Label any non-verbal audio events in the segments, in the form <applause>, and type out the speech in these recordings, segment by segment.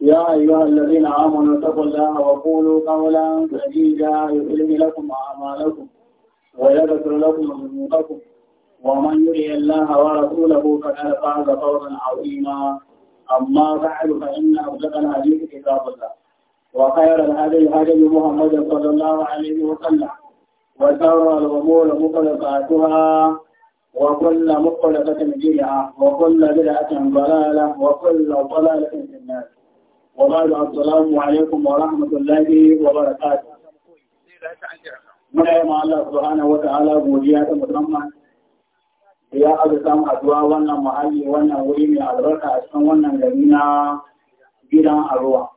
يا أيها الذين آمنوا اتقوا الله وقولوا قولا سديدا يسلم لكم أعمالكم ويغفر لكم ذنوبكم ومن يطع الله ورسوله فقد فاز فوزا عظيما أما بعد فإن أصدق الحديث كتاب الله وخير الهدي هدي محمد صلى الله عليه وسلم وشر الأمور محدثاتها وكل محدثة بدعة وكل بدعة ضلالة وكل ضلالة في النار وبعد السلام عليكم ورحمة الله وبركاته muna yi Allah subhanahu wata ala godiya ta musamman da ya aka samu addu'a wannan muhalli wannan wuri mai albarka a cikin wannan gari na gidan aruwa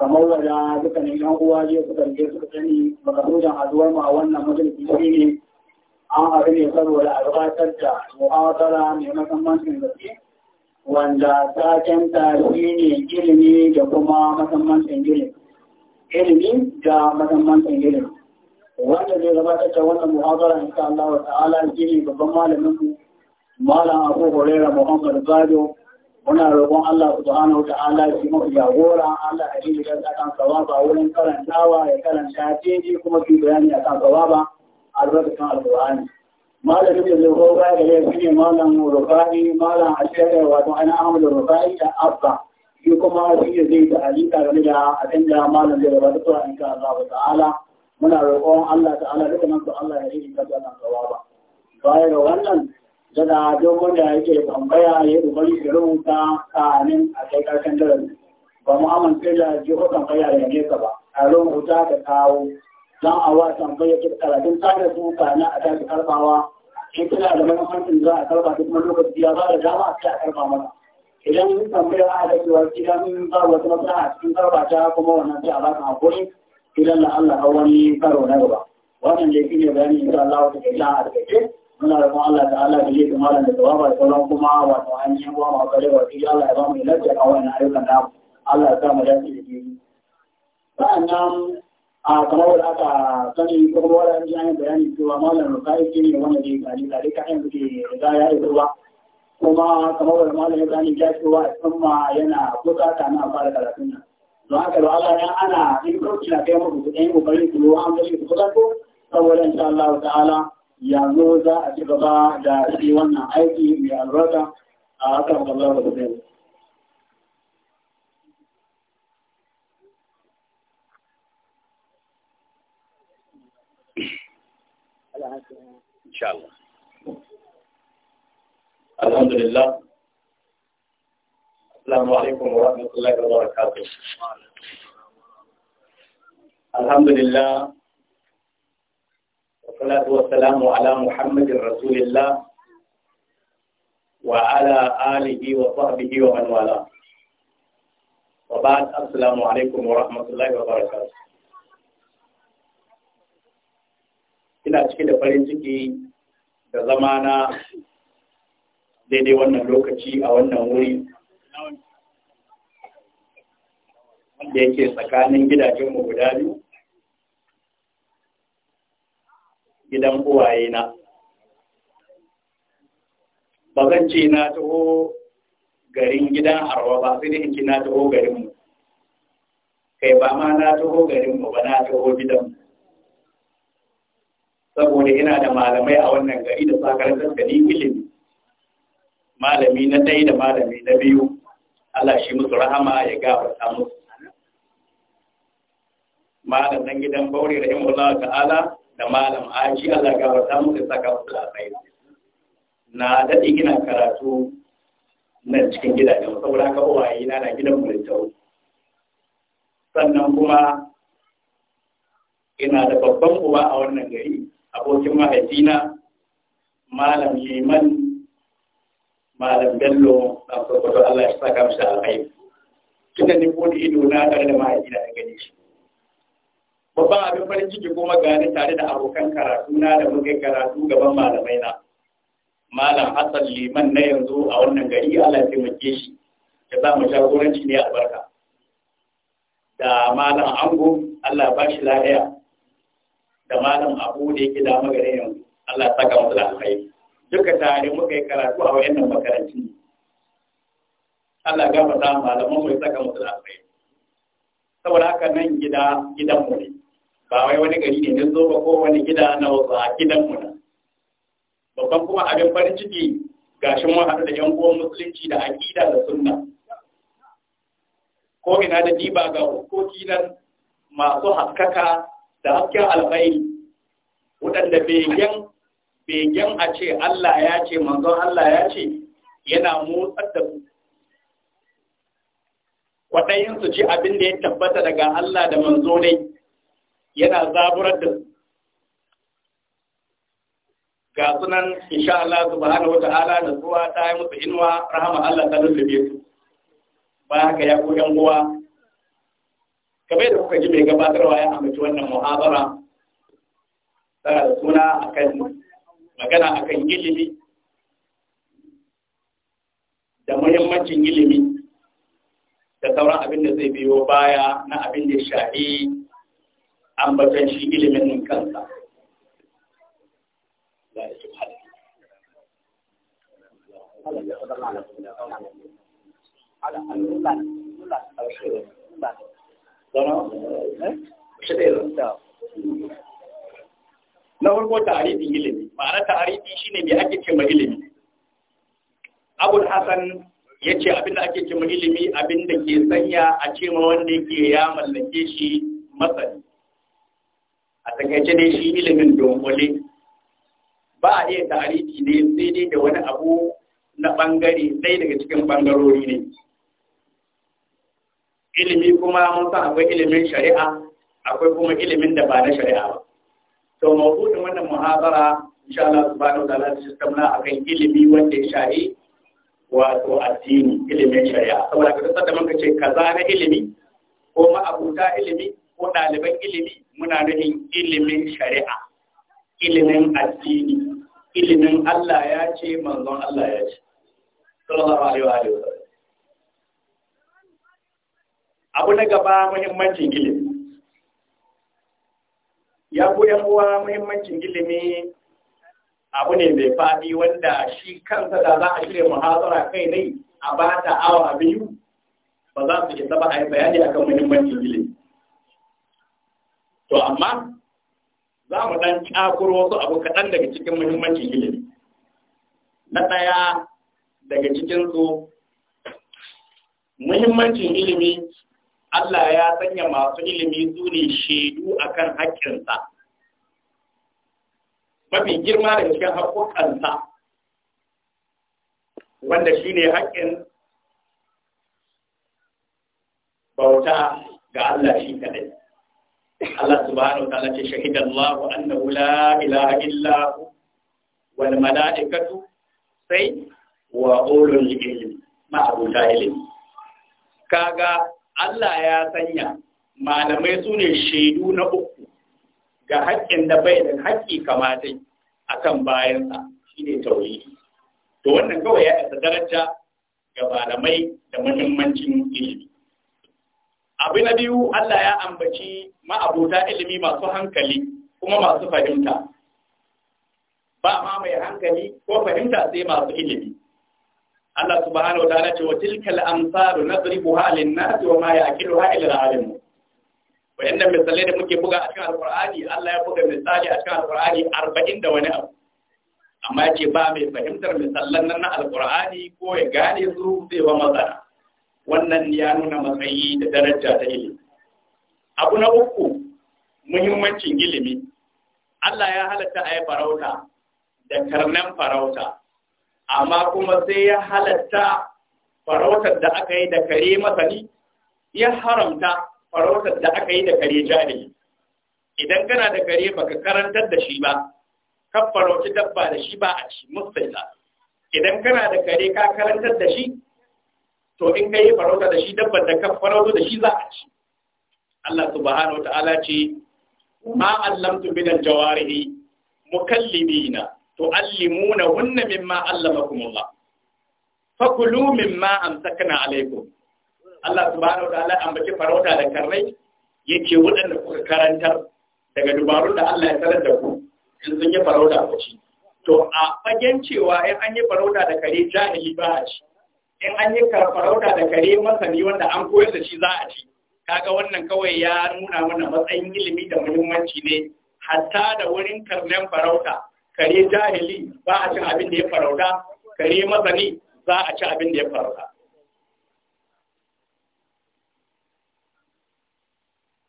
kamar wanda dukkanin yan uwa je suka je suka sani makasudan addu'ar mu a wannan majalisi ne. an haɗu ne saboda albarkar da mu'awatara mai musammancin gaske wanda taken tarihi ilimi da kuma ilimi ilimi da musammancin ilimi wanda zai gabatar da wannan muhazara insha Allah wa ta'ala shine babban malamin mu malam Abu Hurairah Muhammad Bado muna roƙon Allah subhanahu wa ta'ala shi mu jagora Allah a jini da kan sawaba wurin karantawa ya karanta daidai kuma ki bayani akan sawaba albarkatun al-Qur'ani. Malam da zai gora da ya shine malam rufa'i malam ashira wato ana ahmad rufa'i da abba shi kuma shi ne zai da alika game da abin da malam zai gabata to in sha Allah ta'ala muna roƙon Allah ta'ala duka nan ko Allah ya yi kaza nan gaba ba. ga wannan daga dogon da yake tambaya ya dubari da rubuta kanin a kai karshen darasi ba mu amince da jiho tambaya ya ne ka ba a rubuta ka kawo don a wa tambaya ta karatun tsarin su kana a tashi karfawa. in tana da mahimmancin za a karba duk wani lokaci ya ba da dama sai a karba mana idan mun tambaya a da cewa idan ba wasu masana a cikin karba ta kuma wannan sai a ba ka hakuri idan la Allah ka wani karo na gaba wannan da shine bayani insha Allah ta kai la a kai muna da kuma Allah ta'ala da yake malam da tawaba da sauran kuma wato an yi ruwa ma kare wa shi Allah ya ba mu lafiya a wannan ayyukan namu Allah ya sa mu dace da shi sa'annan a kamar da aka sani ko kuma wani an yi bayani cewa malam rufa'i shi ne wanda ke gari gari ka yin ke riga ya yi ruwa kuma kamar da malam ibrahim ya ce wa umma yana bukata na fara karatun nan don haka da Allah ya ana in kauci na kai muku kuɗin kokarin su ruwa an gashi su kusanto saboda insha Allah ta'ala yanzu za a ci gaba da shi wannan aiki mai albarka a kan Allah da kuɗin. إن شاء الله الحمد لله السلام عليكم ورحمة الله وبركاته الحمد لله والصلاة والسلام على محمد رسول الله وعلى آله وصحبه ومن والاه وبعد السلام عليكم ورحمة الله وبركاته ina cike da farin ciki da zama na daidai wannan lokaci a wannan wuri wanda yake tsakanin gidajenmu guda biyu gidan uwaye na ba zan ce na taho garin gidan harwa ba sai da yake na taho garinmu kai ba ma na taho garinmu ba na taho gidanmu saboda yana da malamai a wannan gari da sakarantar da ni ilimi malami na ɗaya da malami na biyu Allah shi musu rahama ya gafarta musu malam nan gidan bauri da imullah ta'ala da malam aji Allah gafarta musu saka musu lafai na daɗi gina karatu na cikin gidajen saboda ka uwaye na na gidan mulitau sannan kuma ina da babban uwa a wannan gari abokin mahaifina malam liman malam bello na farko Allah ya saka masa alheri tunda ni ko ido na tare da mahaifina da gani shi babban abin farin ciki kuma gani tare da abokan karatu na da muke karatu gaban malamai na malam hasan liman na yanzu a wannan gari Allah ya taimake shi da za mu jagoranci ne albarka da malam ango Allah ba shi lafiya da malam abu da yake da magana yanzu Allah saka musu da alkhairi duka tare muka yi karatu a wayannan makarantun Allah ga fata malaman mu saka musu da alkhairi saboda haka nan gida gidan mu ne ba wai wani gari ne zo ba ko wani gida na wasu a gidan mu na babban kuma abin farin ciki gashin mu haɗu da yan uwan musulunci da aqida da sunna ko ina da diba ga hukoki nan masu haskaka da hasken alkhairi waɗanda begen begen a ce Allah ya ce manzon Allah ya ce yana motsar da su kwaɗayin su ji abin da ya tabbata daga Allah da manzo ne yana zaburar da su ga sunan insha Allah subhanahu wa ta'ala da zuwa ta yi musu inuwa rahama Allah ta lullube su ba haka ya ko yan uwa kamar da kuka ji mai gabatarwa ya amince wannan muhabara tana da suna akan magana akan ilimi da muhimmancin ilimi da sauran abin da zai biyo baya na abin da shahi ambaton shi ilimin kansa Eh? Na farko tarihin ilimi, ma'ana tarihi shi ne mai ake cimma ilimi. Abul Hassan ya ce abinda ake cimma ilimi abinda ke sanya a cema wanda ke ya mallake shi masani. A takaice ne shi ilimin domole ba a iya tarihi ne sai dai da wani abu na bangare sai daga cikin bangarori ne. ilimi kuma mun san akwai ilimin shari'a akwai kuma ilimin da ba na shari'a ba to mawdu'in wannan muhabara insha Allah subhanahu wa ta'ala shi tamna akan ilimi wanda ya shari wato addini ilimin shari'a saboda ka tsada manka ce kaza na ilimi ko ma'abuta ilimi ko ɗaliban ilimi muna nufin ilimin shari'a ilimin addini ilimin Allah ya ce manzon Allah ya ce abu na gaba muhimmancin ilimi ya goyon uwa muhimmancin ilimi abu ne mai faɗi wanda shi kansa da za a shirya muhazara kai ne a ba ta awa biyu ba za su isa ba a yi bayani akan muhimmancin ilimi to amma za mu ɗan ƙakuro wasu abu kaɗan daga cikin muhimmancin ilimi na ɗaya daga cikinsu muhimmancin ilimi Allah ya sanya masu ilimi su ne shaidu a kan haƙƙinsa, mafi girma da cikin haƙƙoƙansa, wanda shi ne haƙƙin bauta ga Allah shi kaɗai. Allah subhanahu wa ta'ala ce shahidan Allah annahu la ilaha illa hu wal mala'ikatu sai wa ulul ilmi ma abuta ilmi kaga Allah ya sanya malamai su ne shaidu na uku ga haƙƙin da bai da haƙƙi kamata a kan bayansa shi ne tauri. To wannan kawai ya isa daraja ga malamai da muhimmancin ilimi. Abu na biyu Allah ya ambaci ma'abota ilimi masu hankali kuma masu fahimta. Ba ma mai hankali ko fahimta sai masu ilimi. Allah subhanahu wa ta'ala ce wa tilkal amsalu nadribuha lin-nas wa ma ya'qiluha illa al-alim wayannan misalai da muke buga a cikin Allah ya buga misali a cikin alqur'ani 40 da wani abu amma yake ba mai fahimtar misalan nan na alqur'ani ko ya gane su zai wa matsala. wannan ya nuna matsayi da daraja ta ilimi abu na uku muhimmancin ilimi Allah ya halatta a yi farauta da karnan farauta amma kuma sai ya halatta farautar da aka yi da kare masani ya haramta farautar da aka yi da kare jahili idan kana da kare baka karantar da shi ba ka farauci dabba da shi ba a ci mustaila idan kana da kare ka karantar da shi to in ka yi farauta da shi dabban da ka farauta da shi za a ci Allah subhanahu wataala ce ma allamtu min aljawarihi mukallibina tu'allimunahunna mimma allamakumullah fakulu mimma amsakna alaikum Allah subhanahu wa ta'ala ambaci farauta da karrai yake waɗanda kuka karantar daga dubarun da Allah ya sanar da ku in sun yi farauta ku ci to a fagen cewa in an yi farauta da kare jahili ba a ci in an yi farauta da kare masani wanda an koyar da shi za a ci kaga wannan kawai ya nuna mana matsayin ilimi da muhimmanci ne hatta da wurin karnen farauta kare jahili za a ci abin da ya farauta kare masani za a ci abin da ya farauta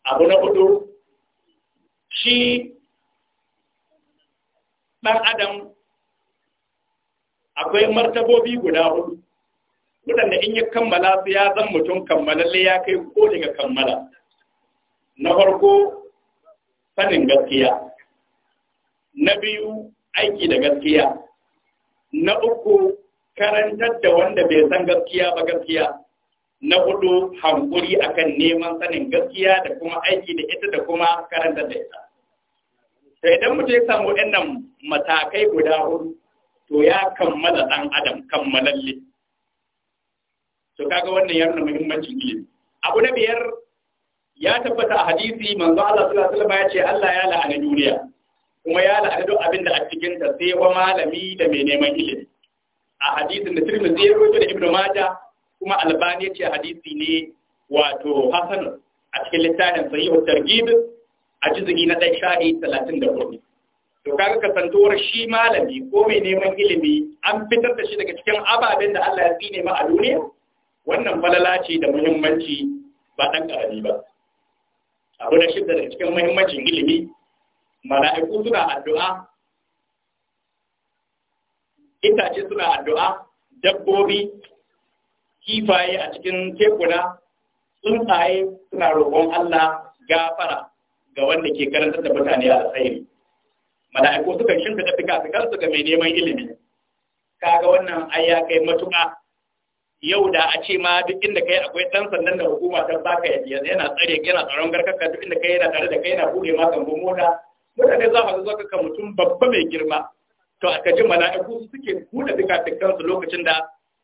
abu na hudu shi ɗan adam akwai martabobi guda hudu waɗanda in ya kammala su ya zan mutum kammalalle ya kai ko daga kammala na farko sanin gaskiya na biyu aiki da gaskiya na uku karantar da wanda bai san gaskiya ba gaskiya na hudu hankuri akan neman sanin gaskiya da kuma aiki da ita da kuma karantar da ita Sai idan mutum ya samu wannan matakai guda hudu to ya kammala ɗan adam kammalalle to kaga wannan ya nuna muhimmancin ilimi abu na biyar ya tabbata a hadisi manzo Allah sallallahu alaihi wasallam ya ce Allah ya la'ana duniya kuma ya la'ana duk abin da a cikin ta sai wa malami da mai neman ilimi a hadisin da Tirmidhi ya rawaito da ibnu Majah kuma Albani ya ce hadisi ne wato Hasan a cikin littafin Sahih Targhib a juz'i na 134 to kaga kasantuwar shi malami ko mai neman ilimi an fitar da shi daga cikin ababen da Allah ya tsine ma a duniya wannan falala ce da muhimmanci ba dan karami ba abu da shi daga cikin muhimmancin ilimi mala'iku suna addu'a itace suna addu'a dabbobi kifaye a cikin tekuna tsuntsaye suna roƙon Allah gafara ga wanda ke karantar da mutane a tsayi mala'iku suka shinta da fika-fikar su ga mai neman ilimi kaga wannan ai ya kai matuƙa yau da a ce ma duk inda kai akwai ɗan sandan da hukuma ta baka yana tsare yana tsaron garkaka duk inda kai yana tare da kai yana bude ma kan mota mutane za a zaka ka mutum babba mai girma to aka ji mala'iku suke buɗe fikafikan su lokacin da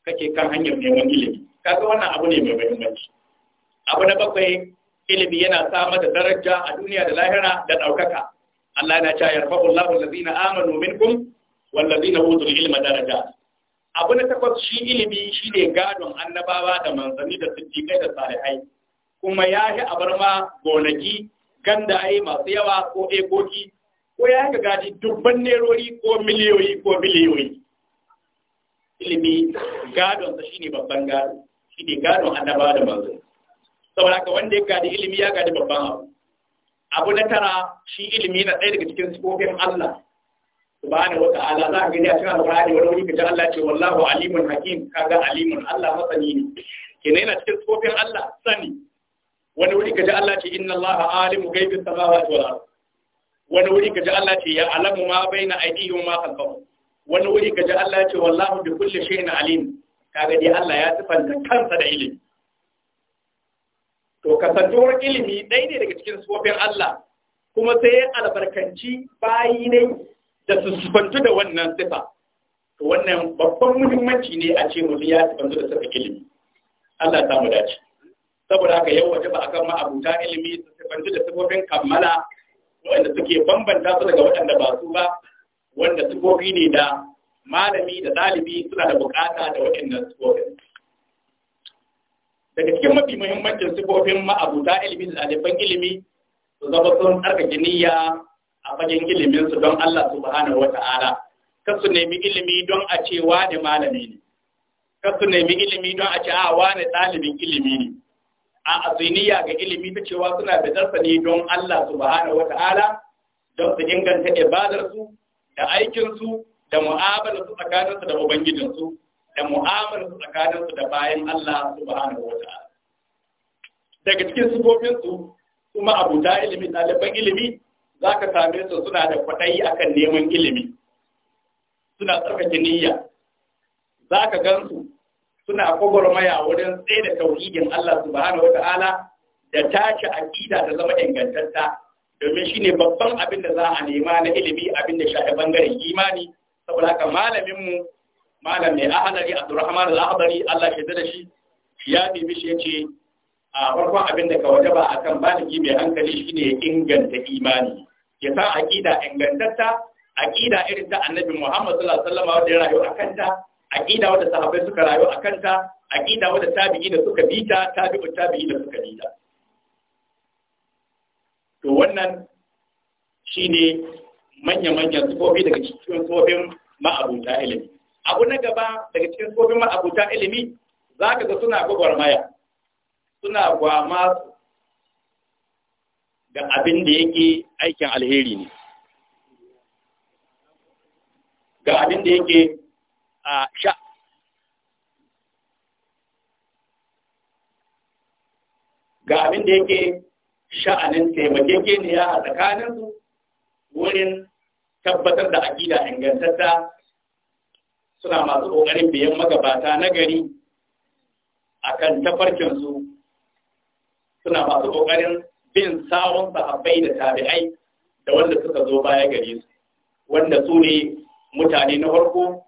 kake kan hanyar neman ilimi kaga wannan abu ne mai muhimmanci abu na bakwai ilimi yana samar da daraja a duniya da lahira da ɗaukaka Allah yana cewa yarfa'u Allahu allazina amanu minkum wallazina utul ilma daraja abu na takwas shi ilimi shi ne gadon annabawa da manzanni da siddiƙai da salihai kuma ya bar abarma gonaki ganda ai masu yawa ko ekoki ko ya ga gadi dubban nerori ko miliyoyi ko miliyoyi ilimi gadon sa shine babban gado shine gadon annaba da manzo saboda ka wanda ya gadi ilimi ya gadi babban abu abu na tara shi ilimi na ɗaya daga cikin sifofin Allah subhanahu wa ta'ala za ka gani a cikin alƙur'ani wani wuri kaje Allah ce wallahu alimun hakim kaga alimun Allah masani ne kenan yana cikin sifofin Allah sani wani wuri kaji Allah ce inna Allah alimu ghaibis samawati wal ard wani wuri kaji Allah ce ya alamu ma baina aydihim ma khalfahum wani wuri kaji Allah ce wallahu bi kulli shay'in alim kaga dai Allah ya sifanta kansa da ilimi to kasantuwar ilimi dai ne daga cikin sufofin Allah kuma sai albarkanci bayi ne da su sifantu da wannan sifa to wannan babban muhimmanci ne a ce mutum ya sifantu da sifa ilimi Allah ta samu dace saboda haka yau waje ba a kan ma'abuta ilimi su sifanci da sifofin kammala wanda suke bambanta su daga waɗanda ba su ba wanda sifofi ne da malami da ɗalibi suna da bukata da waɗanda sifofin daga cikin mafi muhimmancin sifofin ma'abuta ilimi da ɗaliban ilimi su zama sun tsarkake niyya a fagen ilimin su don Allah subhanahu wa ta'ala kar su nemi ilimi don a ce wani malami ne kar su nemi ilimi don a ce a wani ɗalibin ilimi ne a azuniya ga ilimi ta cewa suna da zarfani don Allah subhanahu wa ta'ala don su inganta ibadarsu da aikinsu da mu'amalarsu tsakaninsu da ubangijinsu da mu'amalarsu tsakaninsu da bayan Allah subhanahu wa ta'ala daga cikin sifofinsu kuma da ilimi ɗaliban ilimi za ka same su suna da kwaɗayi akan neman ilimi suna tsarkake niyya za ka gansu suna maya wurin tsaye da tauhidin Allah subhanahu wata'ala da tace aqida da zama ingantatta domin shine babban abin da za a nema na ilimi abin da shafi bangaren imani saboda haka malamin mu malam mai ahadari Abdurrahman al-Ahdari Allah ya da shi ya bibi shi yace a farkon abin da ka wajaba akan baligi mai hankali shine inganta imani ya sa aqida ingantatta aqida irin ta Annabi Muhammad sallallahu alaihi wasallam wanda ya rayu akan ta aqida wanda sahabbai suka rayu a kanta aqida wanda tabi'i da suka bita tabi'u tabi'i da suka bita to wannan shine manya-manyan sufofi daga cikin sufofin ma'abuta ilimi abu na gaba daga cikin sufofin ma'abuta ilimi za ka ga suna maya, suna gwama da abin da yake aikin alheri ne ga abin da yake a sha ga abin da yake sha'anin ya a tsakaninsu wurin tabbatar da aƙida ingantatta suna masu ƙoƙarin biyan magabata na gari a kan tafarkinsu suna masu ƙoƙarin bin sawon sahabbai da tabi'ai da wanda suka zo baya gare su wanda su ne mutane na farko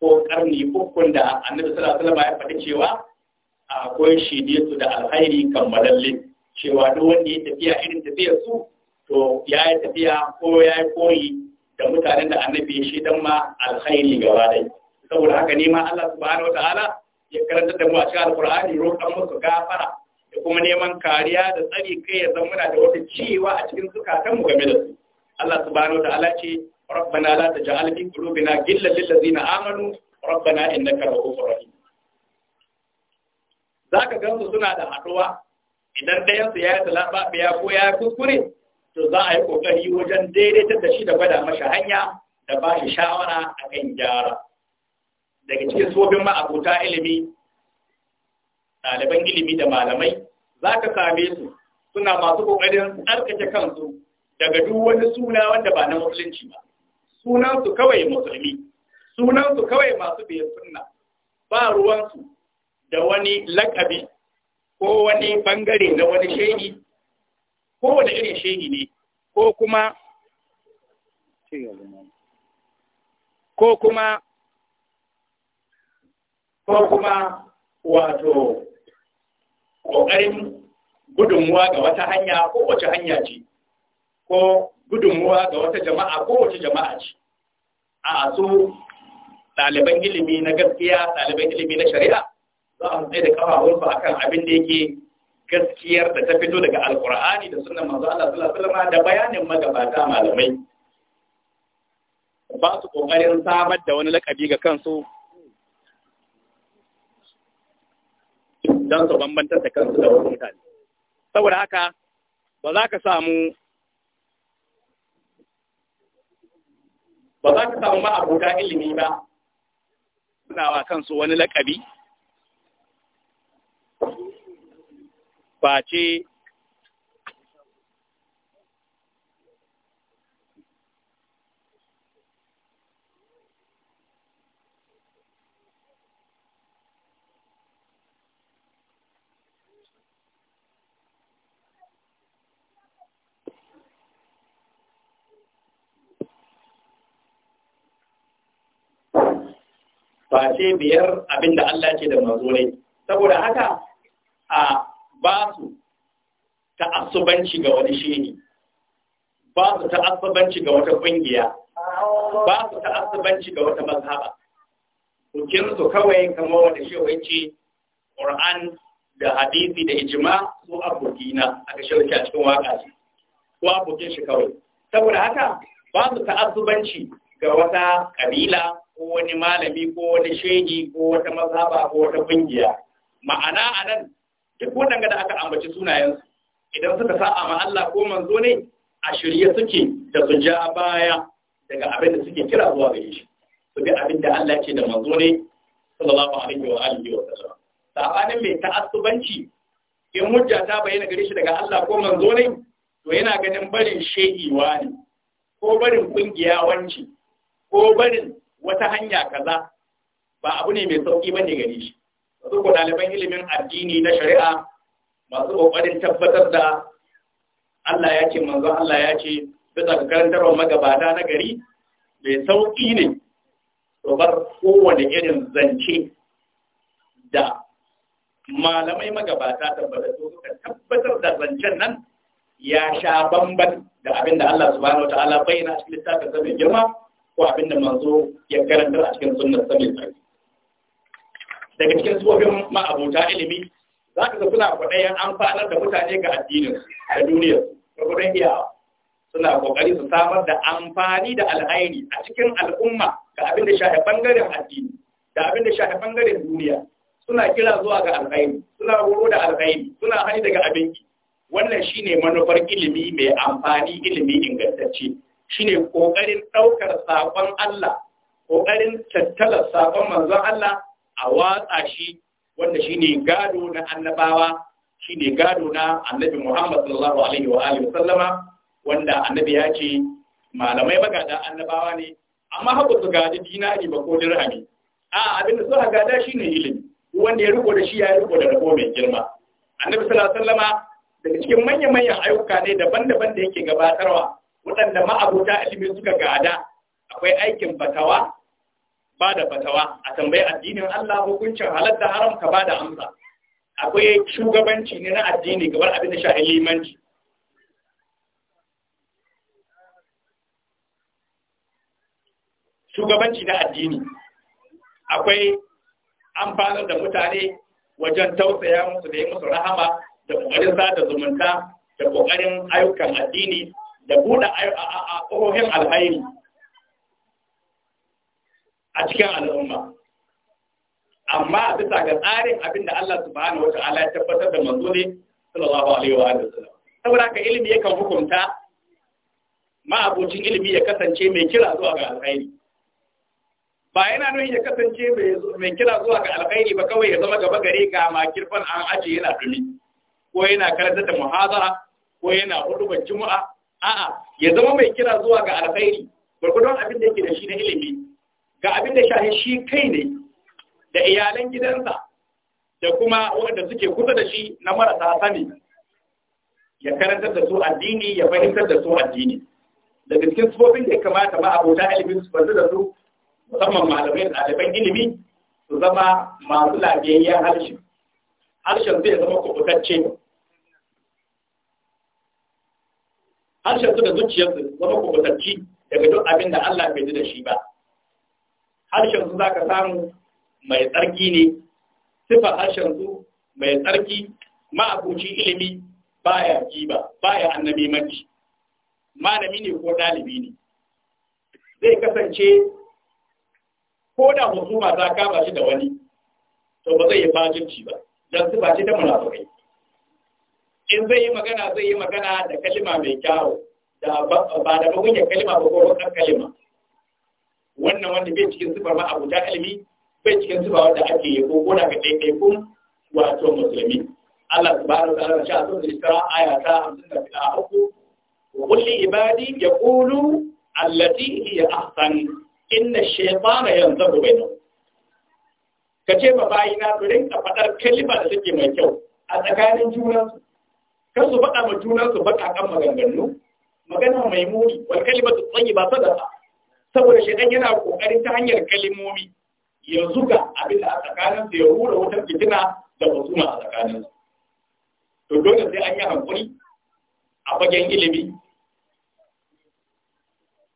ko karni ukun da annabi sallallahu alaihi wasallam ya faɗi cewa akwai shirye su da alkhairi kammalalle cewa duk wanda ya tafiya irin tafiyar su to ya yi tafiya ko ya yi koyi da mutanen da annabi ya shaidan ma alkhairi gaba dai saboda haka ne ma Allah subhanahu ta'ala ya karanta da mu a cikin alkur'ani roƙon musu gafara da kuma neman kariya da tsari kai ya zama da wata cewa a cikin zukatanmu game da su Allah subhanahu ta'ala ce ربنا لا تجعل في قلوبنا غلا للذين امنوا ربنا انك رؤوف رحيم zaka ga su suna da haɗuwa idan ɗayan su ya yi talaba ya ko ya kuskure to za a yi kokari wajen daidaita da shi da gwada masa hanya da ba shi shawara a kan gyara daga cikin sobin ma'abuta ilimi ɗaliban ilimi da malamai za ka same su suna masu ƙoƙarin tsarkake kansu daga duk wani suna wanda ba na musulunci ba sunansu kawai musulmi sunansu kawai masu biyan sunna ba ruwansu da wani lakabi ko wani bangare na wani shehi ko wani irin shehi ne ko kuma ko kuma ko kuma wato ƙoƙarin gudunmuwa ga wata hanya ko wace hanya ce ko gudunmuwa ga wata jama'a ko wace jama'a ce a su ɗaliban ilimi na gaskiya ɗaliban ilimi na shari'a za a tsaye da a akan abin da yake gaskiyar da ta fito daga alkur'ani da sunan manzo Allah sallallahu da bayanin magabata malamai ba su kokarin samar da wani lakabi ga kansu don su bambanta da kansu da wasu mutane saboda haka ba za ka samu ba za ka samu ma abota ilimi ba suna wa kansu wani lakabi ba ce ce biyar abinda Allah ce da manzo saboda haka a ba su ta'assubanci ga wani ne. ba su ta'assubanci ga wata kungiya ba su ta'assubanci ga wata mazhaba hukin su kawai kamar wanda shehu ce Qur'an da hadisi da ijma su abokina aka shirka a cikin waka ce ko abokin shi kawai saboda haka ba su ta'assubanci ga wata kabila ko wani malami ko wani shehi ko wata mazhaba ko wata kungiya ma'ana anan duk waɗanda da aka ambaci sunayensu idan suka sa ma Allah ko manzo ne a shirye suke da su ja baya daga abin da suke kira zuwa gare shi su bi abin da Allah ce da manzo ne sallallahu alaihi wa alihi wa sallam sabanin mai ta'assubanci in mujja ta bayyana gare shi daga Allah ko manzo ne to yana ganin barin shehiwa ne ko barin kungiya wanci ko barin wata hanya kaza ba abu ne mai sauki bane gare shi wasu ko ɗaliban ilimin addini na shari'a masu ƙoƙarin tabbatar da Allah ya ce manzon Allah ya ce bisa ga karantarwar magabata na gari mai sauki ne to bar kowane irin zance da malamai magabata tabbatar to suka tabbatar da zancen nan ya sha bamban da abin da Allah subhanahu wataala bayyana cikin littafin sa mai girma ko abinda masu manzo ya karantar a cikin sunnar sabin sai daga cikin tsofin ma'abota ilimi za ka ga suna an amfanar da mutane ga addinin da duniya, da kudin iyawa suna kokari su samar da amfani da alhairi a cikin al'umma ga abin da shafi bangaren addini da abin da shafi bangaren duniya suna kira zuwa ga alhairi suna horo da alhairi suna hani daga abinci wannan shine manufar ilimi mai amfani ilimi ingantacce shine ƙoƙarin ɗaukar saƙon Allah ƙoƙarin tattalar saƙon manzon Allah a watsa shi wanda shine gado na annabawa shine gado na annabi Muhammad sallallahu alaihi wa alihi sallama wanda annabi ya ce malamai magada annabawa ne amma haka su gadi dinari ba ko dirhami a abin da suka gada shine ilimi wanda ya riko da shi ya riko da rabo mai girma annabi sallallahu alaihi wasallama daga cikin manyan manyan ayyuka ne daban-daban da yake gabatarwa waɗanda ma'abuta ilimi suka gada akwai aikin fatawa ba da fatawa a tambayi addinin Allah hukuncin halatta haram ka ba da amsa akwai shugabanci ne na addini gabar abin da sha ilimanci shugabanci na addini akwai amfanar da mutane wajen tausaya musu da yi musu rahama da ƙoƙarin sada zumunta da ƙoƙarin ayyukan addini da buɗe ƙofofin alhairi a cikin al'umma amma a bisa ga tsarin abin da Allah subhanahu wata ala ya tabbatar da manzo ne sallallahu alaihi wa sallam saboda haka ilimi yakan hukunta ma'abocin ilimi ya kasance mai kira zuwa ga alkhairi ba yana nuhi ya kasance mai kira zuwa ga alkhairi ba kawai ya zama gaba gare ga makirfan an ajiye yana dumi ko yana karanta da muhazara ko yana hudubar jima'a. a'a ya zama mai kira zuwa ga alkhairi gurgurdon abin da yake da shi na ilimi ga abin da shahi shi kai ne da iyalan gidansa da kuma wanda suke kusa da shi na marasa sani ya karantar da su addini ya fahimtar da su addini daga cikin sufofin da ya kamata ma abota ilimi su fanta da su musamman malamai da ɗaliban ilimi su zama masu lafiyayyen harshen. harshen zai zama kubutacce harshen su da zuciyarsu su kubutacci daga duk abin da Allah bai ji da shi ba harshen su za ka samu mai tsarki ne sifar harshen su mai tsarki ma'abuci ilimi baya ba baya annabi manci malami ne ko dalibi ne zai kasance ko da husuma ta kama shi da wani to ba zai yi fajinci ba don sifa ce ta munafukai in zai yi magana zai yi magana da kalima mai kyawu da ba da bugun kalima ba ko bakan kalima wannan wanda bai cikin sifar ma abu ta ilimi bai cikin sifar wanda ake yi ko gona ga ɗaiɗaikun wato musulmi Allah subhanahu wa ta'ala sha sun zikra aya ta fila wa qul Kulli ibadi Kulu, allati ya ahsan inna shaytana yanzabu bainahum kace ma bayina to rinka fadar kalima da take mai kyau a tsakanin junansu kan su faɗa ma juna su baka kan maganganu magana mai muni wal kalimatu tayyiba sadaqa saboda shedan yana kokari ta hanyar kalimomi ya zuga abin da a tsakanin su ya hura wutar fitina da husuma a tsakanin su to dole sai an yi hankuri a fagen ilimi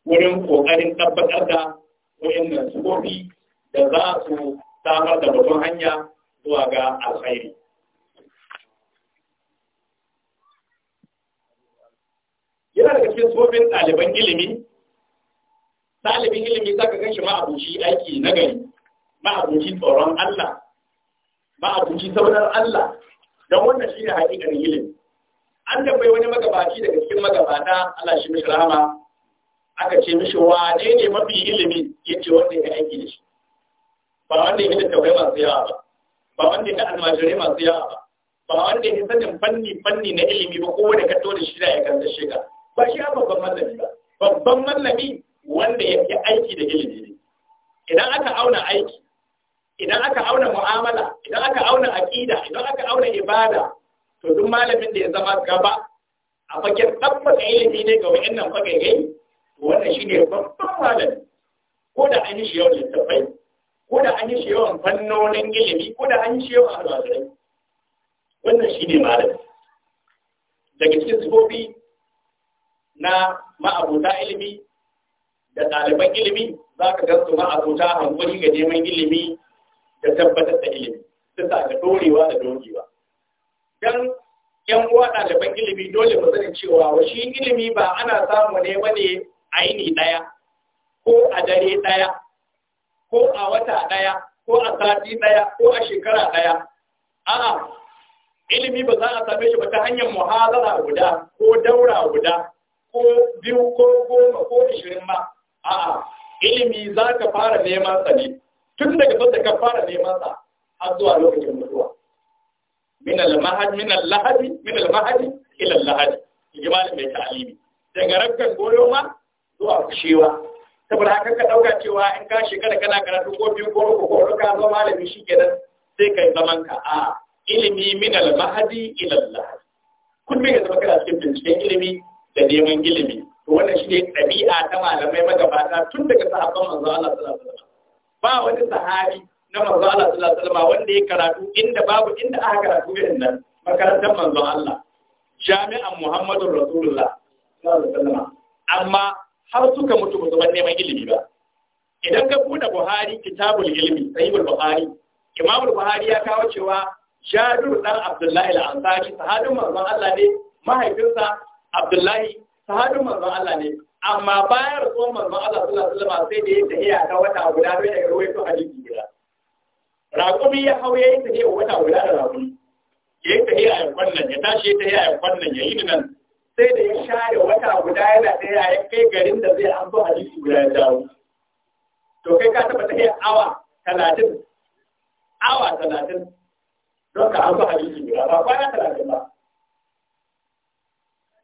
wurin kokarin tabbatar da wayannan sufofi da za su samar da babban hanya zuwa ga alkhairi daga cikin tsofin ɗaliban ilimi ɗalibin ilimi za ka ganshi ma'abuci aiki na gari ma'abuci tsoron Allah ma'abuci saunar Allah don wannan shi ne haƙiƙarin ilimi an tambayi wani magabaci daga cikin magabata Allah shi mishi rama, aka ce mishi wane ne mafi ilimi ya ce wanda ya aiki da shi ba wanda ya tattaukai masu yawa ba ba wanda ya almajirai masu yawa ba ba wanda ya sanin fanni fanni na ilimi ba ko wani ka da shi da ya kan da shiga ba shi babban mallami ba babban mallami wanda ya fi aiki da ilimi ne idan aka auna aiki idan aka auna mu'amala idan aka auna aƙida idan aka auna ibada to duk malamin da ya zama gaba a fagen tabbata ilimi ne ga wayannan fagagai wannan ne babban malami ko da an yi shi yawan littattafai ko da an yi shi yawan fannonin ilimi ko da an yi shi yawan almajirai wannan shi shine malami daga cikin sifofi na ma'abota ilimi da ɗaliban ilimi za ka gansu ma'abota hankali ga neman ilimi da tabbatar da ilimi ta sa ga dorewa da dogewa don yan uwa ɗaliban ilimi dole mu sani cewa wa shi ilimi ba ana samu ne wani aini ɗaya ko a dare ɗaya ko a wata ɗaya ko a sati ɗaya ko a shekara ɗaya a'a ilimi ba za a same shi ba ta hanyar muhazara guda ko daura guda ko biyu ko goma ko ishirin ma a'a ilimi za ka fara neman sa ne tun daga sanda ka fara neman sa har zuwa lokacin mutuwa min al-mahad min al-lahadi min al-mahadi ilal lahadi ijmalin mai ta'alimi daga rakkan goyo ma zuwa kushewa saboda haka ka dauka cewa in ka shiga da kana karatu ko biyu ko uku ko uku ka zo malami shikenan sai kai zaman ka a ilimi min al-mahadi ilal al-lahadi kullum ya zama kana cikin binciken ilimi da neman ilimi to wannan shi ne ɗabi'a ta malamai magabata tun daga sahabban manzo Allah sallallahu alaihi wasallam ba wani sahabi na manzo Allah sallallahu alaihi wasallam wanda ya karatu inda babu inda aka karatu irin nan makarantar manzo Allah jami'an Muhammadur Rasulullah sallallahu alaihi wasallam amma har suka mutu ba su neman ilimi ba idan ka buɗe Buhari kitabul ilmi sahihul Buhari Imamul Buhari ya kawo cewa Jabir dan Abdullahi al-Ansari sahabin manzon Allah ne mahaifinsa Abdullahi sahabin manzon Allah ne amma bayan rasuwan manzon Allah sallallahu alaihi wasallam sai da ya tafiya ta wata guda bai daga ruwaito hadisi gida raƙumi ya hau ya yi tafiya wata guda da raƙumi ya yi tafiya a wannan ya tashi ya tafiya a wannan ya yi nan sai da ya share wata guda yana tafiya ya kai garin da zai an zo guda ya dawo to kai ka taɓa ta awa talatin awa talatin don ka an zo hadisi guda ba kwana talatin ba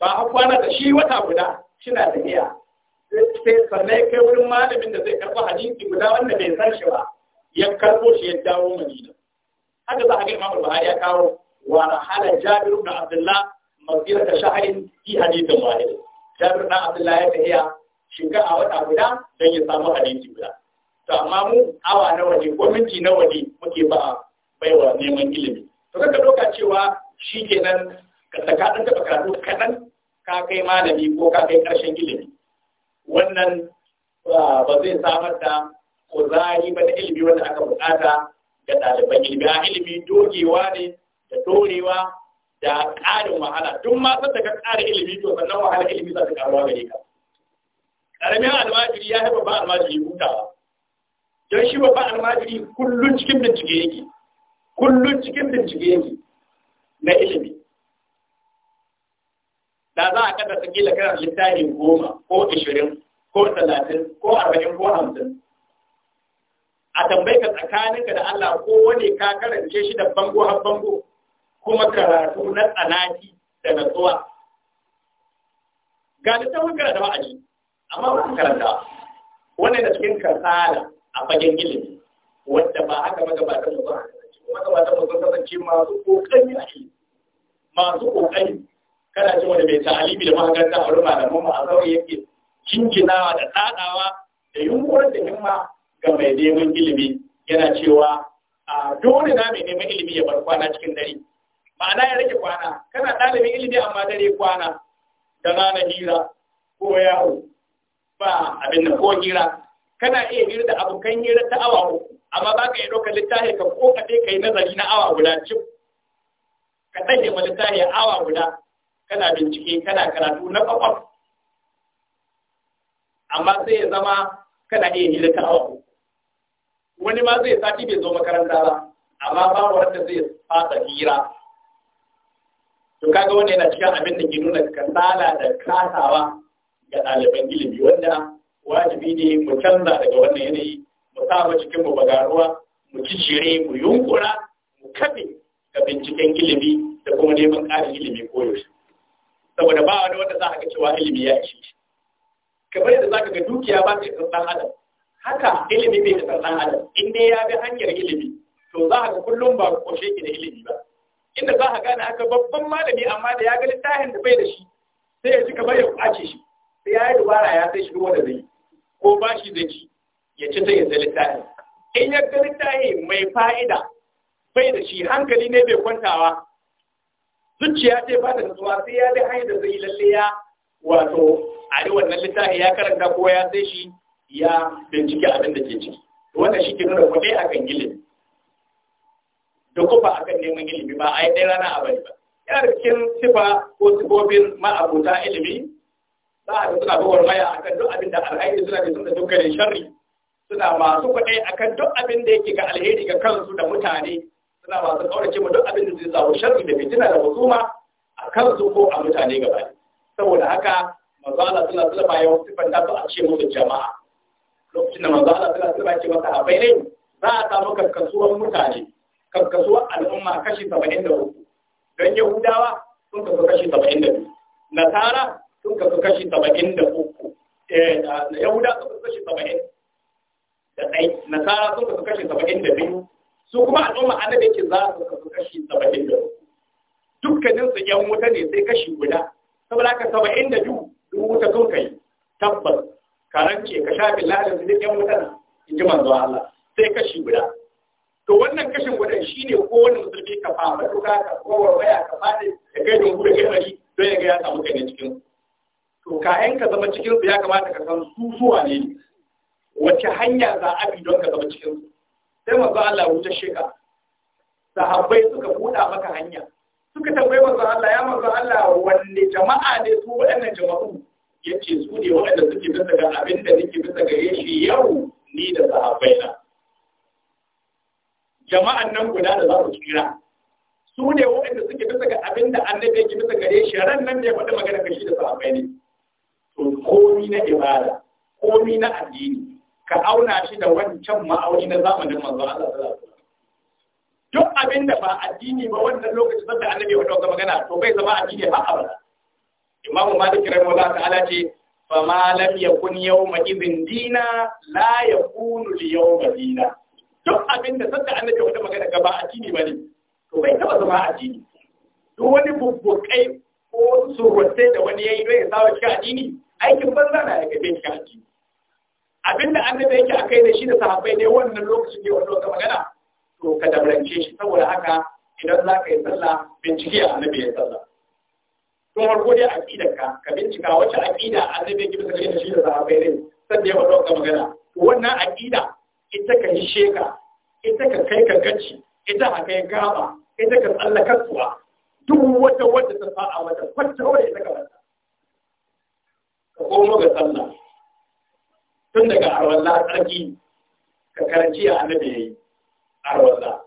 ba a kwana da shi wata guda shina da iya sai sannan kai wurin malamin da zai karɓi hadisi guda wanda bai san shi ba ya karɓo shi ya dawo madina haka za a ga imamu buhari ya kawo wa rahala jabir ibn abdullah ta shahrin fi hadithin wahid jabir ibn abdullah ya tafiya shiga a wata guda don ya samu hadisi guda to amma mu awa nawa ne ko minti nawa ne muke ba baiwa neman ilimi to kaka doka cewa shi kenan ka saka dan taba karatu kaɗan? ka kai malami ko ka kai ƙarshen ilimi wannan ba zai samar da kuzari ba da ilimi wanda aka buƙata ga ɗaliban ilimi a ilimi dogewa ne da dorewa da ƙarin wahala duk ma san da ka ƙara ilimi to sannan wahala ilimi za ta ƙaruwa gare ka ƙaramin almajiri ya haifa ba almajiri hutawa don shi ba almajiri kullum cikin bincike yake kullum cikin bincike yake na ilimi da za a kada sakila kana littafi goma ko ishirin ko talatin ko arba'in ko hamsin a tambayi ka tsakaninka da Allah ko wani ka karance shi da bango har bango kuma karatu na tsanaki da natsuwa ga littafin karanta ba a ji amma ba karanta wannan da cikin kasala a fagen ilimi wanda ba haka magabatan mu ba magabatan mu sun kasance masu ƙoƙari a ilimi masu ƙoƙari. kada cewa da mai ta'alimi da makaranta a rumana malaman mu a zaure yake kinkinawa da tsadawa da yunkuwar da himma ga mai neman ilimi yana cewa a dole na mai neman ilimi ya bar kwana cikin dare ma'ana ya rage kwana kana ɗalibin ilimi amma dare kwana da rana hira ko yawo ba abin da ko hira kana iya hira da abokan hira ta awa uku amma ba ka yi ɗaukar littafi ka ko ka kai nazari na awa guda cif ka tsaye ma littafi awa guda kana bincike kana karatu na kwakwaf amma sai ya zama kana iya hira wani ma zai sati bai zo makaranta ba amma ba wanda zai fasa hira to kaga wani yana cikin abin da ke nuna kasala da kasawa ga ɗaliban ilimi wanda wajibi ne mu canza daga wannan yanayi mu sa cikin mu bagaruwa mu cicire mu yunkura mu kabe ga binciken ilimi da kuma neman ƙarin ilimi koyaushe saboda ba wani wanda za a ga cewa ilimi ya ishe shi kamar yadda za ka ga dukiya ba ta isan adam haka ilimi bai da ɗan adam in dai ya bi hanyar ilimi to za ka ga kullum ba koshe ki da ilimi ba inda za ka gane aka babban malami amma da ya ga littafin da bai da shi sai ya ji kamar ya kwace shi sai ya yi dubara ya sai shi da zai ko ba shi zai ci ya ci ta ya sai littafin in ya ga littafin mai fa'ida bai da shi hankali ne bai kwantawa zuciya ce ba ta nutsuwa sai ya bi hanyar da zai lalle ya wato a yi wannan littafi ya karanta ko ya sai shi ya bincike abin da ke ciki wannan shi ke nuna kuɗi a kan ilimi da kuma a kan neman ilimi ba a yi ɗaya rana a bari ba yana cikin sifa ko sifofin ma'abuta ilimi za a suna bawar maya a kan duk abin da alhairi suna da suna dukkanin sharri suna masu kuɗi a kan duk abin da yake ga alheri ga kansu da mutane suna masu kaurace mu duk abin da zai samu sharri da fitina da husuma a kansu ko a mutane gaba saboda haka manzo Allah sallallahu alaihi wasallam ya sifanta a ce musu jama'a lokacin da manzo Allah sallallahu alaihi wasallam ya ce maka abai ne za a samu karkasuwar mutane karkasuwar al'umma kashi da hudu. don yahudawa sun kasu kashi da biyu. nasara sun kasu kashi 73 eh yahudawa sun kasu kashi 70 da dai nasara sun kasu kashi da biyu. su kuma al'umma annabi yake za su kasu kashi saba'in da dukkanin su yan wuta ne sai kashi guda saboda haka saba'in da biyu duk wuta sun kai tabbas ce ka shafi lalin su duk yan wuta na in ji manzo Allah sai kashi guda to wannan kashin guda shine ko wani musulmi ka fama duka ka kowar waya ka fadi da kai dungu da kai don ya ga ya samu kai cikin to kayan ka zama cikin su ya kamata ka san su zuwa ne wace hanya za a bi don ka zama cikin su sai manzo Allah ya wuce sheka sahabbai suka buɗa maka hanya suka tambayi manzo Allah ya manzo Allah wanne jama'a ne su waɗannan jama'u yace su ne waɗanda suke bisa ga abin da nake bisa gare shi yau ni da sahabbai na jama'an nan guda da za su kira, su ne waɗanda suke bisa ga abin da annabi yake bisa gare shi ran nan ne faɗi magana kashi da sahabbai ne to komi na ibada komi na addini ka auna shi da wancan ma'auni na zamanin manzo Allah sallallahu alaihi wasallam duk abin da ba addini ba wannan lokaci sanda annabi ya dauka magana to bai zama addini ba abada imamu malik rahimahullah ta'ala ce fa ma lam yakun yawma idhin dina la yakunu li yawma dina duk abin da sanda annabi ya magana ga ba addini bane to bai taba zama addini duk wani bubbukai ko surwatai da wani yayi don ya sawa shi addini aikin banza na ya gabe shi addini abinda annabi yake akai da shi da sahabbai ne wannan lokacin ne wannan wata magana to ka dabrance shi saboda haka idan za ka yi sallah bincike a annabi ya sallah to farko dai aqidarka ka bincika wace aqida annabi yake bisa shi da sahabbai ne sannan ya wannan magana to wannan aqida ita ka yi sheka ita ka kai ka gaci ita ka kai gaba ita ka tsallaka duk wata wadda ta fa'a mata kwanta wadda ita ka bata ka komo ga sallah tun daga arwalla tsarki ka karanci ya annabi yi arwalla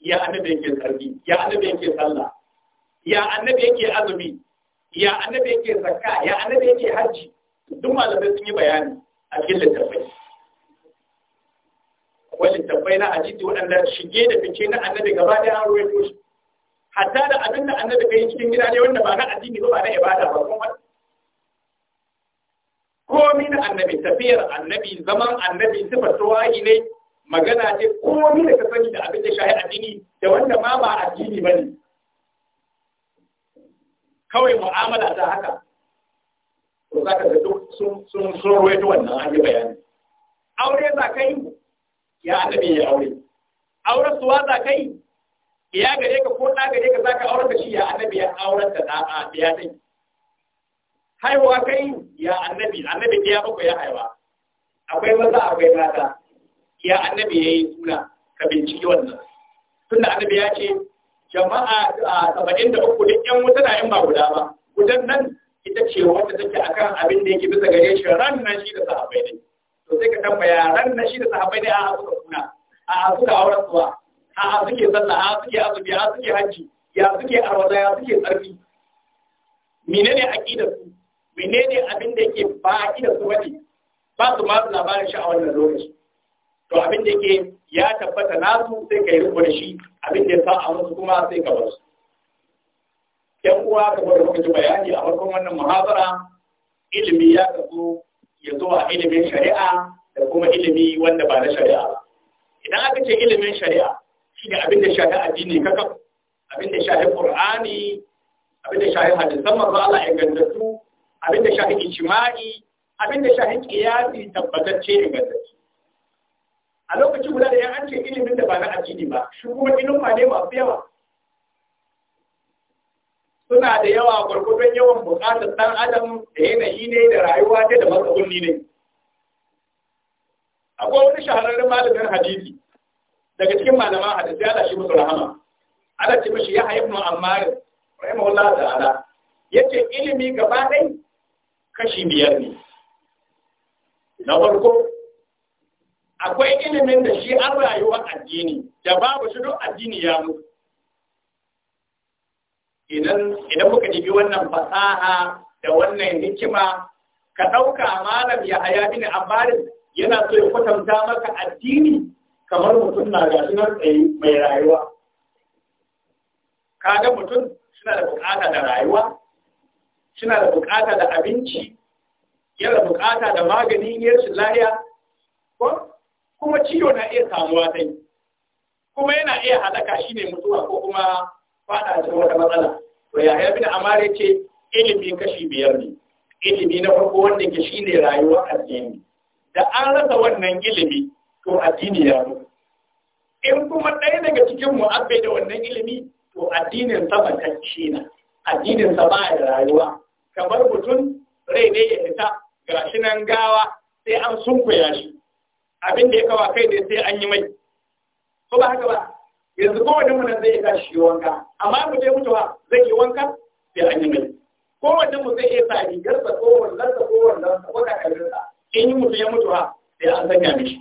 ya annabi yake tsarki ya annabi yake sallah ya annabi yake azumi ya annabi yake zakka ya annabi yake hajji duk malamai sun yi bayani a cikin littafai akwai littafai na hadisi waɗanda shige da fice na annabi gaba ɗaya an ruwaito shi hatta da abin da annabi yi cikin gida ne wanda ba na addini ba ba na ibada ba kuma komi da annabi tafiyar annabi zaman annabi sifar tawayi ne magana ce komi da ka sani da abin da shahi addini da wanda ma ba addini ba ne kawai mu'amala ta haka to za ka ga duk sun sun rawaito wannan an yi bayani aure za ka yi ya annabi ya aure su suwa za ka yi ya gare ka ko ɗa gare ka za ka aure ka shi ya annabi ya auren da ɗa ya ɗin haihuwa kai ya annabi annabi ne ya uku ya haihuwa akwai maza akwai mata ya annabi ya yi suna ka binciki wannan tunda annabi ya ce jama'a a saba'in da uku duk yan wuta na yan ba guda ba gudan nan ita ce wanda take akan abin da yake bisa gare shi ran nan shi da sahabbai ne to sai ka tambaya ran nan shi da sahabbai ne a suka kuna a suka auren suwa a suke sallah a suke azumi a suke hajji ya suke arwaza ya suke tsarki menene aqidar su menene abin da yake ba a kida su wani, ba su ma labarin shi a wannan lokaci to abin da yake ya tabbata nasu sai ka yi rufu da shi abin da ya sa a wasu kuma sai ka bar su yan uwa ka da muka bayani a farkon wannan muhabara ilimi ya kaso ya zo a ilimin shari'a da kuma ilimi wanda ba na shari'a ba idan aka ce ilimin shari'a shi ne abin da shafi addini kakaf abin da shafi qur'ani abin da shafi hadisan manzo Allah ingantattu abin da shahin ijma'i abin da shahin qiyasi tabbatacce gaske a lokacin guda da ya an ce ilimin da ba na addini ba shi kuma ilimin ne masu yawa suna da yawa gwargwadon yawan bukatar ɗan adam da yanayi ne da rayuwa ne da matsakunni ne akwai wani shahararren malamin hadisi daga cikin malaman hadisi ya shi musu rahama ana ce mashi ya haifin amma rahimahullah ta'ala yace ilimi gaba ɗaya kashi biyar ne na farko akwai ilimin da shi an rayuwar addini da babu shi don addini ya mutu idan muka ɗibi wannan fasaha da wannan hikima ka ɗauka malam ya haya bin abarin yana so ya kwatanta maka addini kamar mutum na gashi nan tsaye mai rayuwa ga mutum suna da bukata da rayuwa suna da bukata da abinci yana bukata da magani ya lahiya kuma ciwo na iya samuwa sai kuma yana iya halaka ne mutuwa ko kuma fada cikin wata matsala to ya ya bin amare ce ilimi kashi biyar ne ilimi na farko wanda ke shine rayuwa addini da an rasa wannan ilimi to addini ya mutu in kuma ɗaya daga cikin mu da wannan ilimi to addinin sa matacce na addininsa ba da rayuwa kamar mutum rai ne ya fita ga shi nan gawa sai an kuya shi abin da ya kawa kai ne sai an yi mai ko ba haka ba yanzu kowane mu zai iya tashi wanka amma mu je mutuwa zai yi wanka sai an yi mai kowane mu zai iya sa rigarsa ko wallarsa ko wallarsa ko takalminsa in yi mutu ya mutuwa sai an sanya mishi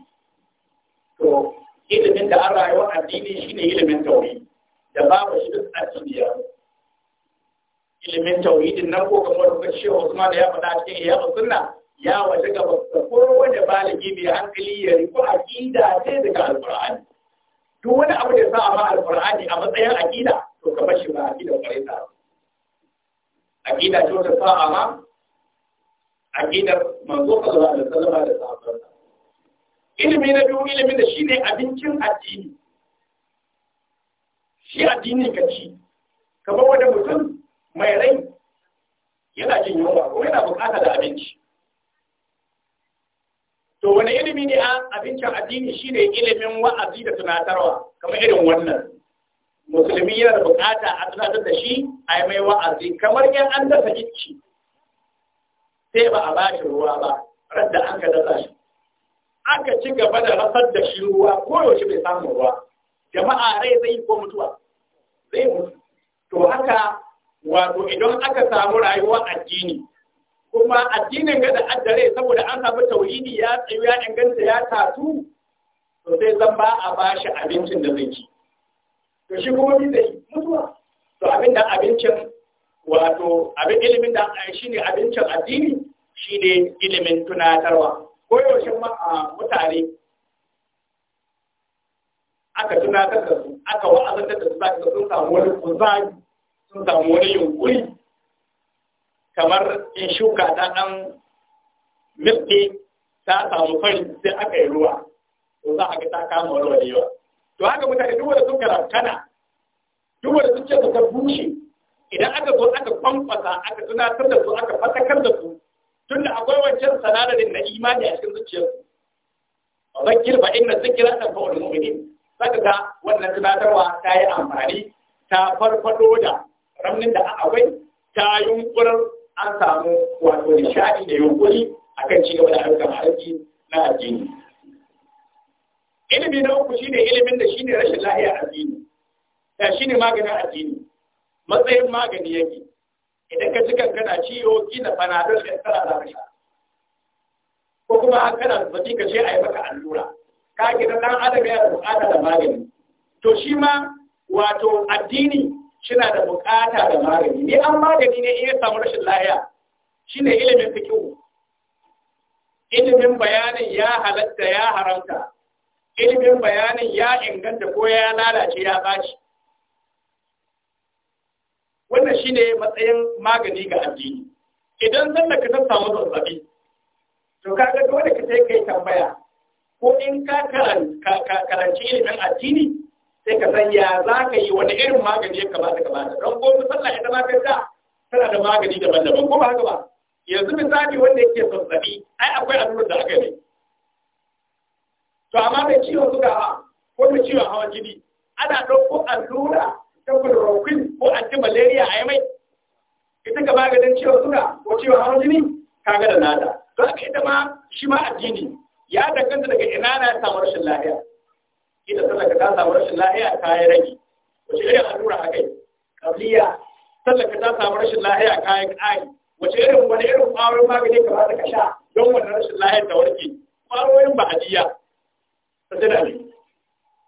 to ilimin da an rayuwa addini shine ilimin tauri da babu shi duk addini ya ilimin tauhidin nan ko kamar da kashi Usman ya faɗa cikin ya sunna ya waje ga ko wanda baligi mai hankali ya riko aqida sai daga alqur'ani duk wani abu da sa a ma alqur'ani a matsayin aqida to ka bashi shi ba aqida kare ta aqida to ta sa a ma aqidar manzo sallallahu alaihi wasallam da sahabbansa ilimi na biyu ilimi da shine abincin addini shi addini ka ci kamar wanda mutum mai rai yana jin yunwa ko yana bukata da abinci to wani ilimi ne a abincin addini shine ilimin wa'azi da tunatarwa kamar irin wannan musulmi yana da bukata a tunatar da shi a yi mai wa'azi kamar yan an dasa gicci sai ba a ba shi ruwa ba radda an ka dasa shi aka ci gaba da rasar da shi ruwa ko bai samu ruwa jama'a rai zai ko mutuwa to haka wato idan aka samu rayuwa addini kuma addinin ga da addare saboda an samu tauhidi ya tsayu ya inganta ya tatu to sai zan ba a bashi abincin da zai ci to shi kuma bi zai mutuwa to abin da abincin wato abin ilimin da eh, shi ne abincin addini shi ne ilimin tunatarwa ko yaushe mutane aka tunatar da su aka wa'azantar da su ba ka sun samu wani kuzari sun samu wani yunkuri kamar in shuka ta ɗan miske ta samu fari sai aka yi ruwa to za a ga ta kama ruwa da yawa to haka mutane duk wanda sun karantana duk wanda sun ce ta bushe idan aka zo aka kwankwasa, aka tunatar da su aka fatakar da su tunda akwai wancan sanadarin na imani a cikin zuciyarsu zakir fa inna zikra ta fa'ul mu'minin saka ga wannan tunatarwa ta yi amfani ta farfado da raunin da wai ta yunkurar an samu wato nishadi da yunkuri akan ci gaba da harkar harki na addini ilimi na uku shine ilimin da shine rashin lahiya addini da shine maganin addini matsayin magani yake idan ka ji kankana ciwo kina fanadol da tsara za ka ko kuma kana zazzabi ka ce a yi maka allura ka gina dan adam ya buƙata da magani to shi ma wato addini shina da bukata da magani ni an magani ne in ya samu rashin Shi shine ilimin fiqh ilimin bayanin ya halatta ya haramta ilimin bayanin ya inganta ko ya lalace ya baci wannan shine matsayin magani ga addini idan zan ka ta samu zazzabi to kaga dole ka sai kai tambaya ko in ka karanci ilimin addini sai ka san ya za ka yi wani irin magani ya kamata kamata don ko misalla ita ma ta tana da magani daban-daban ko ba haka ba yanzu misali wanda yake zazzabi ai akwai allurar da aka yi to amma mai ciwon suga ha ko mai ciwon hawan jini ana ɗauko allura ta chloroquine ko anti malaria a yi mai ita ga maganin ciwon suga ko ciwon hawan jini ga da nada to aka ita ma shi ma addini ya danganta daga ina na samun rashin lafiya ita sallaka ta samu rashin lahiya kayan rage wace irin allura haka yi kabliya sallaka ta samu rashin lahiya kayan ƙari wace irin wani irin ƙwarin magani kamata ka sha don wani rashin lahiyar da warke ƙwarorin ba ajiya ta jira ne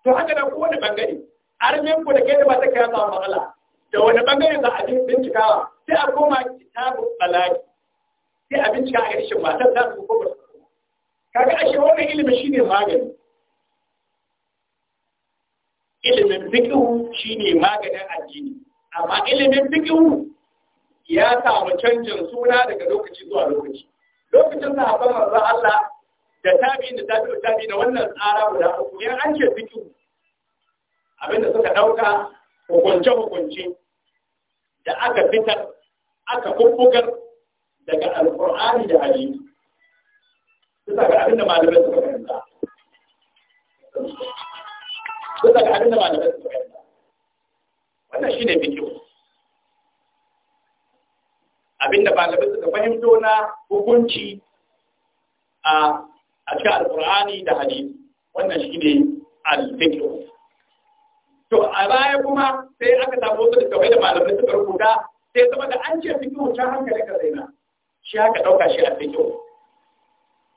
to haka nan kowane bangare armin ku da kai da ba ta kai samu matsala da wani bangare za a ji bincikawa sai a koma kitabun balaki sai a bincika a ƙarshen matar za su koma kaga ashe wannan ilimin shine magani ilimin fikihu shine maganin addini amma ilimin fikihu ya samu canjin suna daga lokaci zuwa lokaci lokacin haɓar manzon Allah da tabi da tabi da tabi da wannan tsara guda uku ya an ce fikihu abinda suka dauka hukunce hukunce da aka fitar aka kuffugar daga Alƙur'ani da hadisi suka ga abinda malamai suka bisa ga abin da malamai su fahimta wannan shi ne fikiyo abin da malamai suka fahimto na hukunci a a cikin alkur'ani da hadisi wannan shi ne alfikiyo to a baya kuma sai aka samu wasu da da malamai suka rubuta sai saboda an ce fikiyo ta hankali ka zaina shi haka ɗauka shi alfikiyo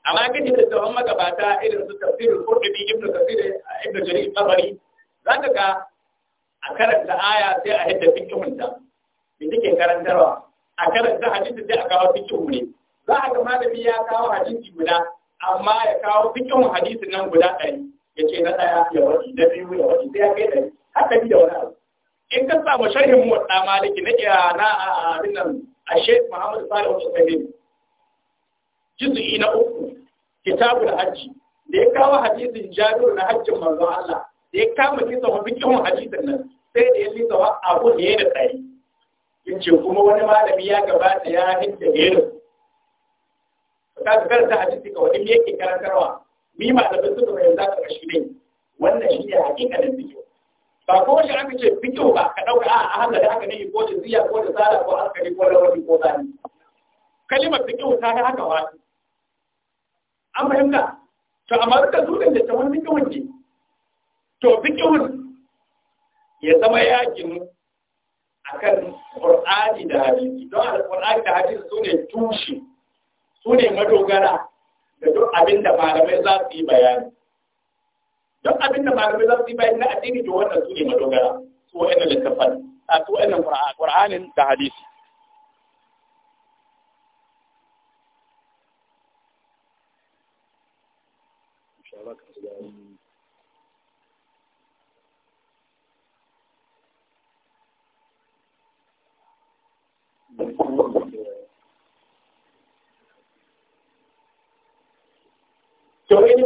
amma kace da tsawon magabata irin su tafsirin qurtubi ibn kasir ibn jarir tabari zaka ga a karanta aya sai a hidda fikihun ta me take karantarwa a karanta hadisi sai a kawo fikihun ne za a ga malami ya kawo hadisi guda amma ya kawo fikihun hadisin nan guda ɗari ya ce na ɗaya ya wani na biyu ya wani sai ya kai ɗari haka ni da wani abu in ka samu sharhin muwaɗa maliki na iya na a nan a shek muhammadu salihu sosai ne jizu'i na uku kitabul hajji da ya kawo hadisin jabiru na hajjin manzo Allah da ya kama kisa wa bikin hadisin nan sai da ya lisa wa abu ne da In ce kuma wani malami ya gabata ya hinta ne da ka ga karanta hadisi ka wani yake karantarwa mi malamin suka bayan za ka shi ne wannan shi ne da bikin ba ko shi aka ce bikin ba ka dauka a hanga da aka ne ko da ziya ko da zara ko alkali ko da wani ko zani kalimar bikin ta haka wani an fahimta to amma duka su da ta wani fikihun ke to fikihun ya zama yakin a kan Qur'ani da hadisi don Qur'ani da hadisi su ne tushe su ne madogara da duk abinda malamai za su yi bayani duk abinda malamai za su yi bayani na addini to wannan su ne madogara su wa'annan littafan a su wa'annan Qur'anin da hadisi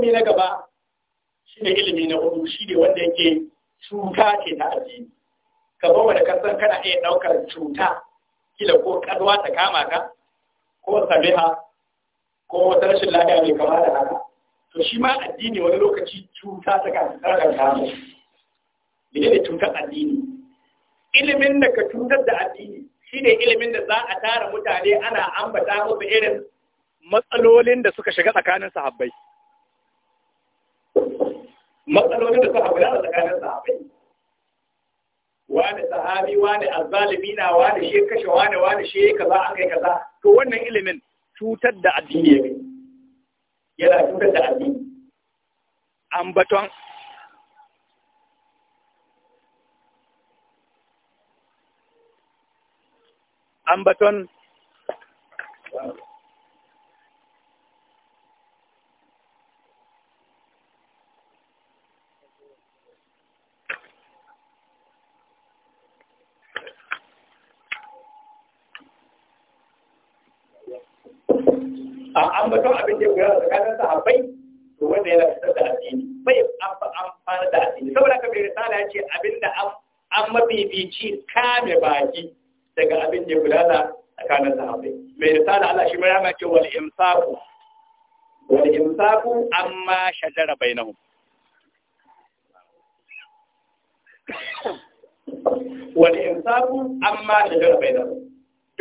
ilimi na gaba shi ne ilimi na hudu shi ne wanda yake cuta ce ta addini ka ba wa ka san kana iya ɗaukar cuta kila ko kalwa ta kama ka ko sabiha ko wata rashin lafiya mai kama da haka to shi ma addini wani lokaci cuta ta kan tsarkar kama mene ne cutar addini ilimin da ka cutar da addini shi ne ilimin da za a tara mutane ana ambata musu irin matsalolin da suka shiga tsakanin sahabbai Matsaloli da suka da tsakanin sahabai wani sahabi wani azzalimi na wani shi kashe wani wani shi kaza an kai kaza to wannan ilimin cutar da addini ne yana cutar da addini ambaton ambaton a ambaton abin da ya gudana tsakanin sahabbai to wanda yana fitar da addini bai amfana da addini saboda haka mai risala ya ce abin da an mabibici kame baki daga abin da ya gudana tsakanin sahabbai mai risala Allah shi mai ma ce wal imsaku wal imsaku amma shajara bainahum wal imsaku amma shajara bainahum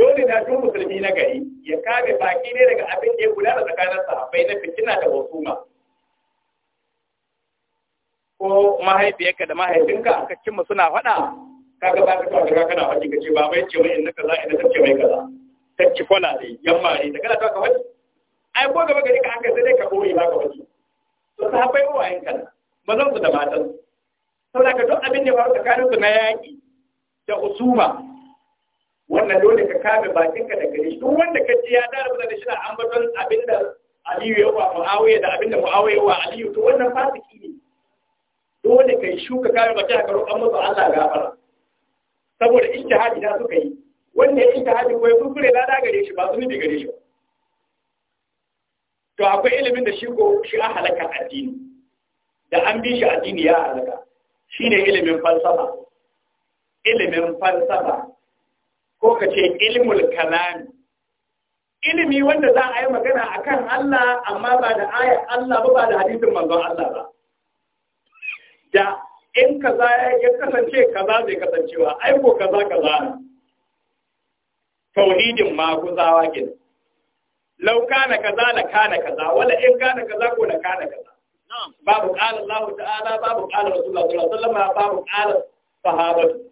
dole na duk musulmi na gari ya kame baki ne daga abin da ya da tsakanin sahabbai na fitina da husuma ko mahaifiyarka da mahaifinka aka cimma suna faɗa kaga ba ka kawo kana haƙi ka ce ba mai ce mai inda kaza inda ta mai kaza ta ci kwala ne yamma ne da kana ta ka wani. ai ko gaba gari ka an kai sai dai ka boye ba ka faɗi to sahabbai uwayen ba zan su da matan saboda ka duk abin da ya faru tsakanin su na yaƙi da husuma wannan dole ka kame bakinka da gare shi duk wanda ka ji ya dara da shi na ambaton abinda Aliyu ya wa Muawiya da abinda Muawiya ya wa Aliyu to wannan fasiki ne dole kai shuka kame bakin ka roƙon musu Allah gafara saboda ijtihadi da suka yi wanda ya ijtihadi ko ya kuskure lada gare shi ba su ne gare shi to akwai ilimin da shi ko shi a halaka addini da an bi shi addini ya halaka shine ilimin falsafa ilimin falsafa ko ka ce ilimul kalami ilimi wanda za a yi magana akan Allah amma ba da ayar Allah ba ba da hadisin manzon Allah ba da in kaza ya kasance kaza zai kasancewa ai ko ka za tauhidin zawa ke lau kana kaza la kana kaza wala in kana kaza ko na kana kaza babu qala Allah ta'ala babu qala Rasulullah sallallahu alaihi wasallam babu qala sahabatu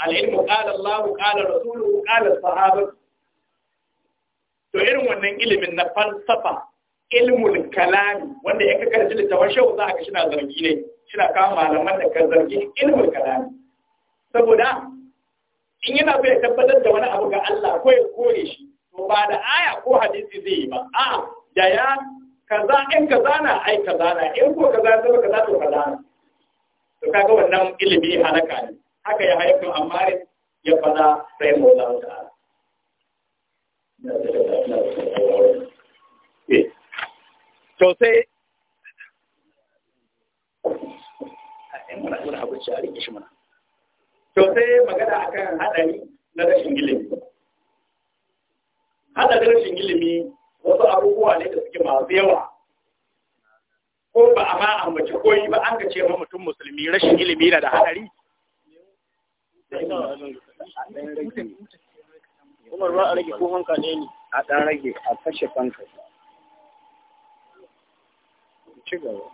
al'ilmu ƙala Allah ƙala Rasulu ƙala sahabar to irin wannan ilimin na falsafa ilmul kalami wanda ya kakar da littafin shehu za a ga zargi ne shina kama malaman da kan zargi ilmul kalami saboda in yana so tabbatar da wani abu ga Allah ko ya kore shi to ba da aya ko hadisi zai yi ba a'a da ya kaza in kaza na ai kaza na in ko kaza zama kaza to kaza to kaga wannan ilimi halaka ne haka ya a amma ya fada sai mola wata eh. to sai eh, to sai magana kan haɗari na rashin ilimi haɗarin rashin ilimi wasu abubuwa ne da suke masu yawa ko ba a ma ambaci koyi ba an ga ce mutum musulmi rashin ilimi na da haɗari Umar ba a rage ko fanka ɗaya ni A ɗan rage a kashe fanka. Ci gaba.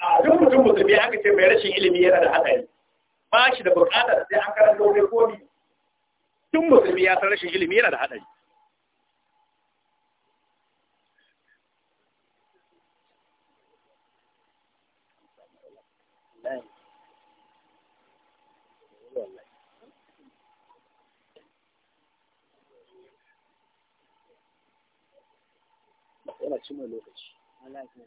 A duk mutum ya aka ce mai rashin ilimi yana da hatsari. Ba shi da bukatar sai an karanta wani komi tun musulmi ya san rashin ilimi yana da haɗari yana cimma lokaci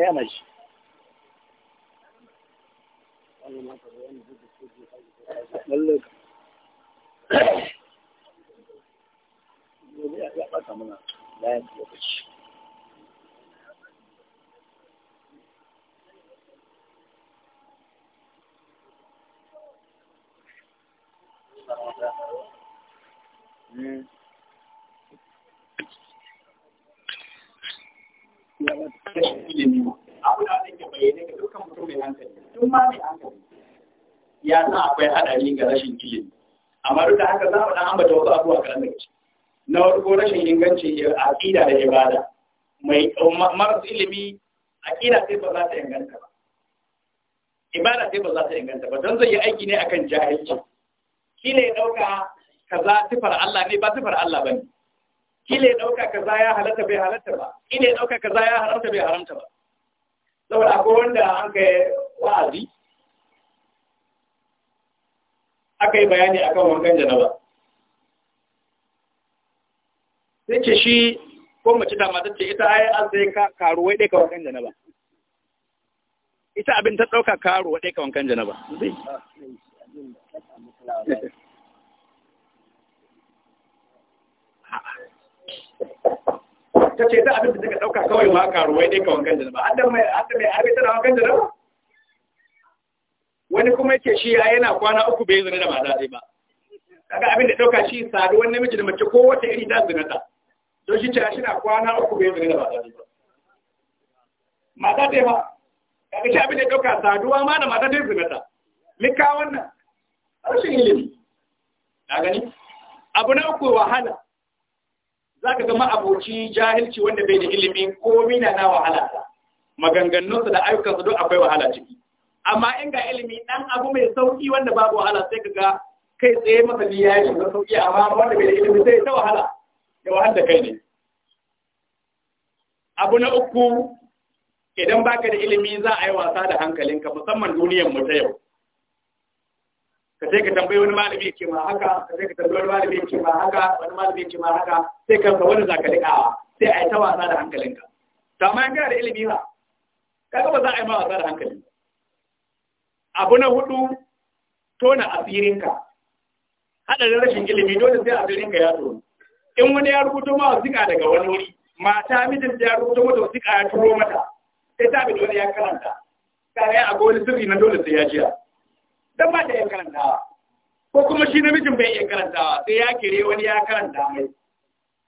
yana shi ya san akwai haɗari ga rashin ilimi amma duk da haka za mu ɗan ambata wasu abubuwa kan daga ciki na farko rashin inganci a aqida da ibada mai maras ilimi a aqida sai ba za ta inganta ba ibada sai ba za ta inganta ba don zai yi aiki ne akan jahilci kila ya kaza sifar Allah ne ba sifar Allah bane kila ya dauka kaza ya halatta bai halatta ba kila ya kaza ya haramta bai haramta ba saboda akwai wanda an kai wa'azi aka yi bayani a kan wankan janaba sai ce shi ko mace da matar ce ita ai an sai ka wai dai ka wankan janaba ita abin ta dauka karuwa dai ka wankan janaba ta ce ta abin da suka ɗauka kawai ma karuwai dai ka wankan janaba hadda mai hadda mai abin tana wankan janaba wani kuma yake shi ya yana kwana uku bai zina da mata sai ba kaga abin da dauka shi sadu wani namiji da mace ko wata iri ta zina ta to shi ce shi na kwana uku bai zina da mata dai ba mata sai ba kaga shi abin da dauka saduwa ma da mata sai zina ta lika wannan rashin ilimi ka gani abu na uku wahala za ka zama aboci jahilci wanda bai da ilimi ko mina na wahala maganganunsa da ayyukansa duk akwai wahala ciki amma in ga ilimi dan abu mai sauki wanda babu wahala sai kaga kai tsaye maka ni ya yi sauki amma wanda bai da ilimi sai ta wahala ya wahala da kai ne abu na uku idan baka da ilimi za a yi wasa da hankalinka musamman duniyar mu ta yau ka sai ka tambayi wani malami ke ma haka ka sai ka tambayi wani malami ke ma haka wani malami ke ma haka sai ka ga wani zaka dikawa sai a yi ta wasa da hankalinka to amma in kana da ilimi ba kaga ba za a yi ma wasa da hankalinka. abu na hudu tona asirinka haɗarin rashin ilimi dole sai asirinka ya tono in wani ya rubuto ma wasiƙa daga wani wuri mata mijinta ya rubuto mata wasiƙa ya turo mata sai ta bi dole ya karanta kare a wani sirri na dole sai ya jiya dan ba ta iya karantawa ko kuma shi namijin bai iya karantawa sai ya kire wani ya karanta mai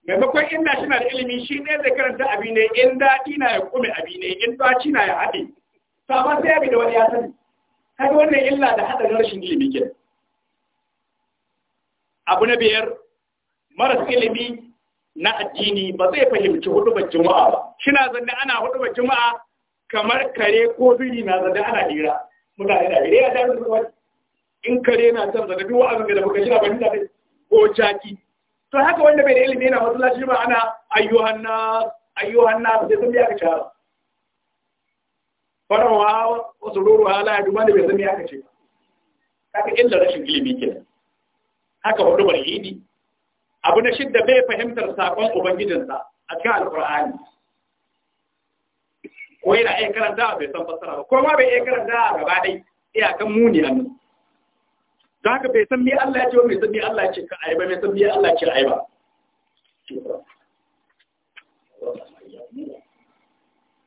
maimakon inda shi na da ilimi shi ne zai karanta abi ne in daɗi na ya kume abi ne in ɗaci na ya haɗe to sai ya bi da wani ya sani kaga wannan illa da hadarin rashin ilimi ke abu na biyar maras ilimi na addini ba zai fahimci hudubar juma'a ba shina zanne ana hudubar juma'a kamar kare ko biri na zanne ana hira mutane da hira ya da wani in kare na san zanne biyu wa'azin da muka shira ba da ko jaki to haka wanda bai da ilimi yana masallaci ba ana ayyuhanna ayyuhanna ayyuhan nas sai sun biya ka shara farawa wasu roro halaya duk wanda bai zama ya kace haka illa rashin ilimi ke. haka hudu barhidi abu na shidda bai fahimtar sakon ubangijinsa a cikin alqur'ani ko yana iya karanta bai san fassara ba ko ma bai iya karanta gaba dai iyakan muni a nan don haka bai san me Allah ya ce ba mai san me Allah ya ce ka ayi ba bai san me Allah ya ce ayi ba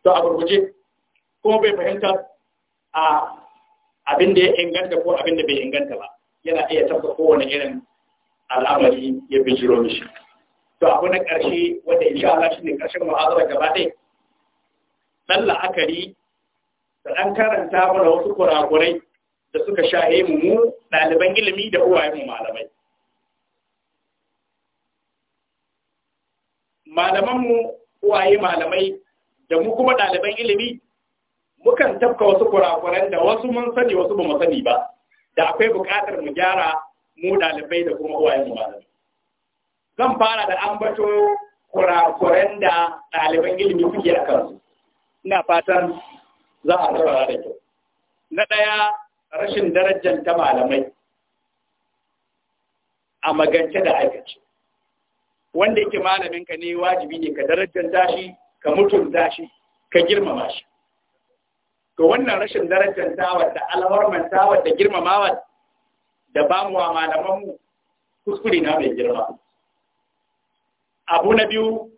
to a gurguje ko bai fahimta a abin da ya inganta ko abin da bai inganta ba yana iya tabbata kowane irin al'amari ya bijiro mishi to abu na ƙarshe wanda insha Allah shine ƙarshen mu'azara gaba ɗaya dan la'akari da ɗan karanta mana wasu kurakurai da suka shahe mu mu ɗaliban ilimi da mu malamai. malaman mu uwaye malamai da mu kuma ɗaliban ilimi mukan tafka wasu kurakuran da wasu mun sani wasu ba mu sani ba da akwai buƙatar mu gyara mu ɗalibai da kuma uwaye mu malamai zan fara da ambato kurakuran da ɗaliban ilimi suke a kansu ina fatan za a saurara da kyau na ɗaya rashin darajar ta malamai a magance da aikace wanda yake malamin ka ne wajibi ne ka darajar shi ka mutunta shi ka girmama shi ga wannan rashin darajantawa da alhormantawa da girmamawa da ba mu wa malamanmu kuskure na mai girma. Abu na biyu,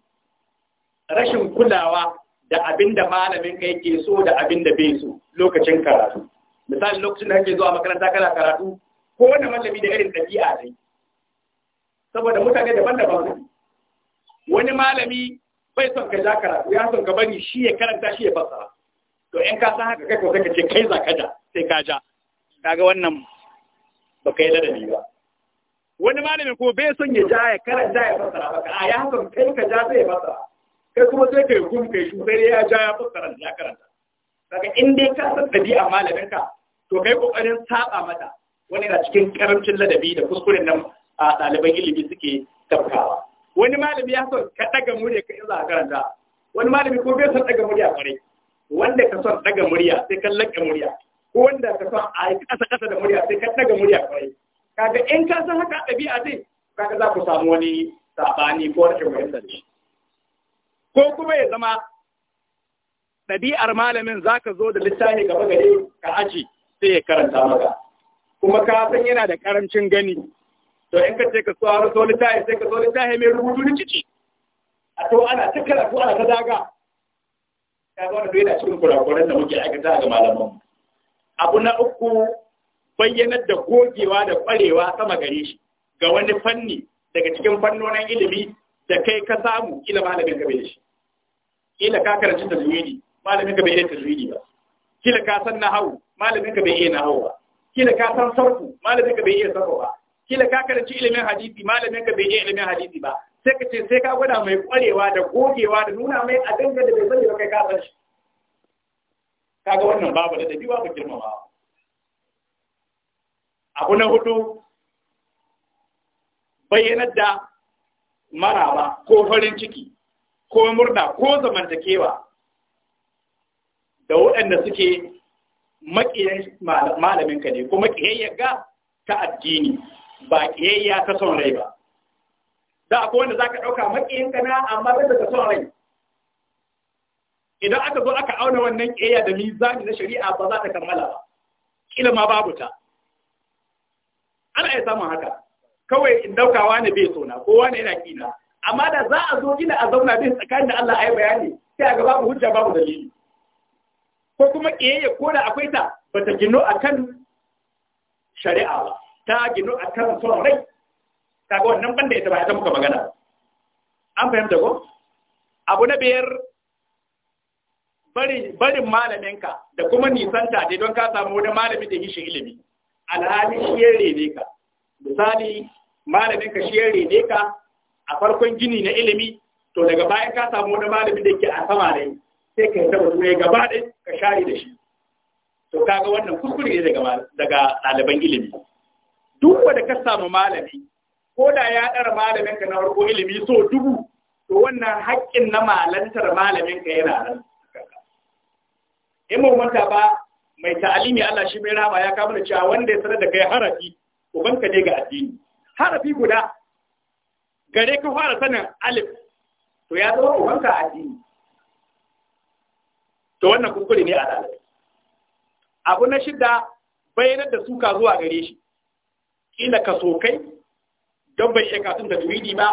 rashin kulawa da abin da malamin ka yake so da abin da bai so lokacin karatu. Misali lokacin da kake zuwa makaranta kana karatu, ko wanda malami da irin ɗabi'a dai Saboda mutane daban-daban Wani malami bai son ka ja karatu, ya son ka bari shi ya karanta shi ya fassara. to in ka san haka kai ko kake ce kai za ka ja sai ka ja kaga wannan ba kai ladabi ba wani malami ko bai son ya ja ya karanta ya fassara maka a ya haka kai ka ja sai ya fassara kai kuma sai kai gum kai shi sai ya ja ya fassara ya karanta kaga in dai ka san a malamin ka to kai kokarin saba mata wani na cikin karamcin ladabi da kuskuren nan a ɗaliban ilimi suke tafkawa wani malami ya son ka daga murya ka in za a karanta wani malami ko bai son daga murya kare wanda ka son daga murya sai ka laƙa murya ko wanda ka son a yi ƙasa ƙasa da murya sai ka daga murya kawai kaga in ka san haka ɗabi'a dai kaga za ku samu wani saɓani ko rashin fahimtar shi ko kuma ya zama ɗabi'ar malamin za ka zo da littafi gaba gare ka aji sai ya karanta maka kuma ka san yana da karamcin gani to in ka ce ka so littafi sai ka so littafi mai rubutu da ciki a to ana ta karatu ana ta daga yana cikin kurakuran da muke aikata ga abu na uku bayyanar da gogewa da kwarewa sama gare shi ga wani fanni daga cikin fannonin ilimi da kai ka samu kila malamin ka bai da shi kila ka karanci tajwidi malamin ka bai iya tajwidi ba kila ka san na hau, malamin ka bai iya hau ba kila ka san sarku malamin ka bai iya sarku ba kila ka karanci ilimin hadisi malamin ka bai iya ilimin hadisi ba sai ka ce sai ka gwada mai kwarewa da gogewa da nuna mai a dangar da bai zai ba kai kasar shi kaga wannan babu da dabi babu girmama abu na hudu bayyanar da maraba ko farin ciki ko murna ko zamantakewa da waɗanda suke makiyan malaminka ne ko ƙiyayyar ga ta addini ba ƙiyayya ta son ba da akwai wanda za ka ɗauka makiyin kana amma da daga son rai idan aka zo aka auna wannan ƙeya da mizani na shari'a ba za ta kammala ba kila ma babu ta ana iya samun haka kawai in ɗaukawa wani bai sona ko wani yana kina amma da za a zo gina a zauna bin tsakanin da Allah ayi bayani sai a ga babu hujja babu dalili ko kuma ƙeya ko da akwai ta ba ta gino akan shari'a ba ta gino akan son rai kaga wannan banda ita ba ta muka magana an fahimta ko abu na biyar barin malaminka da kuma nisanta dai don ka samu wani malami da shi ilimi alhali shi ya rene ka misali malaminka shi ya rene ka a farkon gini na ilimi to daga bayan ka samu wani malami da ke a sama ne sai ka yadda mutum ya gaba ɗin ka share da shi to kaga wannan kuskure ne daga ɗaliban ilimi duk wanda ka samu malami ko da ya ɗara malamin ka na farko ilimi so dubu to wannan haƙƙin na malantar malamin ka yana nan in manta ba mai ta'alimi Allah shi mai rama ya kama da cewa wanda ya sanar da kai harafi ko banka ne ga addini harafi guda gare ka fara sanin alif to ya zama uban addini to wannan kuskure ne a ɗalibai abu na shidda bayanar da suka zuwa gare shi kila ka so kai don bai shekatun da tuwidi ba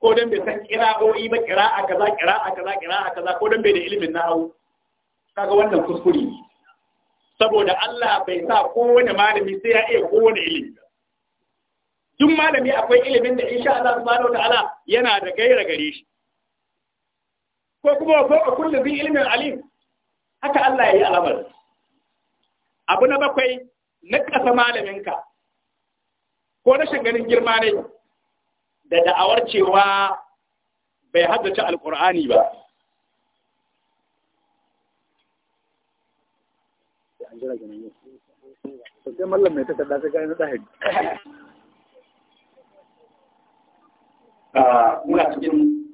ko don bai san kira'o'i ba kira'a kaza kira'a kaza kira'a kaza ko don bai da ilimin nahawu kaga wannan kuskure ne saboda Allah bai sa kowane malami sai ya iya kowane ilimi ba duk malami akwai ilimin da insha Allah subhanahu wataala yana da gaira gare shi ko kuma ko a kullu bi ilmin alim haka Allah ya yi al'amar abu na bakwai na kasa malaminka ko rashin ganin girma ne da da'awar cewa bai haddace alkur'ani ba ah, muna cikin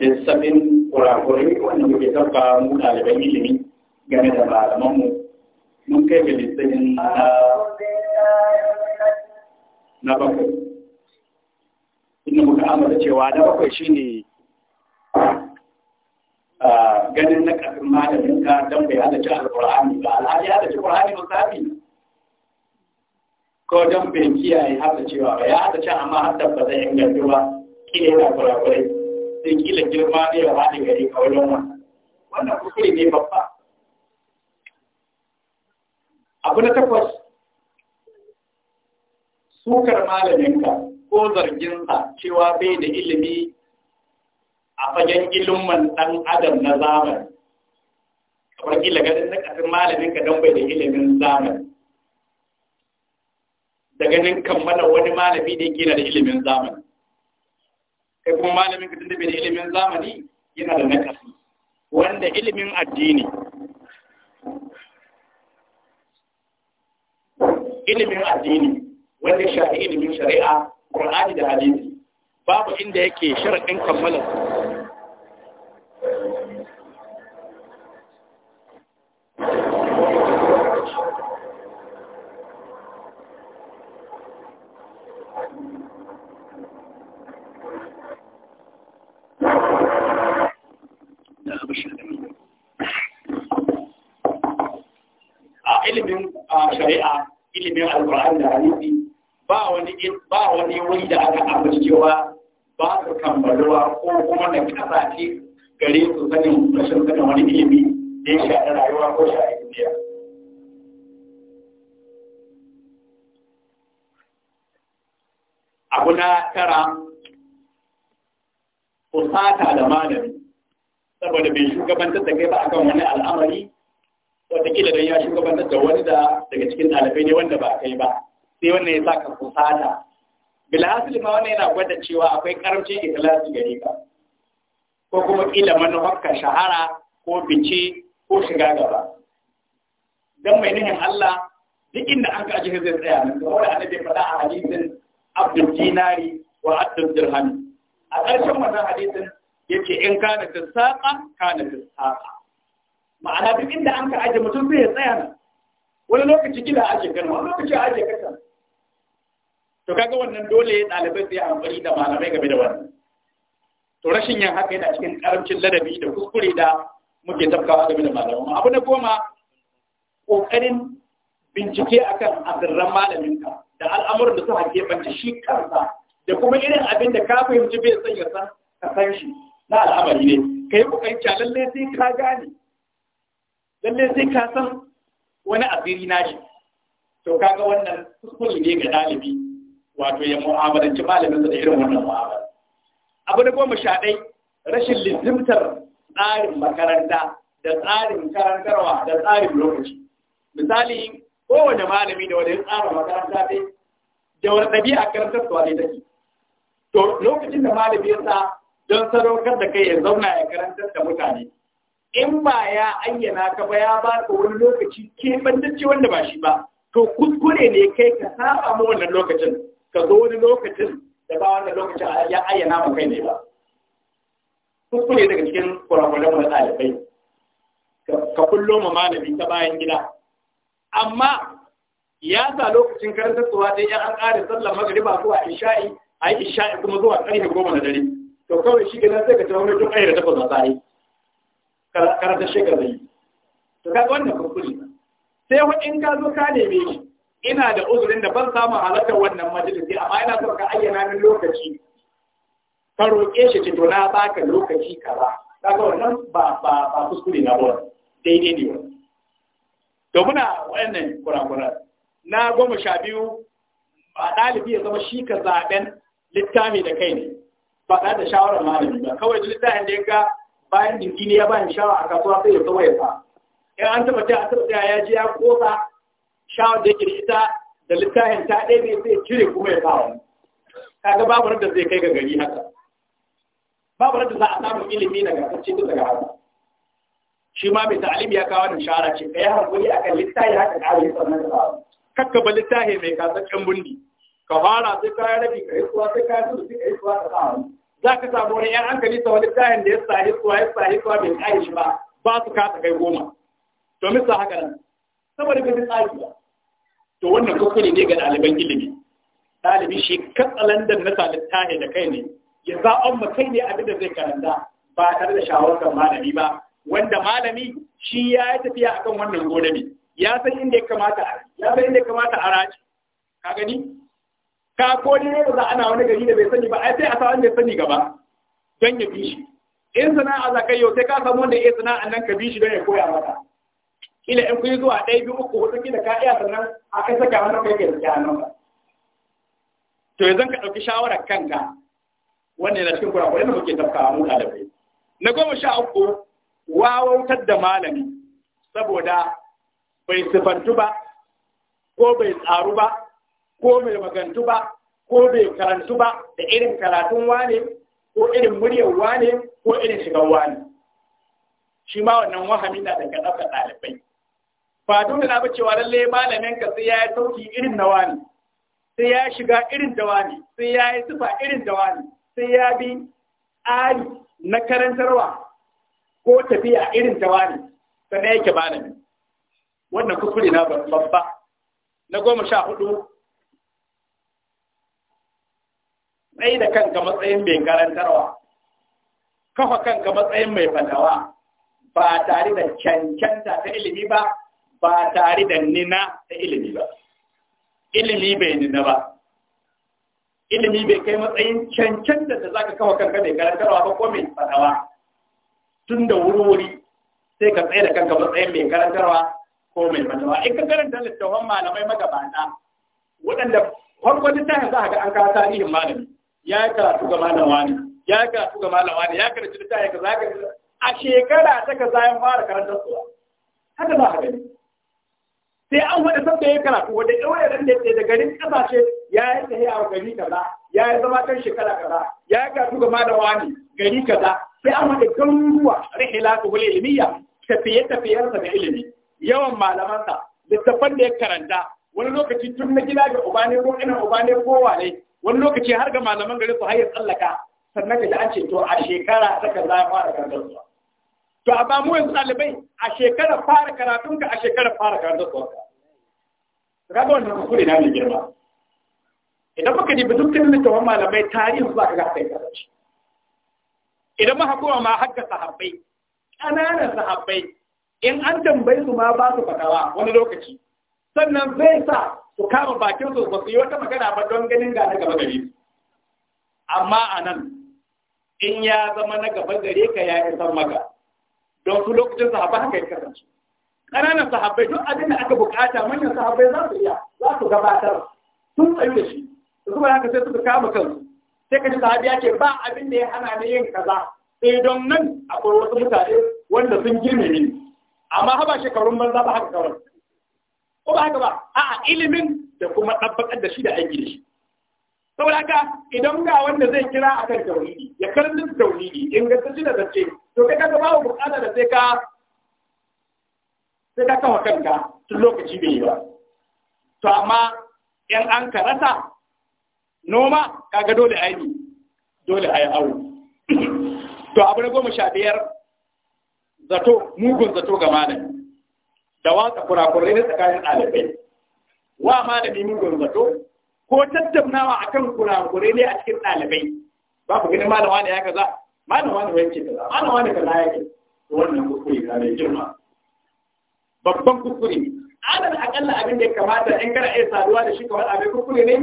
lissafin kurakurai wanda muke tabba mu ɗaliban ilimi game da malamanmu mun kai ga lissafin na na bakwai inda muka amara cewa na bakwai ne ganin na ƙarfin malamin ka don bai hada ci alƙur'ani ba alhaji hada ci ƙur'ani musafi ko don bai kiyaye hada cewa ba ya hada ci amma hada ba zai ingantu ba kila yana kurakurai sai kila girma ne ba haɗe gari a wajen wa wannan kuskure ne babba abu na takwas sukar malaminka ko zarginsa cewa bai da ilimi a fagen ilimin ɗan adam na zamani kamar kila ganin na ƙasar malaminka don bai da ilimin zamani da ganin kammala wani malami da yake da ilimin zamani kai kuma malamin ka tunda bai da ilimin zamani yana da nakasi wanda ilimin addini ilimin addini wanda ya shafi ilimin shari'a Qur'ani da hadisi babu inda yake sharadin kammala a ilimin shari'a ilimin alkur'ani da hadisi ba wani ba wani wuri da aka abu cewa ba su kammaluwa ko kuma na ce gare su sanin rashin sanin wani ilimi da ya shaɗa rayuwa ko shaɗa duniya. Abu na tara fusata da malami saboda bai shugabantar da kai ba akan wani al'amari wataƙila don ya shugabantar da wani da daga cikin ɗalibai ne wanda ba kai ba sai wannan ya saka fusata. bilhasil ma wannan yana gwada cewa akwai karamci ikhlasi gare ka ko kuma kila manufarka shahara ko bice ko shiga gaba dan mai nihin Allah duk inda an kaji zai tsaya nan da wani annabi faɗa a hadisin abdul dinari wa abdul dirham a ƙarshen wannan hadisin yake in kana na kana saƙa. ma'ana duk inda an ka aje mutum zai tsaya nan wani lokaci kila aje kan wani lokaci aje kasan to kaga wannan dole ɗalibai sai amfani da malamai game da wannan to rashin yin haka yana cikin karamcin ladabi da kuskure da muke tafkawa game da malaman abu na goma kokarin bincike akan azurran malaminka da al'amuran da suka keɓance shi kansa da kuma irin abin da ka fahimci bai san ya san ka san shi na al'amari ne ka yi kokarin cewa lalle sai ka gane lalle sai ka san wani asiri na shi to kaga wannan kuskure ne ga ɗalibi wato ya mu'amalanci malamin da irin wannan mu'amala abu da goma sha ɗai rashin lizimtar tsarin makaranta da tsarin karantarwa da tsarin lokaci misali kowane malami da wani tsarin makaranta dai da wani ɗabi'a da wani take to lokacin da malami ya sa don sadaukar da kai ya zauna ya karantar da mutane in ba ya ayyana ka ba ya ba ka wani lokaci ke bandacce wanda ba shi ba to kuskure ne kai ka saba ma wannan lokacin ka zo wani lokacin da ba wanda lokacin ya ayyana mu kai ne ba kuskure daga cikin kurakuran wani ɗalibai ka kullo ma malami ta bayan gida amma ya sa lokacin karanta tsuwa dai ya an sallar magariba zuwa isha'i a yi isha'i kuma zuwa ƙarfe goma na dare to kawai shi gina sai ka ta wani tun ayyar takwas na tsari. karanta shekar yi. to kaga wannan kuskure sai in ka zo ka neme shi ina da uzurin da ban samu halartar wannan majalisi amma ina so ka ayyana min lokaci ka roƙe shi ki na baka lokaci kaza kaga wannan ba ba ba kuskure na ba daidai ne wannan to muna wannan kurakuran na goma sha biyu ba ɗalibi ya zama shi ka zaɓen littafi da kai ne ba da shawarar malami ba kawai duk littafin da ya ga bayan dinki ne ya bayan shawara a kasuwa sai ya tsawaye ya sa in an taɓa ta a taɓa ta ya ji ya kosa shawar da yake da ita da littafin ta ɗaya ne zai cire kuma ya kawo kaga babu da zai kai ga gari haka babu da za a samu ilimi na gasar duka daga haka shi ma mai ta'alim ya kawo da shara ce ka yi a akan littafi haka ka yi sannan da ba kakka ba littafi mai kasaccen bundi ka fara sai ka yi rabi ka yi suwa sai ka yi suwa sai ka yi suwa ka kawo za ka samu wani ‘yan hankali ta wani da ya yi suwa ya yi suwa mai kayi shi ba ba su kasa kai goma domin su haka nan saboda bin tsari ba to wannan kuskure ne ga ɗaliban ilimi ɗalibi shi katsalandan na ne da kai ne ya za mu kai ne abin da zai karanta ba tare da shawarar malami ba wanda malami shi ya yi tafiya akan wannan gonami ya san inda ya kamata a ya san inda ya kamata a raji ka gani ka ko ne ne za ana wani gari da bai sani ba ai sai a sa wanda ya sani gaba don ya bi shi in sana'a za kai yau sai ka samu wanda ya sana'a nan ka bi shi don ya koya maka kila in kun zuwa ɗaya biyu uku hudu kila ka iya sannan a kai saka wani kai kai da nan ka to yanzu ka ɗauki shawarar kanka wannan yana cikin kurakurai da muke tafkawa mu ɗalibai na goma sha uku wawautar da malami saboda bai sifantu ba ko bai tsaru ba ko bai magantu ba ko bai karantu ba da irin karatun wane ko irin muryar wane ko irin shigar wane shi ma wannan wahami na daga ɗaukar ɗalibai ba dole na ba cewa lalle malamin ka sai ya yi sauki irin da wani sai ya shiga irin da wani sai ya yi sifa irin da wani sai ya bi ali na karantarwa ko tafiya irin da wani sannan yake malami wannan kuskure na babba na goma sha hudu tsaye da kanka matsayin mai karantarwa kafa kanka matsayin mai fadawa ba tare da cancanta ta ilimi ba ba tare da nina ta ilimi ba ilimi bai nina ba ilimi bai kai matsayin cancan da zaka kawo kanka mai karantarwa ba ko mai fatawa tun da wuri-wuri sai ka tsaye da kanka matsayin mai karantarwa ko mai fatawa in ka karanta littattafan malamai magabata waɗanda farko yanzu za a ga an kawo tarihin malami ya yi karatu ga malawa ne ya yi karatu ga malawa ne ya karatu ta ka za ka a shekara ta ka zayen fara karantar suwa haka za a gani sai an wani sabta ya karatu wanda ya ran ɗan yake da garin ƙasashe ya yi ta a gari kaza ya yi zama kan shekara kaza ya yi karatu ga da wani gari kaza sai an wani garuruwa rihila ta wani ilimiya tafiye-tafiyarsa da ilimi yawan malamansa littattafan da ya karanta wani lokaci tun na gida ga ubane ko ina ubane ko wane wani lokaci har ga malaman gari su hayar tsallaka sannan ka ji an ce to a shekara ta kaza ya fara karantarwa to ba mu yanzu ɗalibai a shekarar fara karatun ka, a shekarar fara karatunka kaga wannan kuskure na mai girma idan muka dibi dukkan littafin malamai tarihin za ka ga sai ka idan muka koma ma hakka sahabbai ƙananan sahabbai in an tambaye su ma ba su fatawa wani lokaci sannan zai sa su kama bakin su ba su yi wata magana ba don ganin ga na gaba gare su amma a nan in ya zama na gaba gare ka ya san maka don su lokacin sahabba haka yi kasance ƙananan sahabbai duk abin da aka bukata manyan sahabbai za su iya za su gabatar sun tsayu da shi su kuma haka sai suka kama kansu sai ka ji sahabi ya ce ba abin da ya hana ni yin kaza sai eh, don nan akwai wasu mutane wanda sun girme ni amma haba shekarun banza ba haka kawai ko ba haka ba a'a ilimin da kuma ɗabbaƙar da shi da aiki da shi saboda haka idan ga wanda zai kira akan tauhidi ya karanta tauhidi in ingantacce da zance to kai kaga babu buƙatar da sai ka sai ka kawo kanka tun lokaci bai yi ba to amma in an ka rasa noma kaga dole aini dole ayi awo <clears throat> to abu na goma sha biyar zato mugun zato ga malami da watsa kurakurai na tsakanin ɗalibai wa malami mugun zato ko tattaunawa akan kurakurai ne a cikin ɗalibai ba ku gani malama ne ya kaza malam wani ya ce kaza malam wani kaza ya ce wannan kuskure na mai girma babban kuskure adal akalla abin da ya kamata in kana iya saduwa da shi kamar abin kuskure ne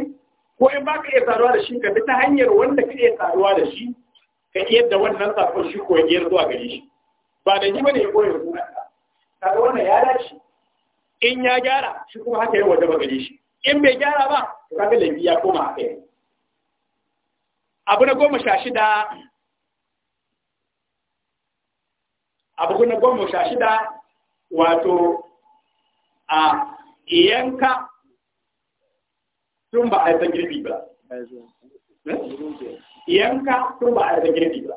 ko in baka iya saduwa da shi ka bi ta hanyar wanda ka iya saduwa da shi ka iya da wannan sakon shi ko ya zuwa gare shi ba da yi bane ya koyar sunanka kaga wannan ya dace in ya gyara shi kuma haka yawa da gare shi in bai gyara ba to kaga laifi ya koma a kai abu na goma sha shida abu na goma sha shida wato a iyanka tun ba a yi girbi ba iyanka tun ba a yi girbi ba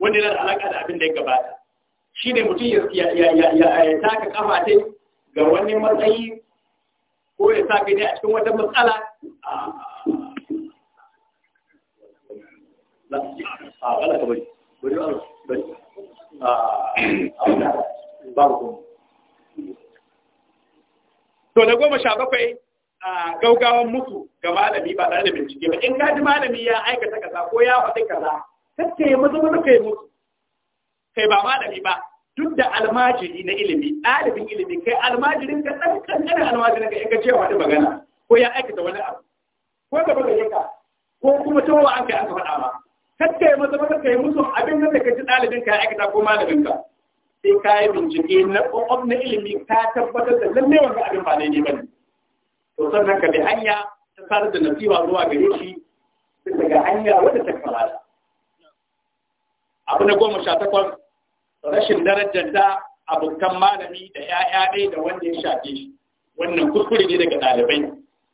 wanda yana alaƙa da abin da ya gabata shi ne mutum ya taka kafa ce ga wani matsayi ko ya sa ne a cikin wata matsala a wala ka bari bari Ah, to na goma sha bakwai a gaugawan mutu ga malami ba tare da bincike ba. In ka ji malami ya aikata kaza ko ya faɗi kaza, kacce ya mazu wani kai mutu. Kai ba malami ba, duk da almajiri na ilimi, ɗalibin ilimi, kai almajirin ka ɗan ƙanƙanin almajirin ka yanka cewa wani magana ko ya aikata wani abu. Ko ka ba ka ko kuma tawa an kai an faɗa ma. kakka yi maza maka kai musu abin da ka ji ɗalibin ka ya aikata ko malamin ka sai ka yi bincike na ƙwaƙwaf na ilimi ka tabbatar da lallai wanda abin ba ne ba ne to sannan ka bi hanya ta sadar da nasiha zuwa gare shi daga hanya wadda ta kamata abu na goma sha takwas rashin darajar da abokan malami da ‘ya'ya ɗai da wanda ya shafe shi wannan kuskure ne daga ɗalibai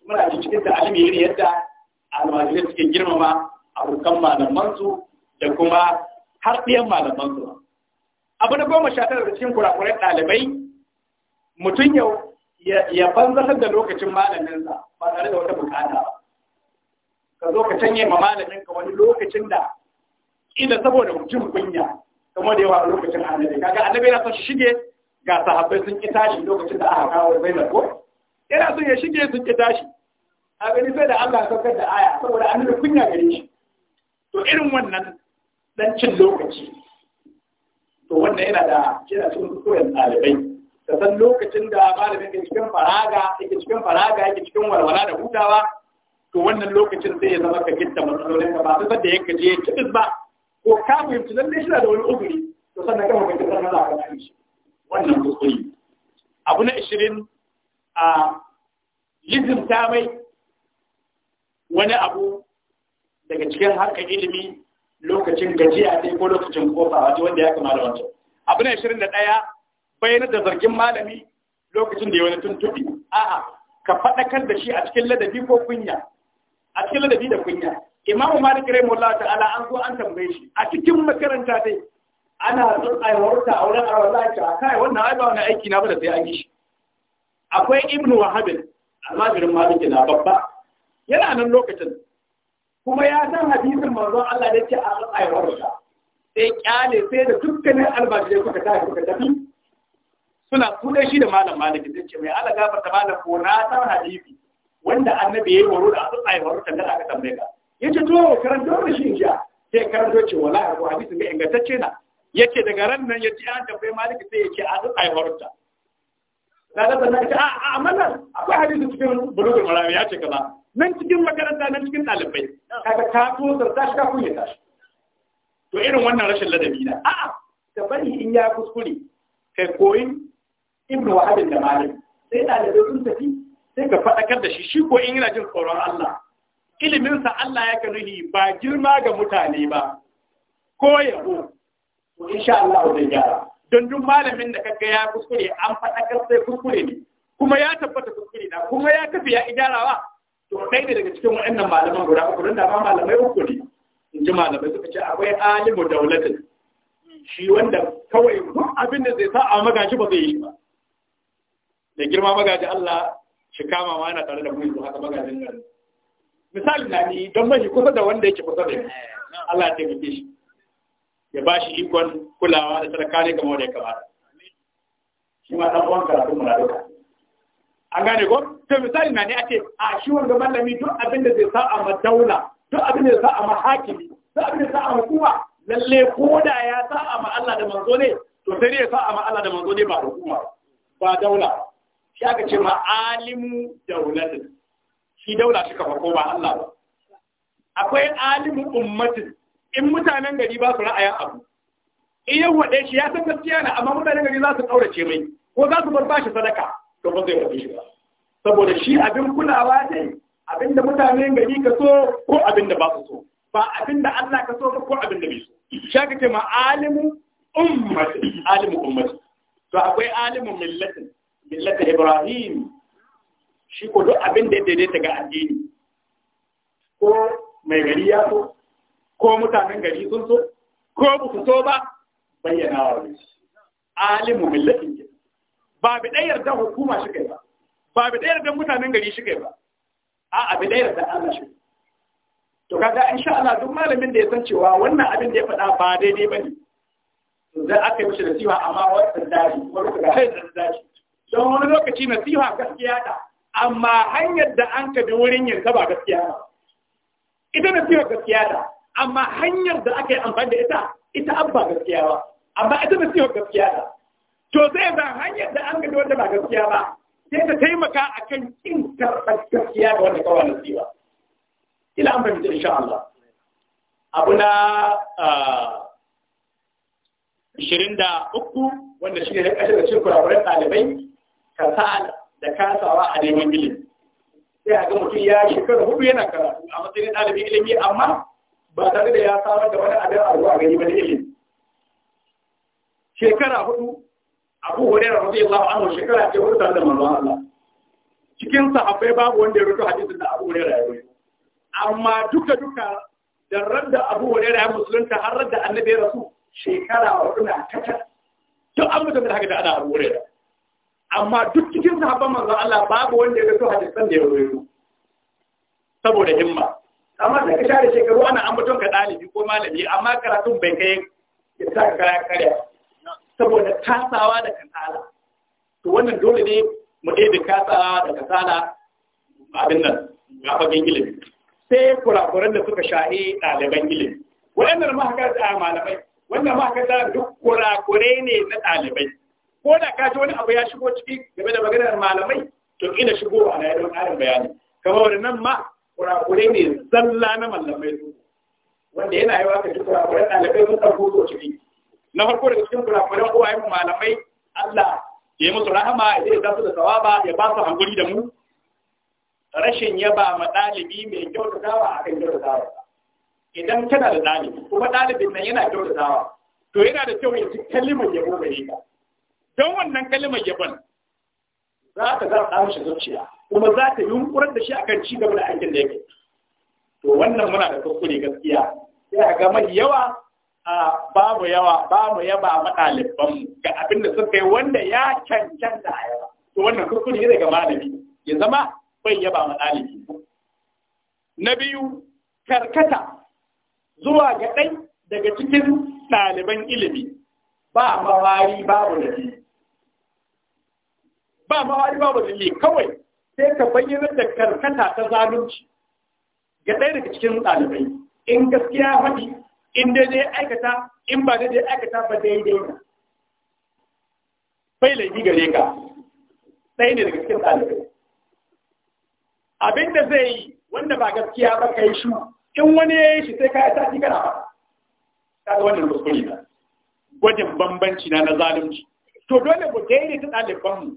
muna cikin da alimi yadda almajirai suke girmama abokan malamansu da kuma har ɗiyan malamansu abu na goma sha tara da cikin kurakurai ɗalibai mutum yau ya banzatar da lokacin malaminsa ba tare da wata bukata ba ka zo ka canye ma malamin ka wani lokacin da Ina saboda mutum kunya kamar da yawa a lokacin annabi kaga annabi yana son shige ga sahabbai sun ki tashi lokacin da aka kawo bai ko yana son ya shige sun ki tashi a gani sai da Allah saukar da aya saboda annabi kunya gare shi to irin wannan dan cin lokaci to wannan yana da yana cikin koyon ɗalibai ka san lokacin da malamin ke cikin faraga yake cikin faraga yake cikin walwala da hutawa to wannan lokacin zai zama ka gitta matsalolin ka ba sai da yake je cikin ba ko ka fahimci lalle shi da wani uzuri to sannan ka fahimci sannan za ka shi wannan kuskure abu na 20 a lizimta mai wani abu daga cikin harkar ilimi lokacin gajiya ne ko lokacin kofa wato wanda ya kama da wancan abu na shirin da ɗaya bayanar da zargin malami lokacin da ya wani tuntuɓi a'a ka faɗakar da shi a cikin ladabi ko kunya a cikin ladabi da kunya imamu malik rahimahullah ta'ala an zo an tambaye shi a cikin makaranta dai ana son a warta a wurin arwala a kai wannan ai ba wani aiki na ba da sai an yi shi akwai ibnu Wahabin, almajirin maliki babba yana nan lokacin kuma ya san hadisin manzon Allah da ce a tsayawar da sai kyale sai da dukkanin almajirai kuka tafi kuka tafi suna kudai shi da malam malik da ce mai ala gafarta malam ko na san hadisi wanda annabi yayi waro da tsayawar da aka tambaye ka yace to karanto da shi ja sai karanto ce wallahi ko hadisin ne ingantacce na yace daga ran nan yace an tambaye malik sai yace a tsayawar da kaga sannan a a nan. akwai hadisi cikin bulugul marami ya ce kaza nan cikin makaranta nan cikin ɗalibai kaga ka so zarta shi ka kunya tashi to irin wannan rashin ladabi na a'a ka bari in ya kuskure kai koyin ibnu wahabin da malam sai ɗalibai sun tafi sai ka faɗakar da shi shi ko in yana jin tsoron Allah iliminsa Allah ya kanuhi ba girma ga mutane ba ko yabo to insha Allah zai gyara don duk malamin da kaga ya kuskure an faɗakar sai kuskure ne kuma ya tabbata kuskure na kuma ya kafi ya idarawa to kai ne daga cikin waɗannan malaman guda uku don da ma malamai uku ne in ji malamai suka ce akwai alimu daulatin shi wanda kawai duk abin da zai sa a magaji ba zai yi ba da girma magaji Allah shi kama ma yana tare da mu yanzu haka magajin nan misali na ni don mashi kusa da wanda yake kusa da ni Allah ya taimake shi ya ba shi ikon kulawa da sadaka ne kamar da ya kamata shi ma ɗan uwan karatu mu na duka an gane ko to misali na ne ake a shi wanga mallami duk abin da zai sa a madaula duk abin da zai sa a mahakimi duk abin da zai sa a hukuma lalle ko da ya sa a ma Allah da manzo ne to sai ya sa a ma Allah da manzo ne ba hukuma ba daula shi aka ce ma alimu daulatin shi daula shi kafa ko ba Allah ba akwai alimu ummatin in mutanen gari ba su ra'ayin abu in yawa ɗaya shi ya san gaskiya na amma mutanen gari za su ƙaurace mai ko za su bar bashi sadaka zai saboda shi abin kulawa ne abin da mutane gari ka so ko abin da ba su so ba abin da Allah ka so ba ko abin da bai so sha kake ma alimu ummati alimu ummati to akwai alimu millatin millatin Ibrahim shi ko duk abin da ya daidaita ga addini ko mai gari ya so ko mutanen gari sun so ko ba su so ba bayyana wa alimu millatin ba bi ɗaya da hukuma shi kai ba ba bi ɗaya da mutanen gari shi kai ba a'a bi ɗaya da Allah shi to kaga insha Allah duk malamin da ya san cewa wannan abin da ya faɗa ba daidai bane ne. zai aka yi mishi nasiha amma wannan daji wani kaga hayar da daji don wani lokaci nasiha gaskiya da amma hanyar da an ka bi wurin yin ba gaskiya ba ita nasiha gaskiya da amma hanyar da aka yi amfani da ita ita abba gaskiya ba amma ita nasiha gaskiya da to zai ba hanyar da an gani wanda ba gaskiya ba sai ta taimaka a kan kin karɓar gaskiya da wanda kawai na ba ila an fahimta insha Allah abu na ah, ashirin da uku wanda shi ne na ƙasar da cin kurakuren ɗalibai kasa da kasawa a neman ilimi sai a ga mutum ya shekaru hudu yana karatu a matsayin ɗalibin ilimi amma ba tare da ya samar da wani abin a ruwa gani ba ilimi shekara hudu abu hurairah radiyallahu anhu shekara ce hurta da manzon Allah cikin sahabbai babu wanda ya rutu hadisin da abu hurairah ya rutu amma duka duka da radda abu hurairah ya musulunta har radda annabi rasu shekara hudu na kacar duk an mutum da haka da ana abu hurairah amma duk cikin sahabban manzon Allah babu wanda ya rutu hadisin da ya rutu saboda himma amma da ka share shekaru ana ambaton ka ɗalibi ko malami amma karatun bai kai ya sa ka karya saboda kasawa da kasala to wannan dole ne mu ɗaya kasawa da kasala abin nan ga fagen ilimi sai kurakuran da suka sha'i ɗaliban ilimi waɗannan mahakar da malamai wannan mahakar da duk kurakure ne na ɗalibai ko da ka wani abu ya shigo ciki game da maganar malamai to ina shigo a na yadda ƙarin bayani kamar nan ma kurakure ne zalla na malamai wanda yana yi wa ka ji kurakurai ɗalibai sun ɗauko ciki na farko da cikin kurakuran uwayen malamai Allah ya yi musu rahama ya zasu da sawaba ya ba su hankuri da mu rashin yaba ma ɗalibi mai kyautatawa a kan kyautatawa idan kana da ɗalibi kuma ɗalibin nan yana kyautatawa to yana da kyau ya ci kalimar yabo gare ka don wannan kalimar yabon za ta zarta zuciya kuma za ta hunkurar da shi a kan ci gaba da aikin da yake to wannan muna da kuskure gaskiya sai ga mai yawa ba mu yawa ba mu yaba ma ga abin da suka yi wanda ya cancan da yawa to wannan kurkuri ne daga malami ya zama bai yaba ma na biyu karkata zuwa ga ɗai daga cikin ɗaliban ilimi ba mawari babu dalili ba mawari babu dalili kawai sai ka bayyana da karkata ta zalunci ga ɗaya daga cikin ɗalibai in gaskiya faɗi in daidai aikata in ba daidai aikata ba daidai ka bai laifi gare ka ɗaya ne daga cikin ɗalibai abin da zai yi wanda ba gaskiya ba kai shi in wani ya yi shi sai ka yi sati kana ba ta ga wannan kuskure na gwajin bambanci na na zalunci to dole mu daidaita ɗalibanmu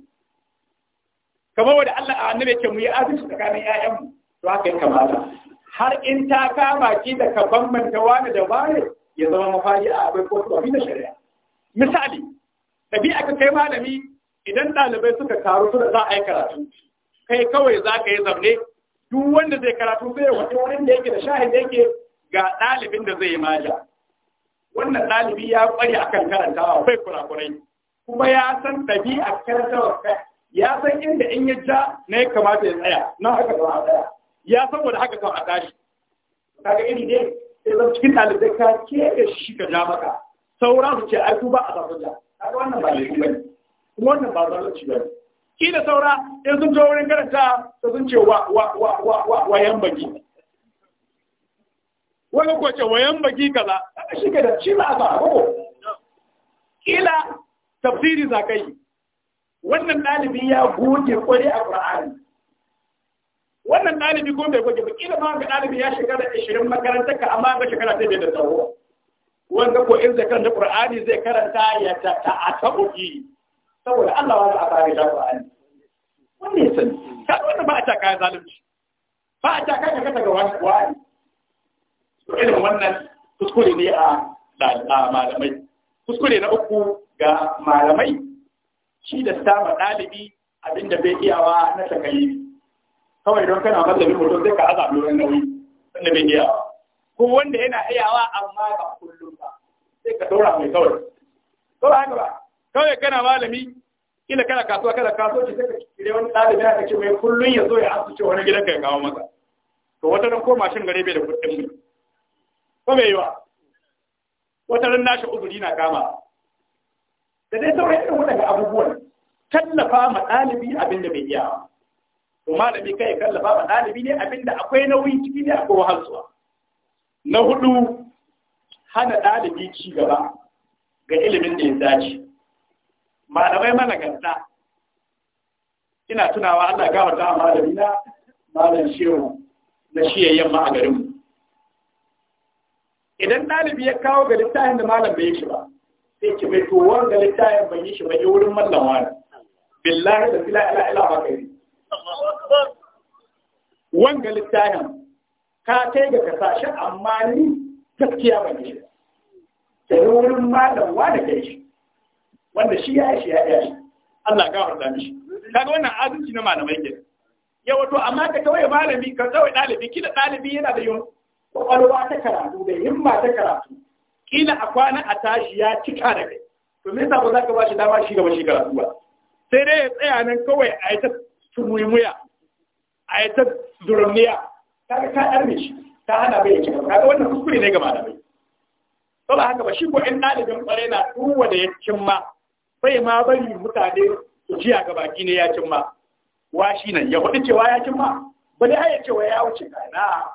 kamar wanda Allah a annabi ke mu yi adalci tsakanin 'ya'yanmu to haka ya kamata har in ta kama ki da ka bambanta wani da wani ya zama mafari a akwai kotu abin da shari'a misali tafi aka kai malami idan ɗalibai suka taru suna za a yi karatu kai kawai za ka yi zaune duk wanda zai karatu zai wani wurin da yake da shahin da yake ga ɗalibin da zai yi maja wannan ɗalibi ya ƙware akan karantawa bai kurakurai kuma ya san a karantawa ya san inda in ya ja na ya kamata ya tsaya na haka ba a tsaya ya saboda haka kan a tashi kaga iri ne sai zan cikin ɗalibai ka keɓe shi ka ja maka saura su ce ai ku ba a zaɓa ja kaga wannan ba laifi ba ne kuma wannan ba zalunci ba ne kila saura in sun zo wurin karanta ta sun ce wa wa wa wa wa wayan baki wani ko ce wayan baki kaza kaga shi ka da shi ba a ba ko kila tafsiri za ka yi wannan ɗalibi ya goge kwari a ƙur'ani wannan ɗalibi ko mai goge ba kila ma ga ɗalibi ya da ashirin makarantar ka amma ga shekara ta da tsawo wanda ko in zai karanta qur'ani zai karanta ya ta tabuki saboda Allah wa a fara da qur'ani wannan san ka wannan ba a ta kayan zalunci ba a ta kayan ta ga wani irin wannan kuskure ne a malamai kuskure na uku ga malamai shi da sama ɗalibi abinda bai iyawa na takayi kawai don kana mallamin hoton sai ka aza lura nauyi wanda bai iya ko wanda yana iyawa amma ba kullum ba sai ka dora mai kawai ko ba haka ba kawai kana malami kila kana kasuwa kana kasuwanci sai ka kire wani ɗalibi ka ce mai kullum ya zo ya ce wani ka ya kawo masa to wata ran ko mashin gare bai da kuɗin mu ko mai yiwa? wata ran nashi uzuri na kama da dai sauran irin waɗanda abubuwan tallafa ma ɗalibi abin da bai iya to malami kai ya kallafa ba ɗalibi ne abinda akwai nauyin ciki ne akwai wahalsuwa na hudu hana dalibi ci gaba ga ilimin da ya dace malamai mana managanta ina tunawa Allah gafarta a malami na malam shehu na shiyayyen yamma a garinmu idan dalibi ya kawo ga littafin da malam bai yi shi ba sai ki mai to wanda littafin bai yi shi ba ya wurin mallam wani billahi da fila ila ila ba kai wanga littafin ka kai ga kasashe amma ni gaskiya ban yi da wurin malam wa da kai shi wanda shi ya shi ya shi Allah ka harda mishi kaga wannan azunci na malamai ke ya wato amma ka kawai malami ka kawai dalibi kila dalibi yana da yun kwakwalwa ta karatu da himma ta karatu kila a kwana a tashi ya cika da kai to me yasa ba za ka ba shi dama shi gaba shi karatu ba sai dai ya tsaya nan kawai a yi ta muya. a yi ta durmiya ta ka ɗarme shi ta hana bai ka ga wannan kuskure ne ga malamai to ba haka ba shi ko in ɗalibin ƙwarai na ruwa da ya cimma bai ma bari mutane su jiya ga baki ne ya cimma wa shi nan ya faɗi cewa ya cimma ba dai ya cewa ya wuce kana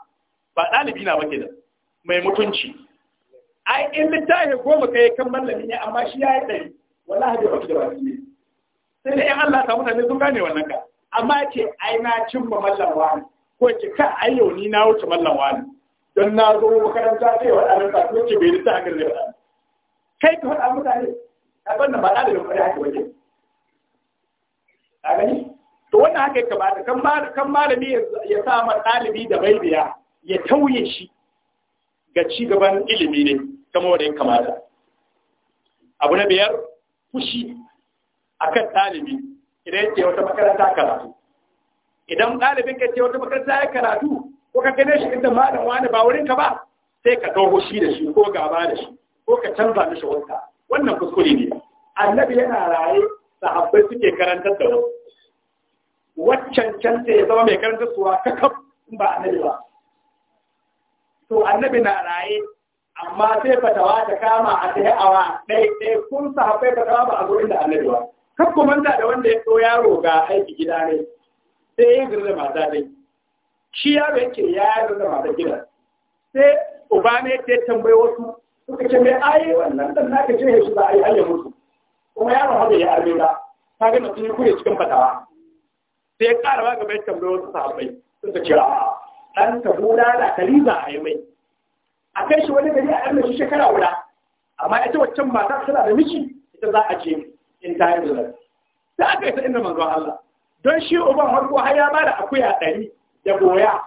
ba ɗalibi na ba da, mai mutunci ai in littafi goma kai kan mallami ne amma shi ya yi ɗari wallahi bai faɗi da baki ne sai dai ƴan Allah ta mutane sun gane wannan ka amma ke ai na cimma mallan wani ko ki ka ai yau ni na wuce mallan wani don na zo makaranta yi wa ɗan ta ko ce bai rita hakan ne ba kai ka faɗa mutane a wannan ba da ba haka waje a gani to wannan haka ya kamata kan malami ya sa ma ɗalibi da baibiya ya tauye shi ga ci gaban ilimi ne kamar wanda ya kamata abu na biyar fushi akan ɗalibi idan ce wata makaranta karatu idan ɗalibin ka ce wata makaranta ya karatu ko ka gane shi inda malam wani ba wurinka ba sai ka ɗauko shi da shi ko gaba da shi ko ka canza mishi wanka wannan kuskure ne annabi yana raye sahabbai suke karantar da wasu waccan can sai ya zama mai karantar suwa kaf in ba annabi ba to annabi na raye amma sai fatawa ta kama a ta yi awa ɗaya ɗaya kun sahabbai fatawa ba a gurin da annabi ba kan ku manta da wanda ya so yaro ga aiki gida ne sai ya girza mata dai shi yaro yake ya girza mata gida sai uba ne ya tambayi wasu suka ce mai ayi wannan dan naka ce shi ba yi hanyar mutu kuma yaro haka ya arbe ba ta ga mutum ya kure cikin fatawa sai ya ƙara ba gaba ya tambayi wasu sahabbai suka ce dan ka bula da kaliza a yi mai a kai shi wani gari a yarda shi shekara guda amma ita waccan mata suna da miki ita za a ce in ta yi zuwa da aka yi ta inda manzo Allah don shi uban harko har ya da akuya ɗari da goya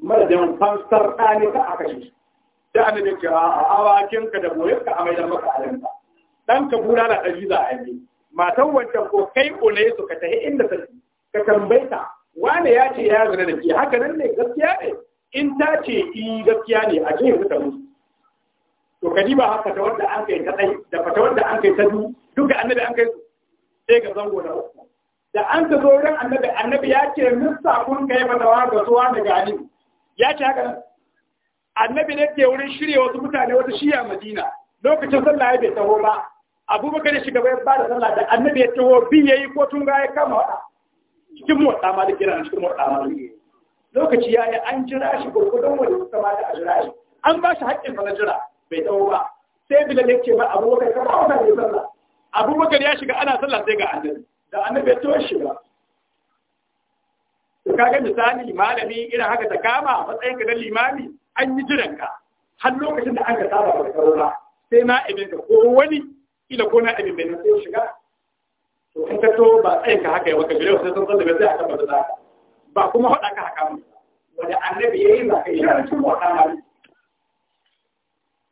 madadin fansar ɗani ka aka shi da annabi ce a awakin ka da goyar ka amai da maka alinka dan ka bura na ɗari za a yi matan wancan ko kai ƙone su ka tafi inda ta ka tambaita wane ya ce ya zana da ke haka nan ne gaskiya ne in ta ce i e, gaskiya ne a ce ya fita musu to ba haka ta wanda an kai ta dai da fata wanda an kai ta du duka annabi an kai su. sai ga zango da uku da an ka zo ran annabi annabi ya ce min kun kai ba tawa ga zuwa da gani ya ce haka annabi ne ke wurin shirye wasu mutane wata shiya madina lokacin sallah ya bai taho ba abubakar shiga bai ba da sallah da annabi ya taho bi yayi ko tun ga ya kama wa cikin motsa ma da kiran cikin motsa ma lokaci ya yi an jira shi gurgudun wani sama da a jira shi an ba shi haƙƙin fara na jira bai tsawo ba sai bilal ya ce ma abubakar ka ba wannan sallah abubakar ya shiga ana sallah sai ga annabi da annabi ya to shiga to ka kaga misali malami irin haka ta kama matsayin ka da limami an yi jiranka har lokacin da aka saba da karora sai na ibin ka ko wani kila ko na ibin bai sai shiga to in ka to ba tsayin ka haka ya baka gare sai san sallah sai aka bada ba kuma hada ka haka wanda annabi yayi ba kai shi ne cikin wannan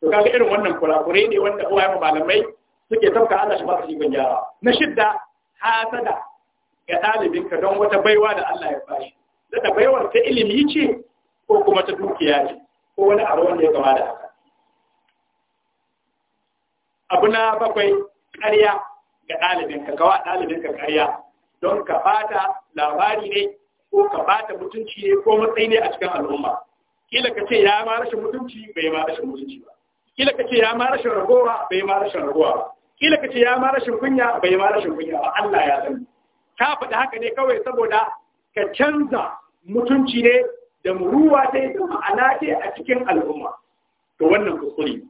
to kaga irin wannan kurakurai ne wanda uwaye mu malamai suke sauka Allah shi ba su ikon gyara na shidda hasada ga ɗalibinka don wata baiwa da Allah ya bashi da baiwar ta ilimi ce ko kuma ta dukiya ce ko wani abu wanda ya kama da haka abu na bakwai ƙarya ga ɗalibinka gawa ɗalibinka ƙarya don ka bata labari ne ko ka bata mutunci ne ko matsayi ne a cikin al'umma kila ka ce ya ma rashin mutunci bai ma rashin mutunci ba kila kace ya ma rashin ragowa bai ma rashin ragowa kila kace ya ma rashin kunya bai ma rashin kunya ba Allah ya sani ka faɗi haka ne kawai saboda ka canza mutunci ne da muruwa ta da ma'ana ce a cikin al'umma to wannan kuskure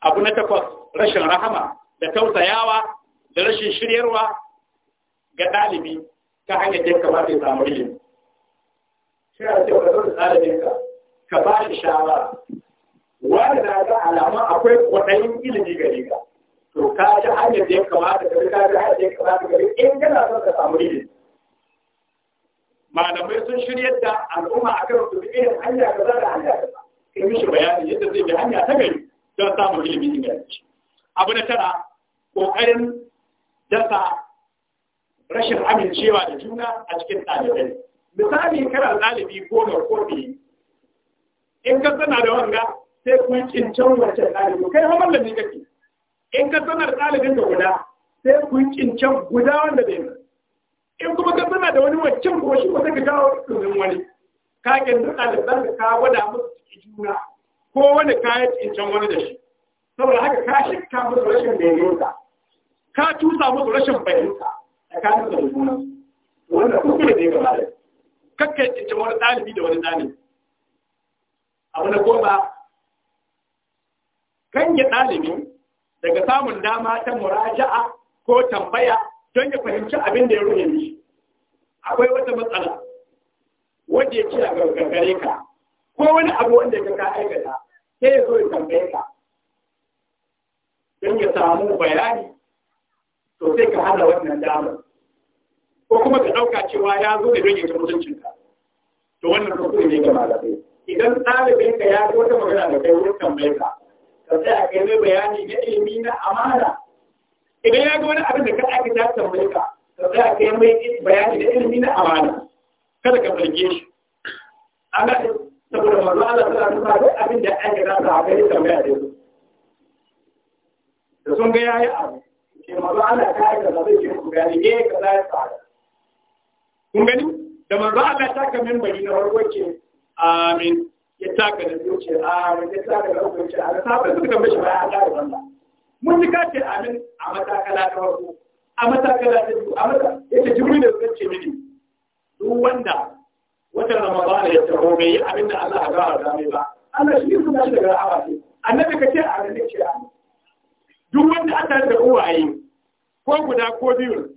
abu na takwas rashin rahama da tausayawa da rashin shiryarwa ga ɗalibi ta hanyar da ya kamata ya samu ilimi. Shi a ce ka zo wa ɗalibinka ka ba shi shawara wanda da ga alama akwai kwaɗayin ilimi gare ka to ka ji hanyar da ya kamata ka ka ji hanyar da ya kamata ka in kana son ka samu ilimi malamai sun shirya da al'umma a kan su irin hanya za da hanya kaza kai mishi bayani yadda zai bi hanya ta gari don samun ilimi ingantacce abu na tara ƙoƙarin dasa rashin amincewa da juna a cikin ɗalibai misali kana ɗalibi goma ko biyu in ka sana da wanga sai ku yi wacce wancan Kai kai fa ne kake in ka sana da ɗalibin da guda sai ku yi guda wanda bai in kuma ka sana da wani waccan ko shi wata ka kawo ɗumin wani ka kinta da ka kawo da musu ciki juna ko wani kayan cincan wani da shi saboda haka ka shakka musu rashin daidaita ka tusa musu rashin fahimta kanin da juna wanda kuskure ne ga Ka kai cincan wani ɗalibi da wani ɗalibi abu na goma yi ɗalibin daga samun dama ta muraja'a ko tambaya don ya fahimci abin da ya ruhe shi akwai wata matsala wanda ya ci a gargare ka ko wani abu wanda ya ka aikata sai ya zo ya tambaye ka don ya samu bayani to sai ka hana wannan damar ko kuma ka ɗauka cewa ya zo da don ya mutuncinka to wannan kuma ne ga malamai idan ɗalibin ka ya wata magana da kai wurin tambayar ka ka sai a kai mai bayani na ilimi na amana idan ya ga wani abin da ka ake ta tambayar ka ka sai a kai mai bayani na ilimi na amana kada ka zarge shi an ga saboda manzo Allah sallallahu alaihi wasallam abin da ake ta sahabbai tambaya da su da sun ga yayi abu ke manzo Allah ta aika da zai ce ku gani ne eh, kaza ya tsara kun gani da manzo Allah ta kamin bari na warwace amin ya taka da zuciya amin ya taka da zuciya a sabon suka mishi baya a tsari wanda mun ji ce amin a matakala ta farko a matakala ta biyu a mata, ya ce jibril da zai ce mini duk wanda wata ramadana ya taho bai yi abin da Allah ga a zame ba Allah shi suna shi daga ra'awa ce annabi ka ce amin ne ce amin duk wanda aka da uwaye ko guda ko biyu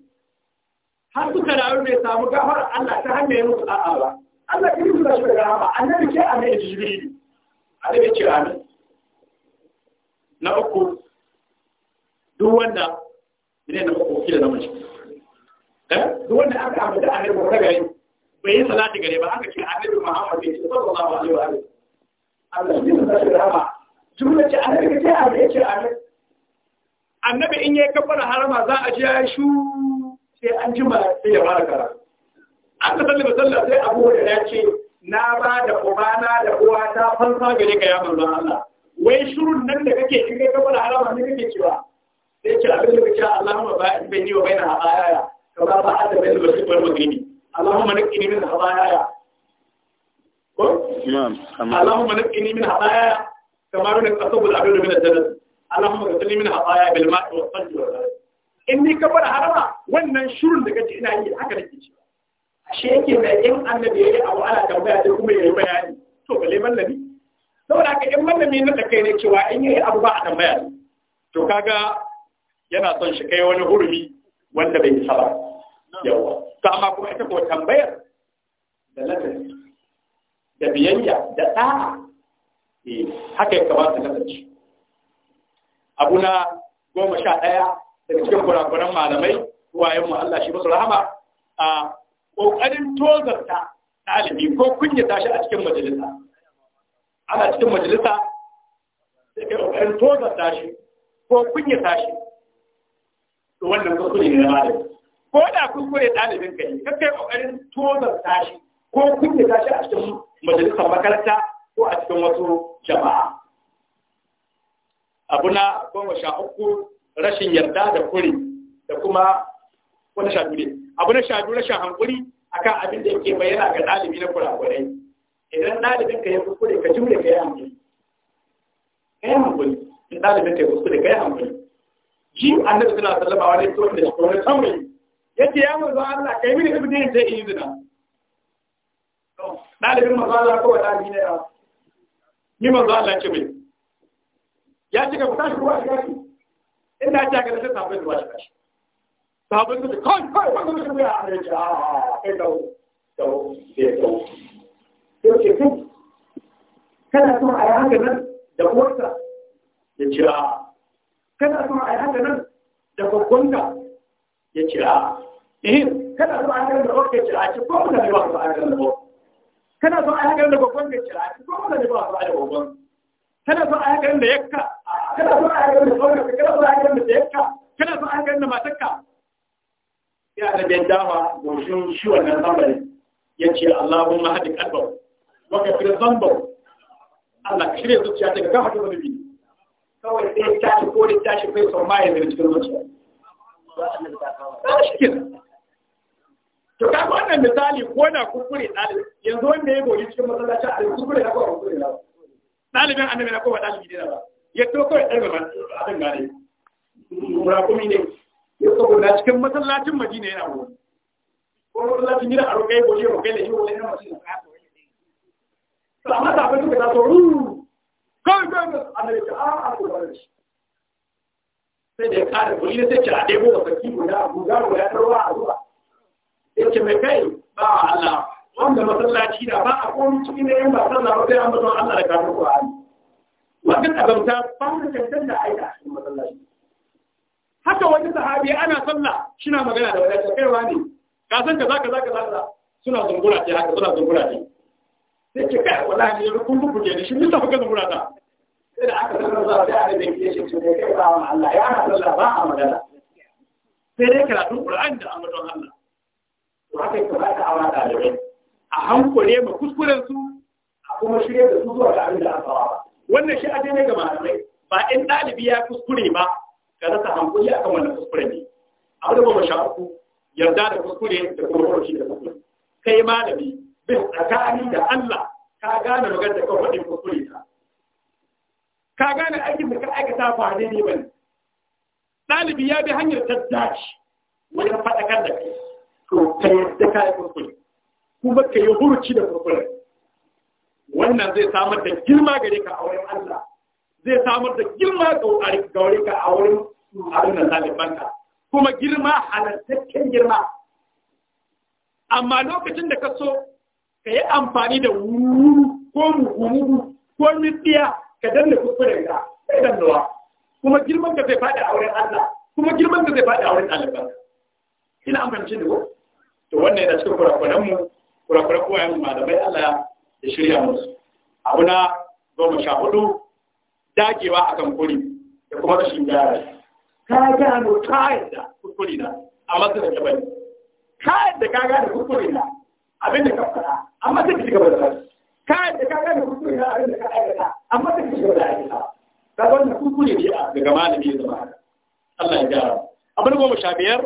har suka rayu bai samu gafara Allah ta hanyar musu a'a ba Allah ya yi da shi da rahama annabi ce a mai jibril annabi ce a mai na uku duk wanda ne na uku kila na mace eh? duk wanda aka ambata annabi ko daga yi bai yi salati gare ba aka ce annabi Muhammad ne sallallahu alaihi wa alihi Allah ya yi da shi rahama jumla ce annabi ce a mai ce a mai annabi in yi kafara harama za a ji ya shu sai an jima sai ya fara karatu an ka sallama sallah sai abu da ya ce na ba da ubana da uwata fansa gare ka ya manzon Allah wai shirun nan da kake in kai kafa harama ne kake cewa sai ce abin da kake Allahumma ba ba'id baini wa baina habaya kama ba'ada ba masjid wal maghribi Allahumma naqqini min habaya ko na'am Allahumma naqqini min habaya kama min qasabu al-abdu min al-jannah Allahumma ghfirli min habaya bil ma'i wal fajr in ni kafa harama wannan shirun da kake ina yi haka nake cewa shi yake da in annabi yayi abu ana tambaya sai kuma yayi bayani to bale mallami saboda haka in mallami na take ne cewa in yayi abu ba a tambaya to kaga yana son shi kai wani hurumi wanda bai isa ba yawa to amma kuma ita ko tambayar da ladabi da biyayya da da'a eh haka ya kamata ladabi abu na goma sha ɗaya daga cikin kurakuran malamai wayan mu Allah shi musu rahama a ƙoƙarin tozarta ɗalibi ko kunyata shi a cikin majalisa ana cikin majalisa sai ƙoƙarin tozarta shi ko kunyata shi to wannan kuskure ne na malami ko da kuskure ɗalibin ka yi kai ƙoƙarin tozarta shi ko kunyata shi a cikin majalisar makaranta ko a cikin wasu jama'a abu na goma sha uku rashin yarda da kuri da kuma ko na sha biyu ne abu na sha biyu rashin hankuri akan abin da yake bayyana ga ɗalibi na kurakurai idan ɗalibin ka ya kuskure ka jure ka yi hankuri ka yi hankuri in ɗalibin ka ya kuskure ka yi hankuri shi annabi sallallahu alaihi wasallam wani tsohon da shi samun yi saurayi ce ya mazu Allah ka yi mini ibn yin sai yi zina ɗalibin mazu Allah ko ɗalibi ne ya ni mazu Allah ce mai ya ce ka fita shi ruwa shi inda ya ce ga da sai sabon ruwa shi sabon da kai kai wanda da ya da da ya to kana son a yi haka nan da uwarka ya cira kana son a yi haka nan da babbanka ya cira eh kana son a yi haka nan da babbanka ya cira ki ko da ba su a yi haka nan kana son a yi da nan da ya cira ki ko da ba su a kana son a yi da yakka kana a nan da babbanka kana son a yi da yakka kana son a yi da matakka sai aka da dama goshin shi wannan zambarin ya ce Allahumma hadi kalbau wa kafir zambau Allah ka shirya zuciya daga kan hadu zunubi kawai sai ta shi ko da ta ci kai sau ma ya zira cikin zuciya ta shi kenan to ka ga wannan misali ko na kuskure ɗalib yanzu wanda ya goyi cikin masallaci a kuskure na kowa kuskure na ɗalibin annabi na kowa ɗalibi ne na ba ya to kawai ɗalibin abin gane murakumi ne saboda cikin masallacin madina yana wuri ko masallacin gida a rukai goje rukai da yi wani yana masu yana to a sai ya sai ce a ɗebo wa sarki guda a guda ta ruwa a zuwa ya mai kai ba a allah wanda masallaci da ba a komi cikin ne ya ba sallah sai an allah da kafin a cikin masallaci haka wani sahabi ana sallah shina magana da wani kaiwa ne ka san kaza kaza zaka suna zungura ce haka suna zungura ce sai ki kai wallahi ne kun buku ke shi mutum ka zungura ta sai da aka zama za da ana da ke shi ne kai ba Allah ya ana sallah ba a magana sai dai karatun Qur'ani da don Allah to haka ka ba ta aura dalibai a hankure ma kuskuren su a kuma shirye da su zuwa ga abin da aka ba wannan shi a ne ga malamai ba in ɗalibi ya kuskure ba ka rasa hankali akan wannan kuskure ne abu da goma sha uku yarda da kuskure da kuma kurci da kuskure kai malami bin tsakani da Allah ka gane magana da kan wani kuskure ta ka gane aikin da ka aikata ba ne ne bane ɗalibi ya bi hanyar ta dace wajen faɗakar da kai to ka yarda ka yi kuskure kuma ka yi huruci da kuskure wannan zai samar da girma gare ka a wurin Allah zai samar da girma ga wurin ka a wurin zalibanka kuma girma halartaccen girma amma lokacin da ka so ka yi amfani da wuru ko muhuru ko nufiya ka danna kuskuren ka sai dannawa kuma girman ka zai faɗi a wurin Allah kuma girman ka zai faɗi a wurin Allah. ina amfanci da ko to wannan yana cikin kurakuran mu kurakuran koyan mu malamai Allah ya shirya musu abu na goma sha hudu dagewa akan kuri da kuma rashin gyara ka gano kayan da kurkuri na a matsayin da bane kayan da ka gano kurkuri na abin da ka fara a matsayin da cigaba da kansu kayan da ka gano kurkuri na abin da ka aikata a matsayin da cigaba da aikata ka wannan kurkuri ne daga malami ya zama haka Allah ya gyara abin goma sha biyar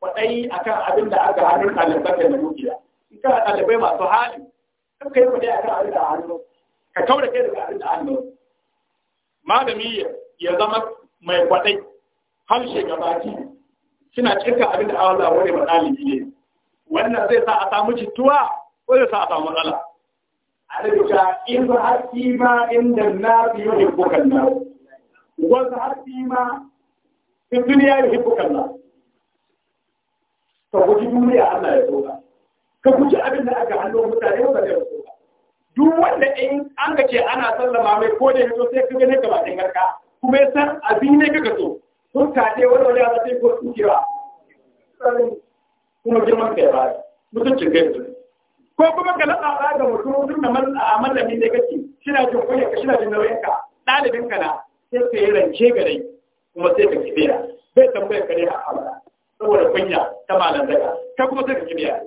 kwaɗayi akan abin da aka hannun ɗalibai da na dukiya in kana ɗalibai masu hali kan ka yi kwaɗayi kan abin da hannu ka kaura kai daga abin da hannu malami ya zama mai kwaɗayi shekara gabaki suna cika abin da Allah wani ma ɗalibi ne wannan zai sa a samu jituwa ko zai sa a samu matsala a rubuta in ba har kima inda na fi yi hibbukan na wasu har kima in duniya yi hibbukan na ka guji duniya Allah ya tsoka ka guji abin da aka hannu mutane ba zai tsoka duk wanda in an ga ce ana sallama mai ko da ya zo sai ka gane ka ba ɗin garka kuma ya san abin ne ka ka so sun kaɗe wani wani a ko tukewa kuma girman kai ba mutuncin kai mutum ko kuma ka latsa ba ga mutum mutum da mallami ne kake shina jin kunya ka shina jin nauyin ka ɗalibin ka na sai ka yi rance ga kuma sai ka kibiya bai tambayar ka ne a amara saboda kunya ta malam daga ka kuma sai ka kibiya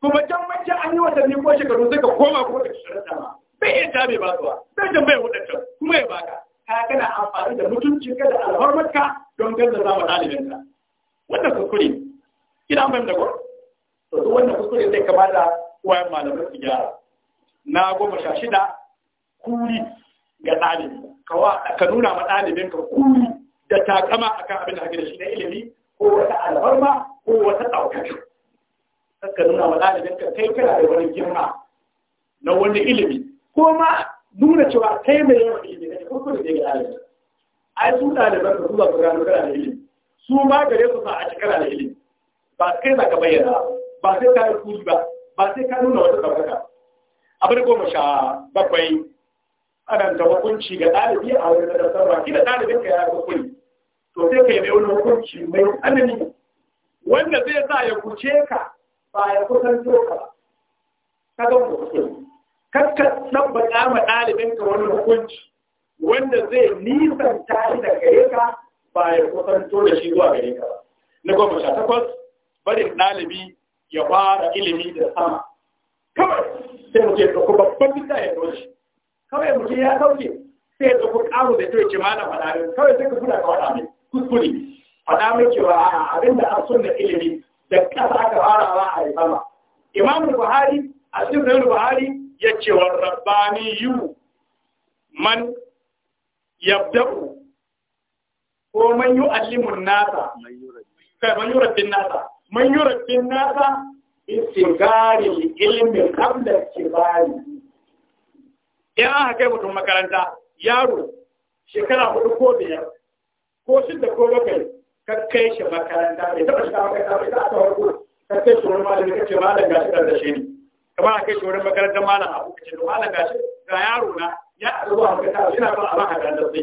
kuma can mace an yi watanni ko shekaru sai ka koma ko ka shirin dama bai iya tabe ba zuwa bai tambayar wadancan kuma ya baka ka kana amfani da mutuncin ka da ka don ganin gazzara wa ɗalibinka wannan kuskure ina ban da gwar to duk wannan kuskure zai da uwayen malamai su gyara na goma sha shida kuri ga ɗalibi ka nuna ma ka kuri da takama akan abin da haka shi na ilimi ko wata alhorma ko wata ɗaukaka ka nuna ma ka kai kana da wani girma na wani ilimi ko ma nuna cewa kai mai yawan ilimi ne ko kuma da ya yi ai su da da barka zuwa ga gano kana da ilimi su ma gare su fa a cikin da ilimi ba kai za ka bayyana ba sai ka yi kuji ba ba sai ka nuna wata tabbata abin goma sha bakwai ana ta hukunci ga ɗalibi a wani ƙasar ba kila ɗalibin ka ya hukuni to sai ka yi mai wani hukunci mai tsanani wanda zai sa ya kuce ka ba ya kusanto ka ka ga mu hukuni kakka tabbata ma ɗalibinka wani hukunci wanda zai nisan shi daga gare ka ba ya kusanto da shi zuwa gare ka na goma sha takwas barin ɗalibi ya fara ilimi da sama kawai sai mu ke ɗauko babban bisa ya doshi kawai mu ya sauke sai ya ɗauko ƙaro da ta yake mana faɗa kawai sai ka kula ka faɗa mai kuskure faɗa mai cewa a abin da an da ilimi da ƙasa aka fara ba a yi sama imamu buhari a cikin buhari ya ce wa rabbani yu man yabda'u ko man yu'allimun nasa kai man rabbin nasa eh, man rabbin nasa istigari ilmi qabla kibari ya aka kai mutum makaranta yaro shekara hudu ko biyar ko shidda ko bakwai ka kai shi makaranta bai taɓa shiga makaranta bai ta ta farko ka kai shi wani malami kace malam gashi da shi ne kamar a kai shi wurin makarantar malam abu ka ce malam ga shi ga yaro na ya zuwa makaranta yana son a baka da sai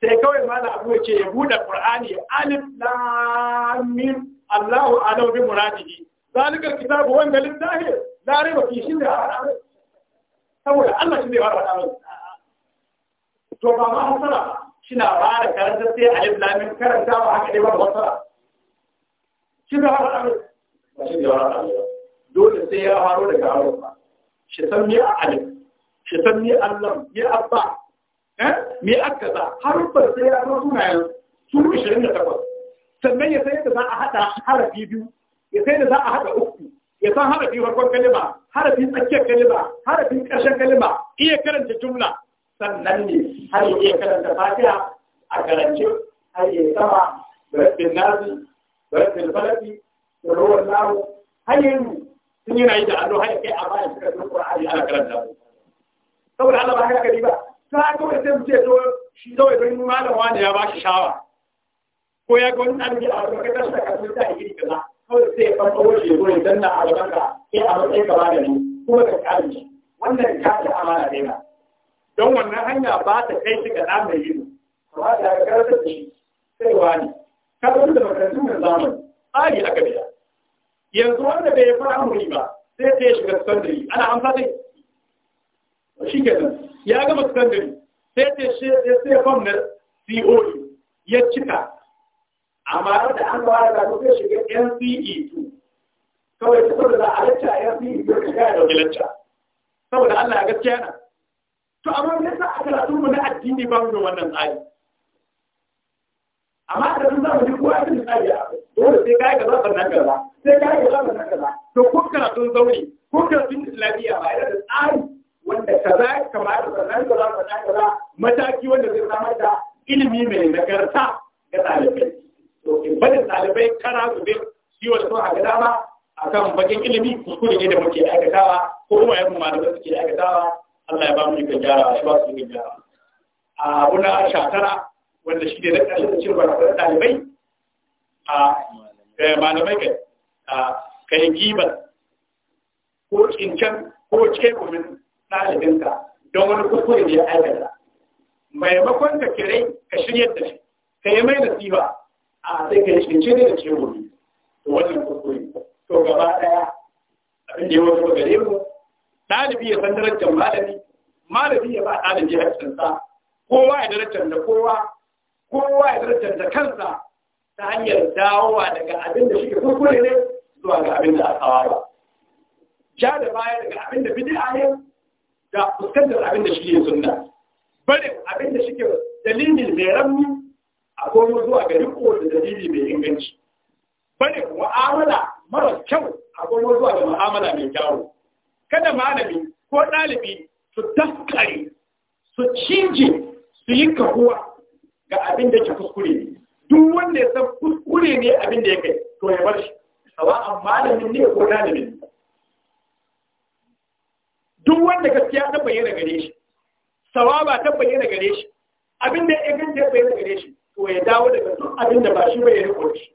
sai kawai malam abu ya ce ya buɗe qur'ani alif lam mim Allahu a'lamu bi muradihi zalikal kitabu wanda lillahi la raiba fi shi da saboda Allah shi ne ya faɗa mai to ba ma hasara shina ba da karanta sai alif lam mim karantawa haka ne ba hasara shi da hasara shi da hasara dole sai ya haro daga haron ba shi san me alif shi san me allah me abba eh me akaza haron ba sai ya haro sunayen su 28 sannan ya sai da za a hada harafi biyu ya sai da za a hada uku ya san harafi farkon kalima harafi tsakiyar kalima harafin ƙarshen kalima iya karanta jumla sannan ne har ya iya karanta fatiha a karance har ya sama da rabbin nazi da rabbin falaki da ruwan lahu har ya yi sun yana yi da allo har kai a bayan suka zo Qur'ani ana karanta saboda Allah ba haka ba ta kawai sai mu ce to shi kawai don malam wani ya ba shi shawa ko ya ga wani ɗalibi a wata makarantar da kasu ta yi kaza kawai sai ya farko wace ya zo ya danna a gaban ka sai a matsayin ka magani kuma ka kare shi wannan ta ci amana ne ba don wannan hanya ba ta kai shi ga mai yi amma da karantar da shi sai wani karantar da makarantun da zamani tsari aka biya yanzu wanda bai yi firamare ba sai ta yi shiga sandari ana amsa dai shi nan ya gama sandari sai ta shiga sai fam na COE ya cika amma da an ba da ta shiga NCE2 kawai ta saboda a lacca a NCE2 ta kaya da lacca saboda Allah ya gaskiya na to amma me sa a karatun mu na addini ba mu da wannan tsari amma da zamani zama a wani tsari dole sai kayan gaba zaba nan gaba sai ka yi zama na kaza to ko karatun zaure ko karatun islamiyya ba yana da tsari wanda kaza ya kamar kaza kaza kaza kaza mataki wanda zai samar da ilimi mai nagarta ga ɗalibai to in bada ɗalibai kara zube shi wanda sun haka dama kan bakin ilimi kuskure ne da muke aikatawa ko kuma yan malamai suke aikatawa Allah ya ba mu ikon gyara ya ba su ikon gyara a wuna shatara wanda shi ne na ƙarshen cin barakar ɗalibai a eh, malamai kai ka yi gibar ko cincin ko cekumin ɗalibinka don wani kuskure da ya aikata maimakon ka kire ka shirya da shi ka yi mai nasiba. a sai ka yi cince da cekumi to wannan kuskure to gaba ɗaya abin da ya wasu gare mu ɗalibi ya san darajar malami malami ya ba ɗalibi haƙƙinsa kowa ya darajar da kowa kowa ya darajar da kansa ta hanyar dawowa daga abin da shi kuskure ne zuwa ga abin da aka ware ja da baya daga abin da bid'a ne da fuskantar abin da shi ne sunna bari abin da shi ke dalilin mai ramni a komo zuwa ga riko da dalili mai inganci bari mu'amala mara kyau a komo zuwa ga mu'amala mai kyawu kada malami ko ɗalibi su daskare su cije su yi kahuwa ga abin da ke kuskure duk wanda ya san kuskure ne abin da ya kai to ya bar shi Sawa sawa'an malamin ne ko dalibin duk wanda gaskiya ta bayyana gare shi sawa ba ta bayyana gare shi abin da ya ganta ya bayyana gare shi to ya dawo daga duk abin da ba shi bai riko shi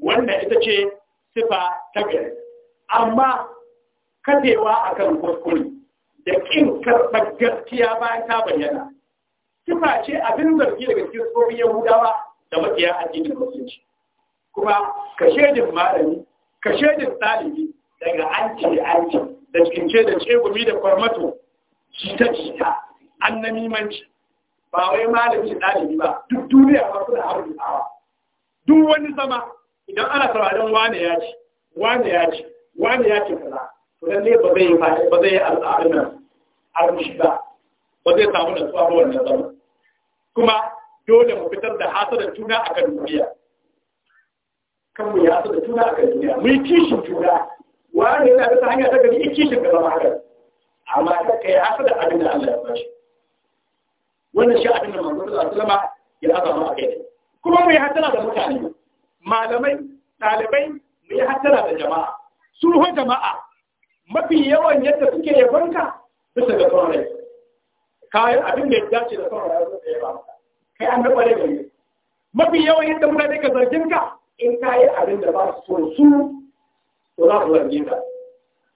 wanda ita ce sifa ta gari amma kadewa akan kuskure da kin karɓar gaskiya bayan ta bayyana sifa ce abin zargi daga cikin tsohon yahudawa da makiya addinin musulunci kuma ka shedin malami ka shedin ɗalibi daga anci da aiki ce da cince da cegumi da kwarmato cita cita an na nimanci ba wai malami talibi ba duk duniya ba suna da awa duk wani zama idan ana sauraron wane ya ci, wane ya ci, wane ya ci kaza to lalle ba zai yi ba zai yi al'adun nan ba ba zai samu da tsuwa wannan zama kuma dole mu fitar da hasarar juna a kan duniya kan mu ya da juna a kan mu yi kishin juna wani yana da hanya ta gari kishin gaba haka amma ta kai hasa da abin da Allah ya bashi wannan shi abin da manzon Allah sallama ya azama a kai kuma mu yi hatara da mutane malamai dalibai, mu yi hatara da jama'a sulhun jama'a mafi yawan yadda suke yabonka bisa ga sauran kayan abin da ya dace da sauran kai an da ƙwarai mafi yawan yadda mutane ka zargin ka in ka yi abin da ba su su to za su zarge ka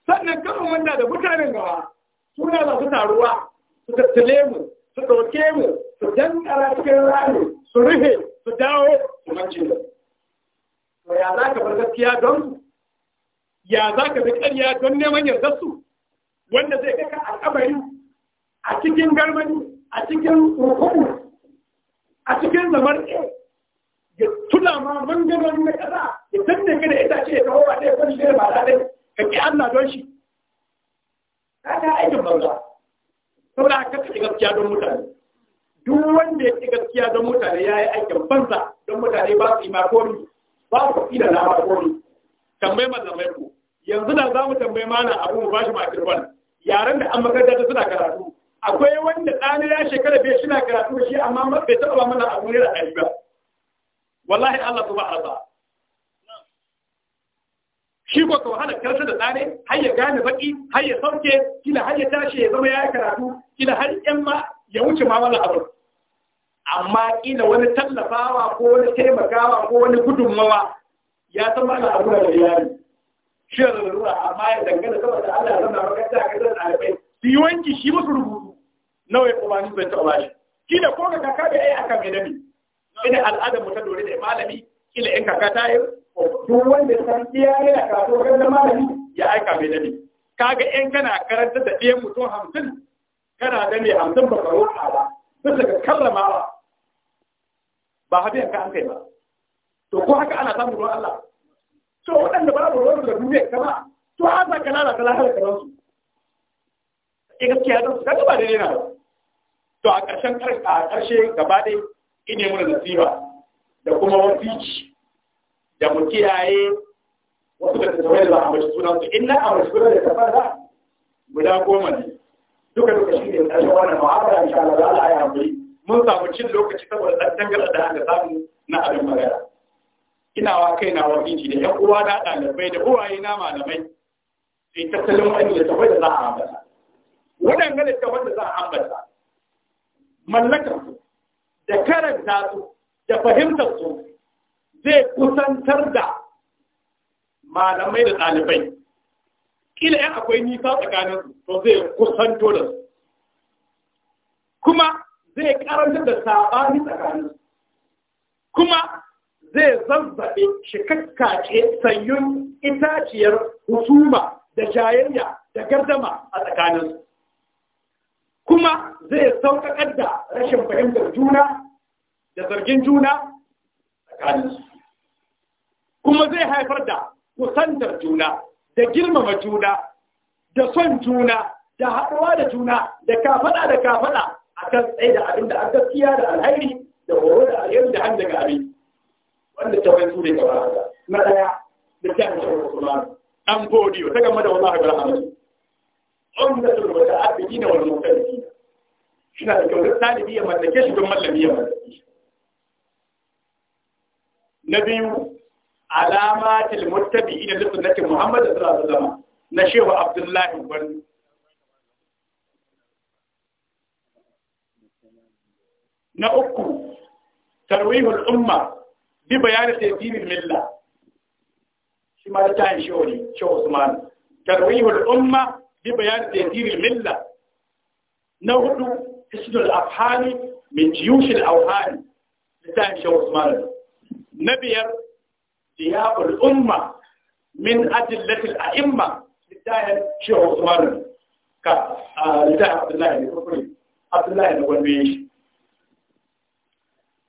sannan kan wanda da mutanen gawa suna za su taruwa su tattale mu su ɗauke mu su dankara cikin rami su rufe su dawo su manci da. to ya za ka bar gaskiya don su ya za ka bi ƙarya don neman yardar su wanda zai kaka ka a cikin garmani a cikin rukunin, a cikin zamar ɗaya Allah ma mun ga wani mai kaza idan ne kada ita ce da hawa dai kun sai ba da dai ka ki Allah don shi kaga aikin banza saboda haka ka gaskiya don mutane duk wanda ya ci gaskiya don mutane ya yi aikin banza don mutane ba su yi makoni ba su fi da na makoni tambayi mazamai ku yanzu da za mu tambayi mana abu mu bashi shi makirwan yaren da an makaranta suna karatu akwai wanda ɗani ya shekara bai shi na karatu shi amma bai taɓa mana abu ne da ɗari ba wallahi Allah ba arba shi ko ka wahala karshe da tsare har ya gane baki har ya sauke kila har ya tashi ya zama ya karatu kila har yan ma ya wuce ma wani abu amma kila wani tallafawa ko wani taimakawa ko wani gudunmawa ya san ba da abu da yari shi da ruwa amma ya dangana saboda Allah ya zama makaranta a kasar ɗalibai su yi wanki shi musu rubutu nawa ya kuma ni bai taɓa shi kila ko ka kaka da ai aka mai dami ina al'adar mu ta dore da malami kila in kaka ta yi duk wanda san iya ne a kaso kan malami ya aika mai dade kaga in kana karanta da ɗaya mutum hamsin kana da mai hamsin ba karo ba sai ka karramawa ba haɗe yanka an kai ba to ko haka ana samun ruwan Allah to waɗanda babu ruwan da duniya kama to an za ka lalata lahar karansu e gaskiya don su kaga ba daidai na to a ƙarshen ƙarshe gaba ɗaya ine da nasiba da kuma wasici da mu kiyaye wasu da tattawai da a mashi suna su in na a mashi sunan da ta da? guda goma ne duka duka shi ne shawar da mu'amala insha Allah za a yi hankali mun samu cin lokaci saboda ɗan dangala da aka samu na abin magana ina wa kai na fiji da ƴan uwa na ɗalibai da uwaye na malamai sai tattalin wani da tafai da za a ambata waɗanda da tafai da za a ambata mallakar su da karanta su da fahimtar su zai kusantar da malamai da ɗalibai kila yan akwai nisa tsakanin su to zai kusanto da su kuma zai karanta da saɓani tsakanin su kuma zai zazzaɓe shi kakkace sanyun itaciyar husuma da jayayya da gardama a tsakaninsu. kuma zai sauƙaƙar da rashin fahimtar juna da zargin juna kuma zai haifar da kusantar juna da girmama juna da son juna da haɗuwa da juna da kafaɗa da kafaɗa a kan tsaye da abin da an gaskiya da alhairi da horo da alheri da hannu daga abin wanda ta wani su gaba na ɗaya da ta yi kuma an bodiyo ta gama da wani haɗar hamadu ummatul muta'abidin wal muta'abbidin shina da kyau duk ɗalibi ya mallake shi don mallami ya mallake shi na biyu alamatul muttabi'ina li sunnati muhammad sallallahu alaihi wasallam na shehu abdullahi barni na uku tarwihul umma bi bayan tafsirin milla shi ma ta shehu ne shehu usman tarwihul umma في بيان تأثير الملة نهض حسن الأفهام من جيوش الأوهام لسان شو عثمان نبير ضياء الأمة من أدلة الأئمة لسان شيخ عثمان ك آه، عبد الله الكفري عبد الله الولويش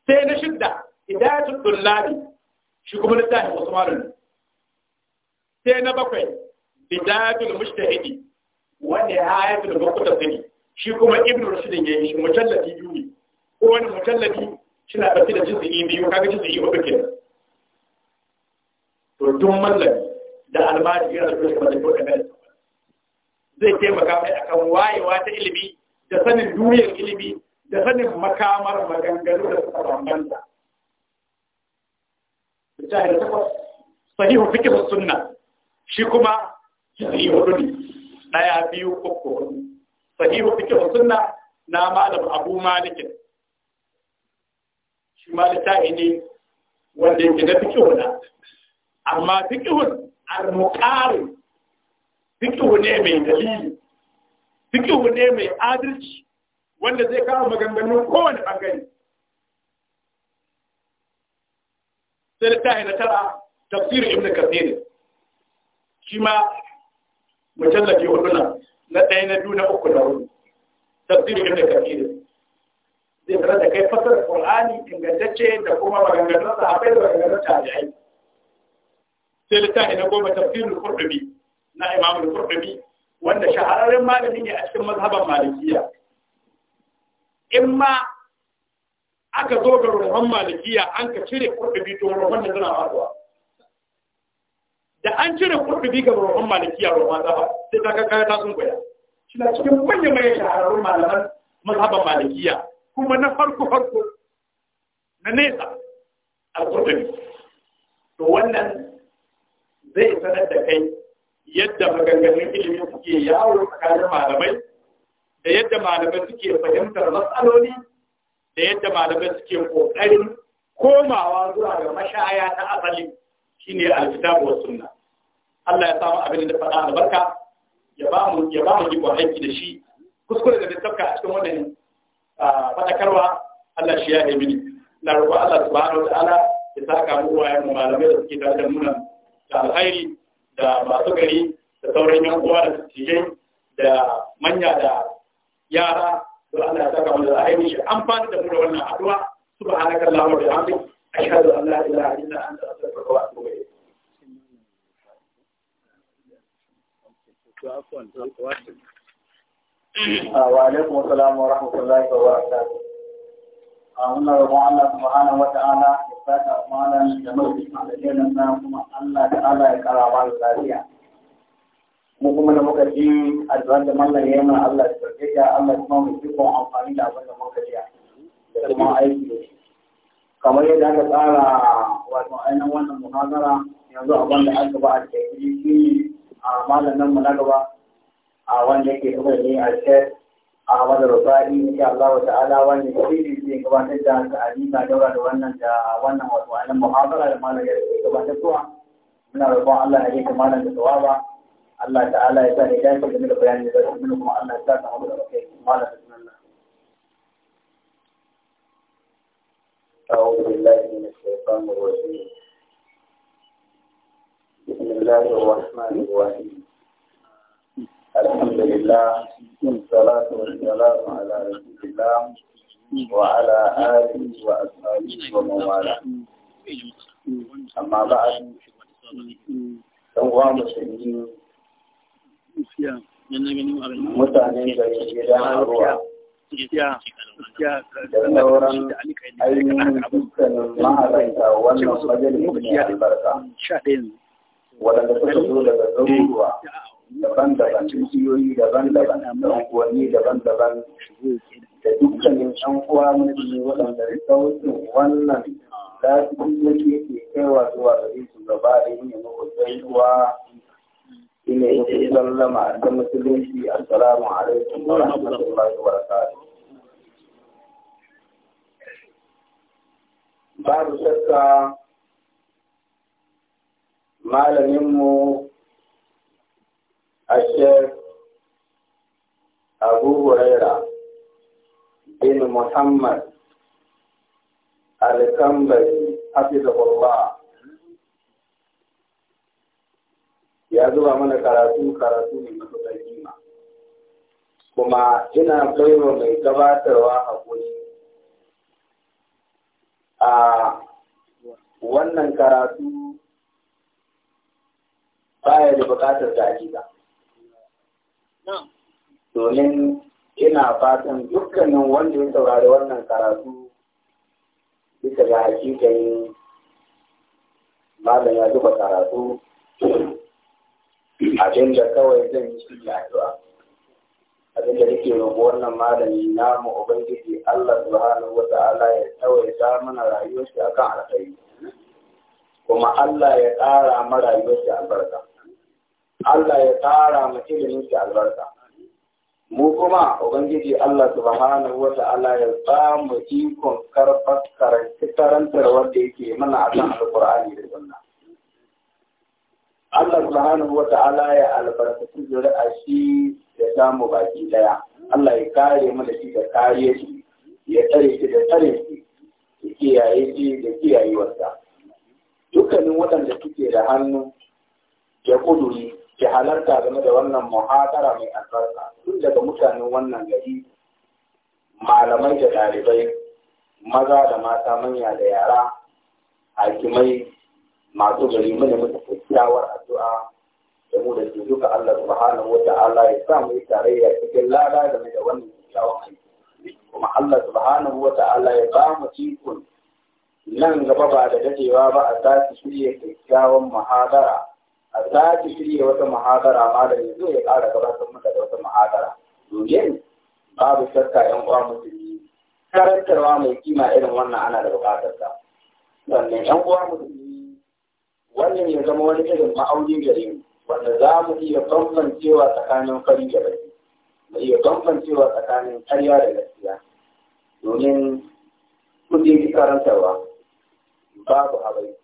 سينا شدة هداية الطلاب شو كمان لسان عثمان سينا بقي بداية المجتهدين wanda ya haifu da bakuta sani shi kuma ibn rashidin ya yi shi mutallafi biyu ne ko wani mutallafi suna ɗauke da jizgi biyu kaga jizgi uku kenan to duk mallami da almajiri yana da kuma da kuma zai taimaka mai kan wayewa ta ilimi da sanin duniyar ilimi da sanin makamar maganganu da suka bambanta. Misali da takwas, sahihu fikir sunna shi kuma kizi hudu ne. ɗaya biyu uku sahihu fiqh sunna na malam abu malik shi malik ne wanda yake da fiqh na amma fiqh al-muqari fiqh ne mai dalili fiqh ne mai adalci wanda zai kawo maganganun kowane bangare sai da tahi na tara tafsir ibn kathir shi ma mujalladi hudu na na ɗaya na biyu na uku da hudu tafsirin ibn kathir zai fara da kai fasar qur'ani ingantacce da kuma maganganun sahabbai da maganganun tabi'ai sai littafi na goma tafsirin qurtubi na imam qurtubi wanda shahararren malami ne a cikin mazhaban malikiya in ma aka zo ga ruhun malikiya an ka cire qurtubi to ruhun da zana faruwa da an cire kurdubi ga rohon malikiya rohon mazhaba sai ta ga ta ta kwaya shi na cikin manyan mai shahararrun malaman mazhaban malikiya kuma na farko farko na nesa a kurdubi to wannan zai sanar da kai yadda maganganun ilimin suke yawo tsakanin malamai da yadda malamai suke fahimtar matsaloli da yadda malamai suke kokarin komawa zuwa ga mashaya ta asali shine alkitabu wa sunna Allah ya samu abin da faɗa albarka ya ba mu ya ba mu jibon aiki da shi kuskure da tafka a cikin wannan faɗakarwa Allah shi ya yi ni. na roƙo Allah subhanahu wataala ya saka mu wa yan malamai da suke tare da mu nan da alkhairi da masu gari da sauran yan uwa da tijai da manya da yara don Allah ya saka mu da alkhairi shi amfani da mu da wannan addu'a subhanakallahumma wa bihamdika ashhadu an la ilaha illa anta astaghfiruka wa atubu ilayk Ah, wa alaikum a wa rahmatullahi wa barakatuh ah, muna roƙon Allah ya da kuma da mu kuma da muka ji da mallan ya Allah ya ka Allah kuma amfani da abin da muka ji da kuma kamar yadda aka tsara wato ainihin wannan muhazara yanzu abin da aka ba a cikin shi a malamin mu na gaba a wanda yake gaba da a shek a wanda rufai insha Allah ta'ala wanda shiri zai gabatar da a daura da wannan da wannan wato ainihin muhabara da malamin ya gabatar zuwa muna roƙon Allah ya yi malamin da tawaba Allah ta'ala ya sa da dace da bayanin da Mun kuma Allah ya sa ka mu da kai malam أعوذ بالله من الشيطان الرجيم بسم الله الرحمن الرحيم الحمد لله والصلاة والسلام على رسول الله وعلى آله وأصحابه ومن والاه أما بعد سوى مسلمين متعنين بيجيدا روح ya ya da wannan ayyukan ma'aikata wannan majalisa ne albarka waɗanda suka zo daga garuruwa daban-daban cikiyoyi daban-daban da unguwanni daban-daban da dukkanin ɗan uwa musulmi waɗanda sautin wannan lafiyan yake ke kaiwa zuwa gare su gaba da yin muku gaisuwa shine yake sallama ta musulunci assalamu alaikum wa rahmatullahi wa barakatuh babu shakka malaminmu a abu huraira bin muhammad alkambari hafizahullah ya zuba mana karatu karatu mai matuƙar kima kuma ina baiwa mai gabatarwa a haƙuri a wannan karatu baya da buƙatar ba. domin ina fatan dukkanin wanda ya saurari wannan karatu bisa ga hakikan malam ya zuba karatu abin da kawai zan yi shi addu'a abin da nake roƙo wannan malami namu ubangiji Allah subhanahu wa ta'ala ya ta mana rayuwar shi akan alkhairi kuma Allah ya ƙara ma rayuwar shi albarka Allah ya tara mu ilimin shi albarka mu kuma ubangiji Allah subhanahu wa ta'ala ya ba mu ikon karfar karantar wanda yake mana a kan alƙur'ani da sunna Allah subhanahu wa ta'ala ya albarkaci a shi ya samu baki daya Allah ya kare mu da shi da kare shi ya tare shi da tare shi ya kiyaye shi da kiyayewarsa dukkanin waɗanda suke da hannu ya kuduri ki halarta game da wannan muhadara mai albarka tun daga mutanen wannan gari malamai da ɗalibai maza da mata manya da yara hakimai masu gari mana mutu kyakkyawar addu'a da mu da ke duka Allah subhanahu wa ta'ala ya sa mu yi tarayya cikin lada game da wannan kyakkyawan aiki kuma Allah subhanahu wa ta'ala ya ba mu ikon nan gaba ba da dadewa ba a sake shirya kyakkyawan muhadara a sake shirya wata muhadara malami zai ya ƙara gabatar maka da wata muhadara domin babu shakka ƴan uwa musulmi karantarwa mai kima irin wannan ana da buƙatar ta sannan ƴan uwa musulmi wannan ya zama wani irin ma'auni gare mu wanda za mu iya bambancewa tsakanin fari da baki mu iya bambancewa tsakanin karya da gaskiya domin ki karantarwa babu habai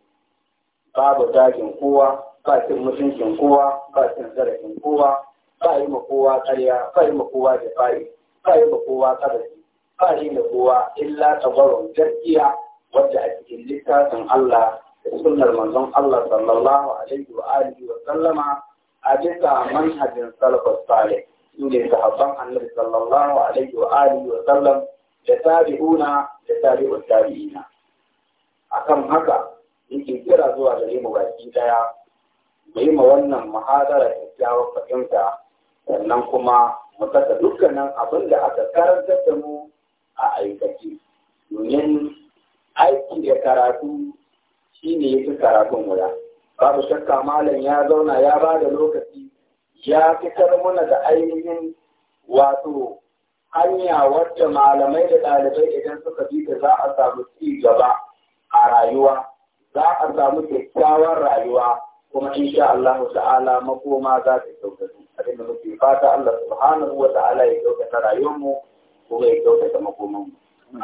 babu dajin kowa ba cin mutuncin kowa ba cin zarafin kowa ba yi ma kowa karya ba yi ma kowa da fa'i ba yi ma kowa karafi ba yi da kowa illa tabaron gaskiya wadda a cikin littafin Allah da sunnar manzon Allah sallallahu alaihi wa alihi wa sallama a bisa manhajin salafus salih su ne sahabban annabi sallallahu alaihi wa alihi wa sallam da tabi'una da tabi'ut tabi'ina akan haka yake kira zuwa gare mu baki daya mu yi ma wannan muhadara kyakkyawar fahimta sannan kuma mu kasa dukkanin abin da aka karantar da mu a aikace domin aiki da karatu shi ne ya fi karatun wuya babu shakka malam ya zauna ya ba da lokaci ya fitar mana da ainihin wato hanya wadda malamai da ɗalibai idan suka bi da za a samu ci gaba a rayuwa za a samu kyakkyawar rayuwa kuma insha Allah ta'ala makoma za ta kyautatu abin da muke fata Allah subhanahu wa ta'ala ya kyautata rayuwar mu ko ya kyautata makoman mu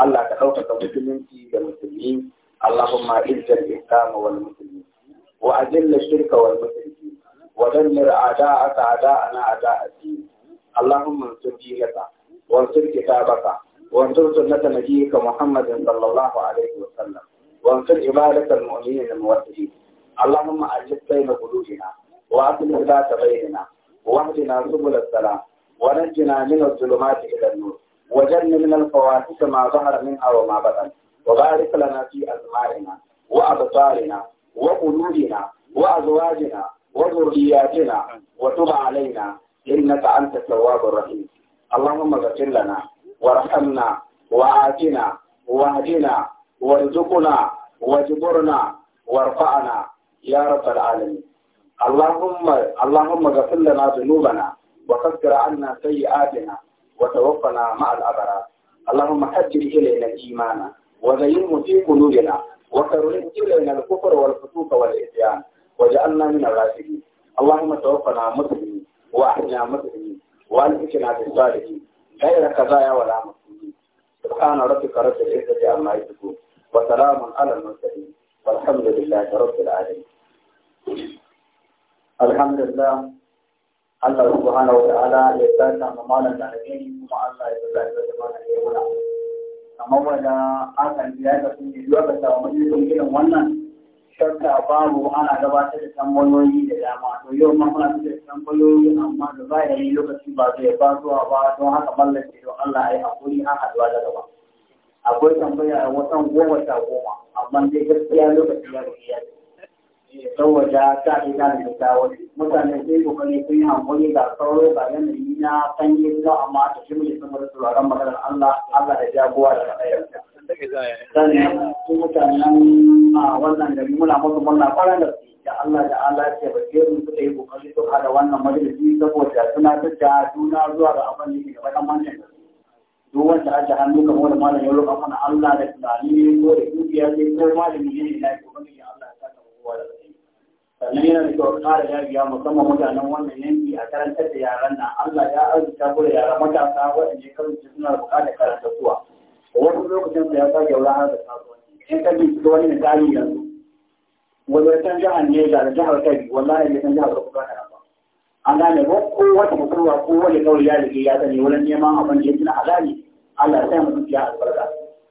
Allah ka ɗaukaka musulunci da musulmi Allahumma izzal islam wal muslimin wa ajil shirka wal mushrikin wa dammir a'da'aka a'da'ana a'da'ati Allahumma ansur dinaka wa ansur kitabaka وانصر سنة نبيك محمد صلى الله عليه وسلم وانصر عبادة المؤمنين الموحدين وأصلح ذات بيننا واهدنا سبل السلام ونجنا من الظلمات إلى النور وجن من الفواحش ما ظهر منها وما بطن وبارك لنا في ازمارنا وأبصارنا وقلوبنا وأزواجنا وذرياتنا وتب علينا إنك أنت التواب الرحيم اللهم اغفر لنا وارحمنا وآتنا واهدنا وارزقنا واجبرنا وارفعنا يا رب العالمين اللهم اللهم اغفر لنا ذنوبنا وكفر عنا سيئاتنا وتوفنا مع الأبرار اللهم حجر إلينا الإيمان وزينه في قلوبنا وكره إلينا الكفر والفسوق والعصيان وجعلنا من الراشدين اللهم توفنا مسلمين وأحيا مسلمين وألحقنا بالصالحين غير كزايا ولا مسلمين سبحان ربك رب العزة عما يصفون وسلام على المرسلين والحمد لله رب العالمين alhamdulillah Allah subhanahu wa ta'ala ya sada ma malam da alheri kuma Allah ya saka ya zama da yawa amma wanda aka ji ya kasu lokacin da mun yi irin wannan shakka babu ana gabatar da tambayoyi da dama to yau ma muna da tambayoyi amma da zahiri lokaci ba zai ba zuwa ba don haka mallake don Allah ya yi hakuri a haduwa da gaba akwai tambaya a watan goma sha goma amma dai gaskiya lokaci ya rufe ya ce saboda ta ina da dawo mutane sai kokari sun yi hankali ga sauro ga ni na sanyi zuwa amma ta shi mai sun rasu a maganar Allah Allah da jagowa da kaɗayarsa. Sannan su mutanen a wannan gari muna musu murna kwarar da su da Allah da Allah ya ba tabbace su suka yi kokari su hada wannan majalisi saboda suna tattara juna zuwa ga abin da ke gaba da manyan da duk wanda aka hannu kamar wani malam ya roƙa mana Allah da tunani ko da dukiya sai ko malami ne na yi kokari Allah ya saka kowa da sannan yana da kyau ƙara yabiya musamman mutanen wannan yanki a karantar da yaran nan Allah ya arzuta ko da yaran matasa waɗanda ya karanta suna buƙatar karanta suwa wasu lokacin ya sa gyaura har da kasuwanci in ka bi wani misali yanzu wajen jihar ne da jihar kai wallahi ne san jihar kuka kana ba an gane ko ko wata mutuwa ko wani kawai ya rike ya sani wani neman abin da ya tuna halali Allah ya sa mu ya albarka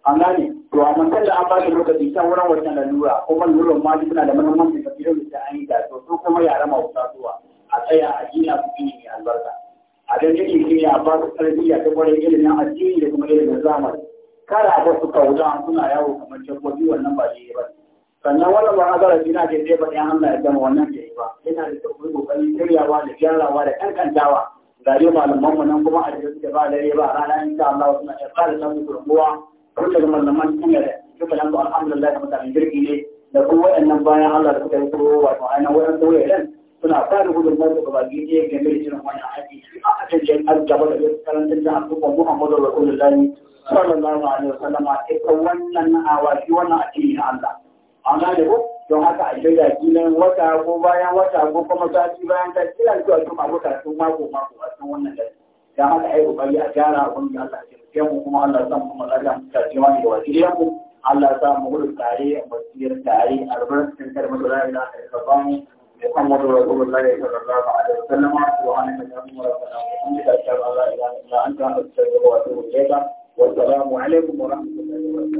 an gane to a da an ba shi lokaci ta wurin wancan lalura kuma lalurar ma suna da muhimmanci da fiye da an yi da to su kuma yara wuta zuwa a tsaya a gina su gini mai albarka a dan gini gini a ba su tarbiyya ta kwarai ilimin addini da kuma ilimin zamani kada a basu kauda suna yawo kamar dabbobi wannan ba shi ba sannan wannan ba azara shi ke sai ba ya Allah ya gama wannan ke ba yana da kokari kokari shiryawa da gyarawa da kankantawa ga dai malaman mu nan kuma a da ba dare ba rana insha Allah suna ya fara samun gurbuwa kuka zama da man tun da kuka nan to alhamdulillah da mutanen jirgi ne da kuma waɗannan bayan Allah da kuka yi kuro wato ainihin waɗansu wayan suna fara gudun mota ga baki ne game da irin wannan aiki a ajin jin aljaba da ya karanta da hakukun Muhammadu Rasulullah sallallahu alaihi wasallam a ita wannan awa shi wannan addini na Allah an gane ko don haka a shaida kilan wata ko bayan wata ko kuma sati bayan sati kilan zuwa tuma ko mako mako a cikin wannan gaskiya da haka ai kokari a gyara abin da Allah ya ce mu kuma Allah ya san kuma Allah ya tarjima ne mu Allah za mu gudu tare basir tare albarkin da mu da a rabani محمد رسول الله صلى الله عليه وسلم سبحانك اللهم ربنا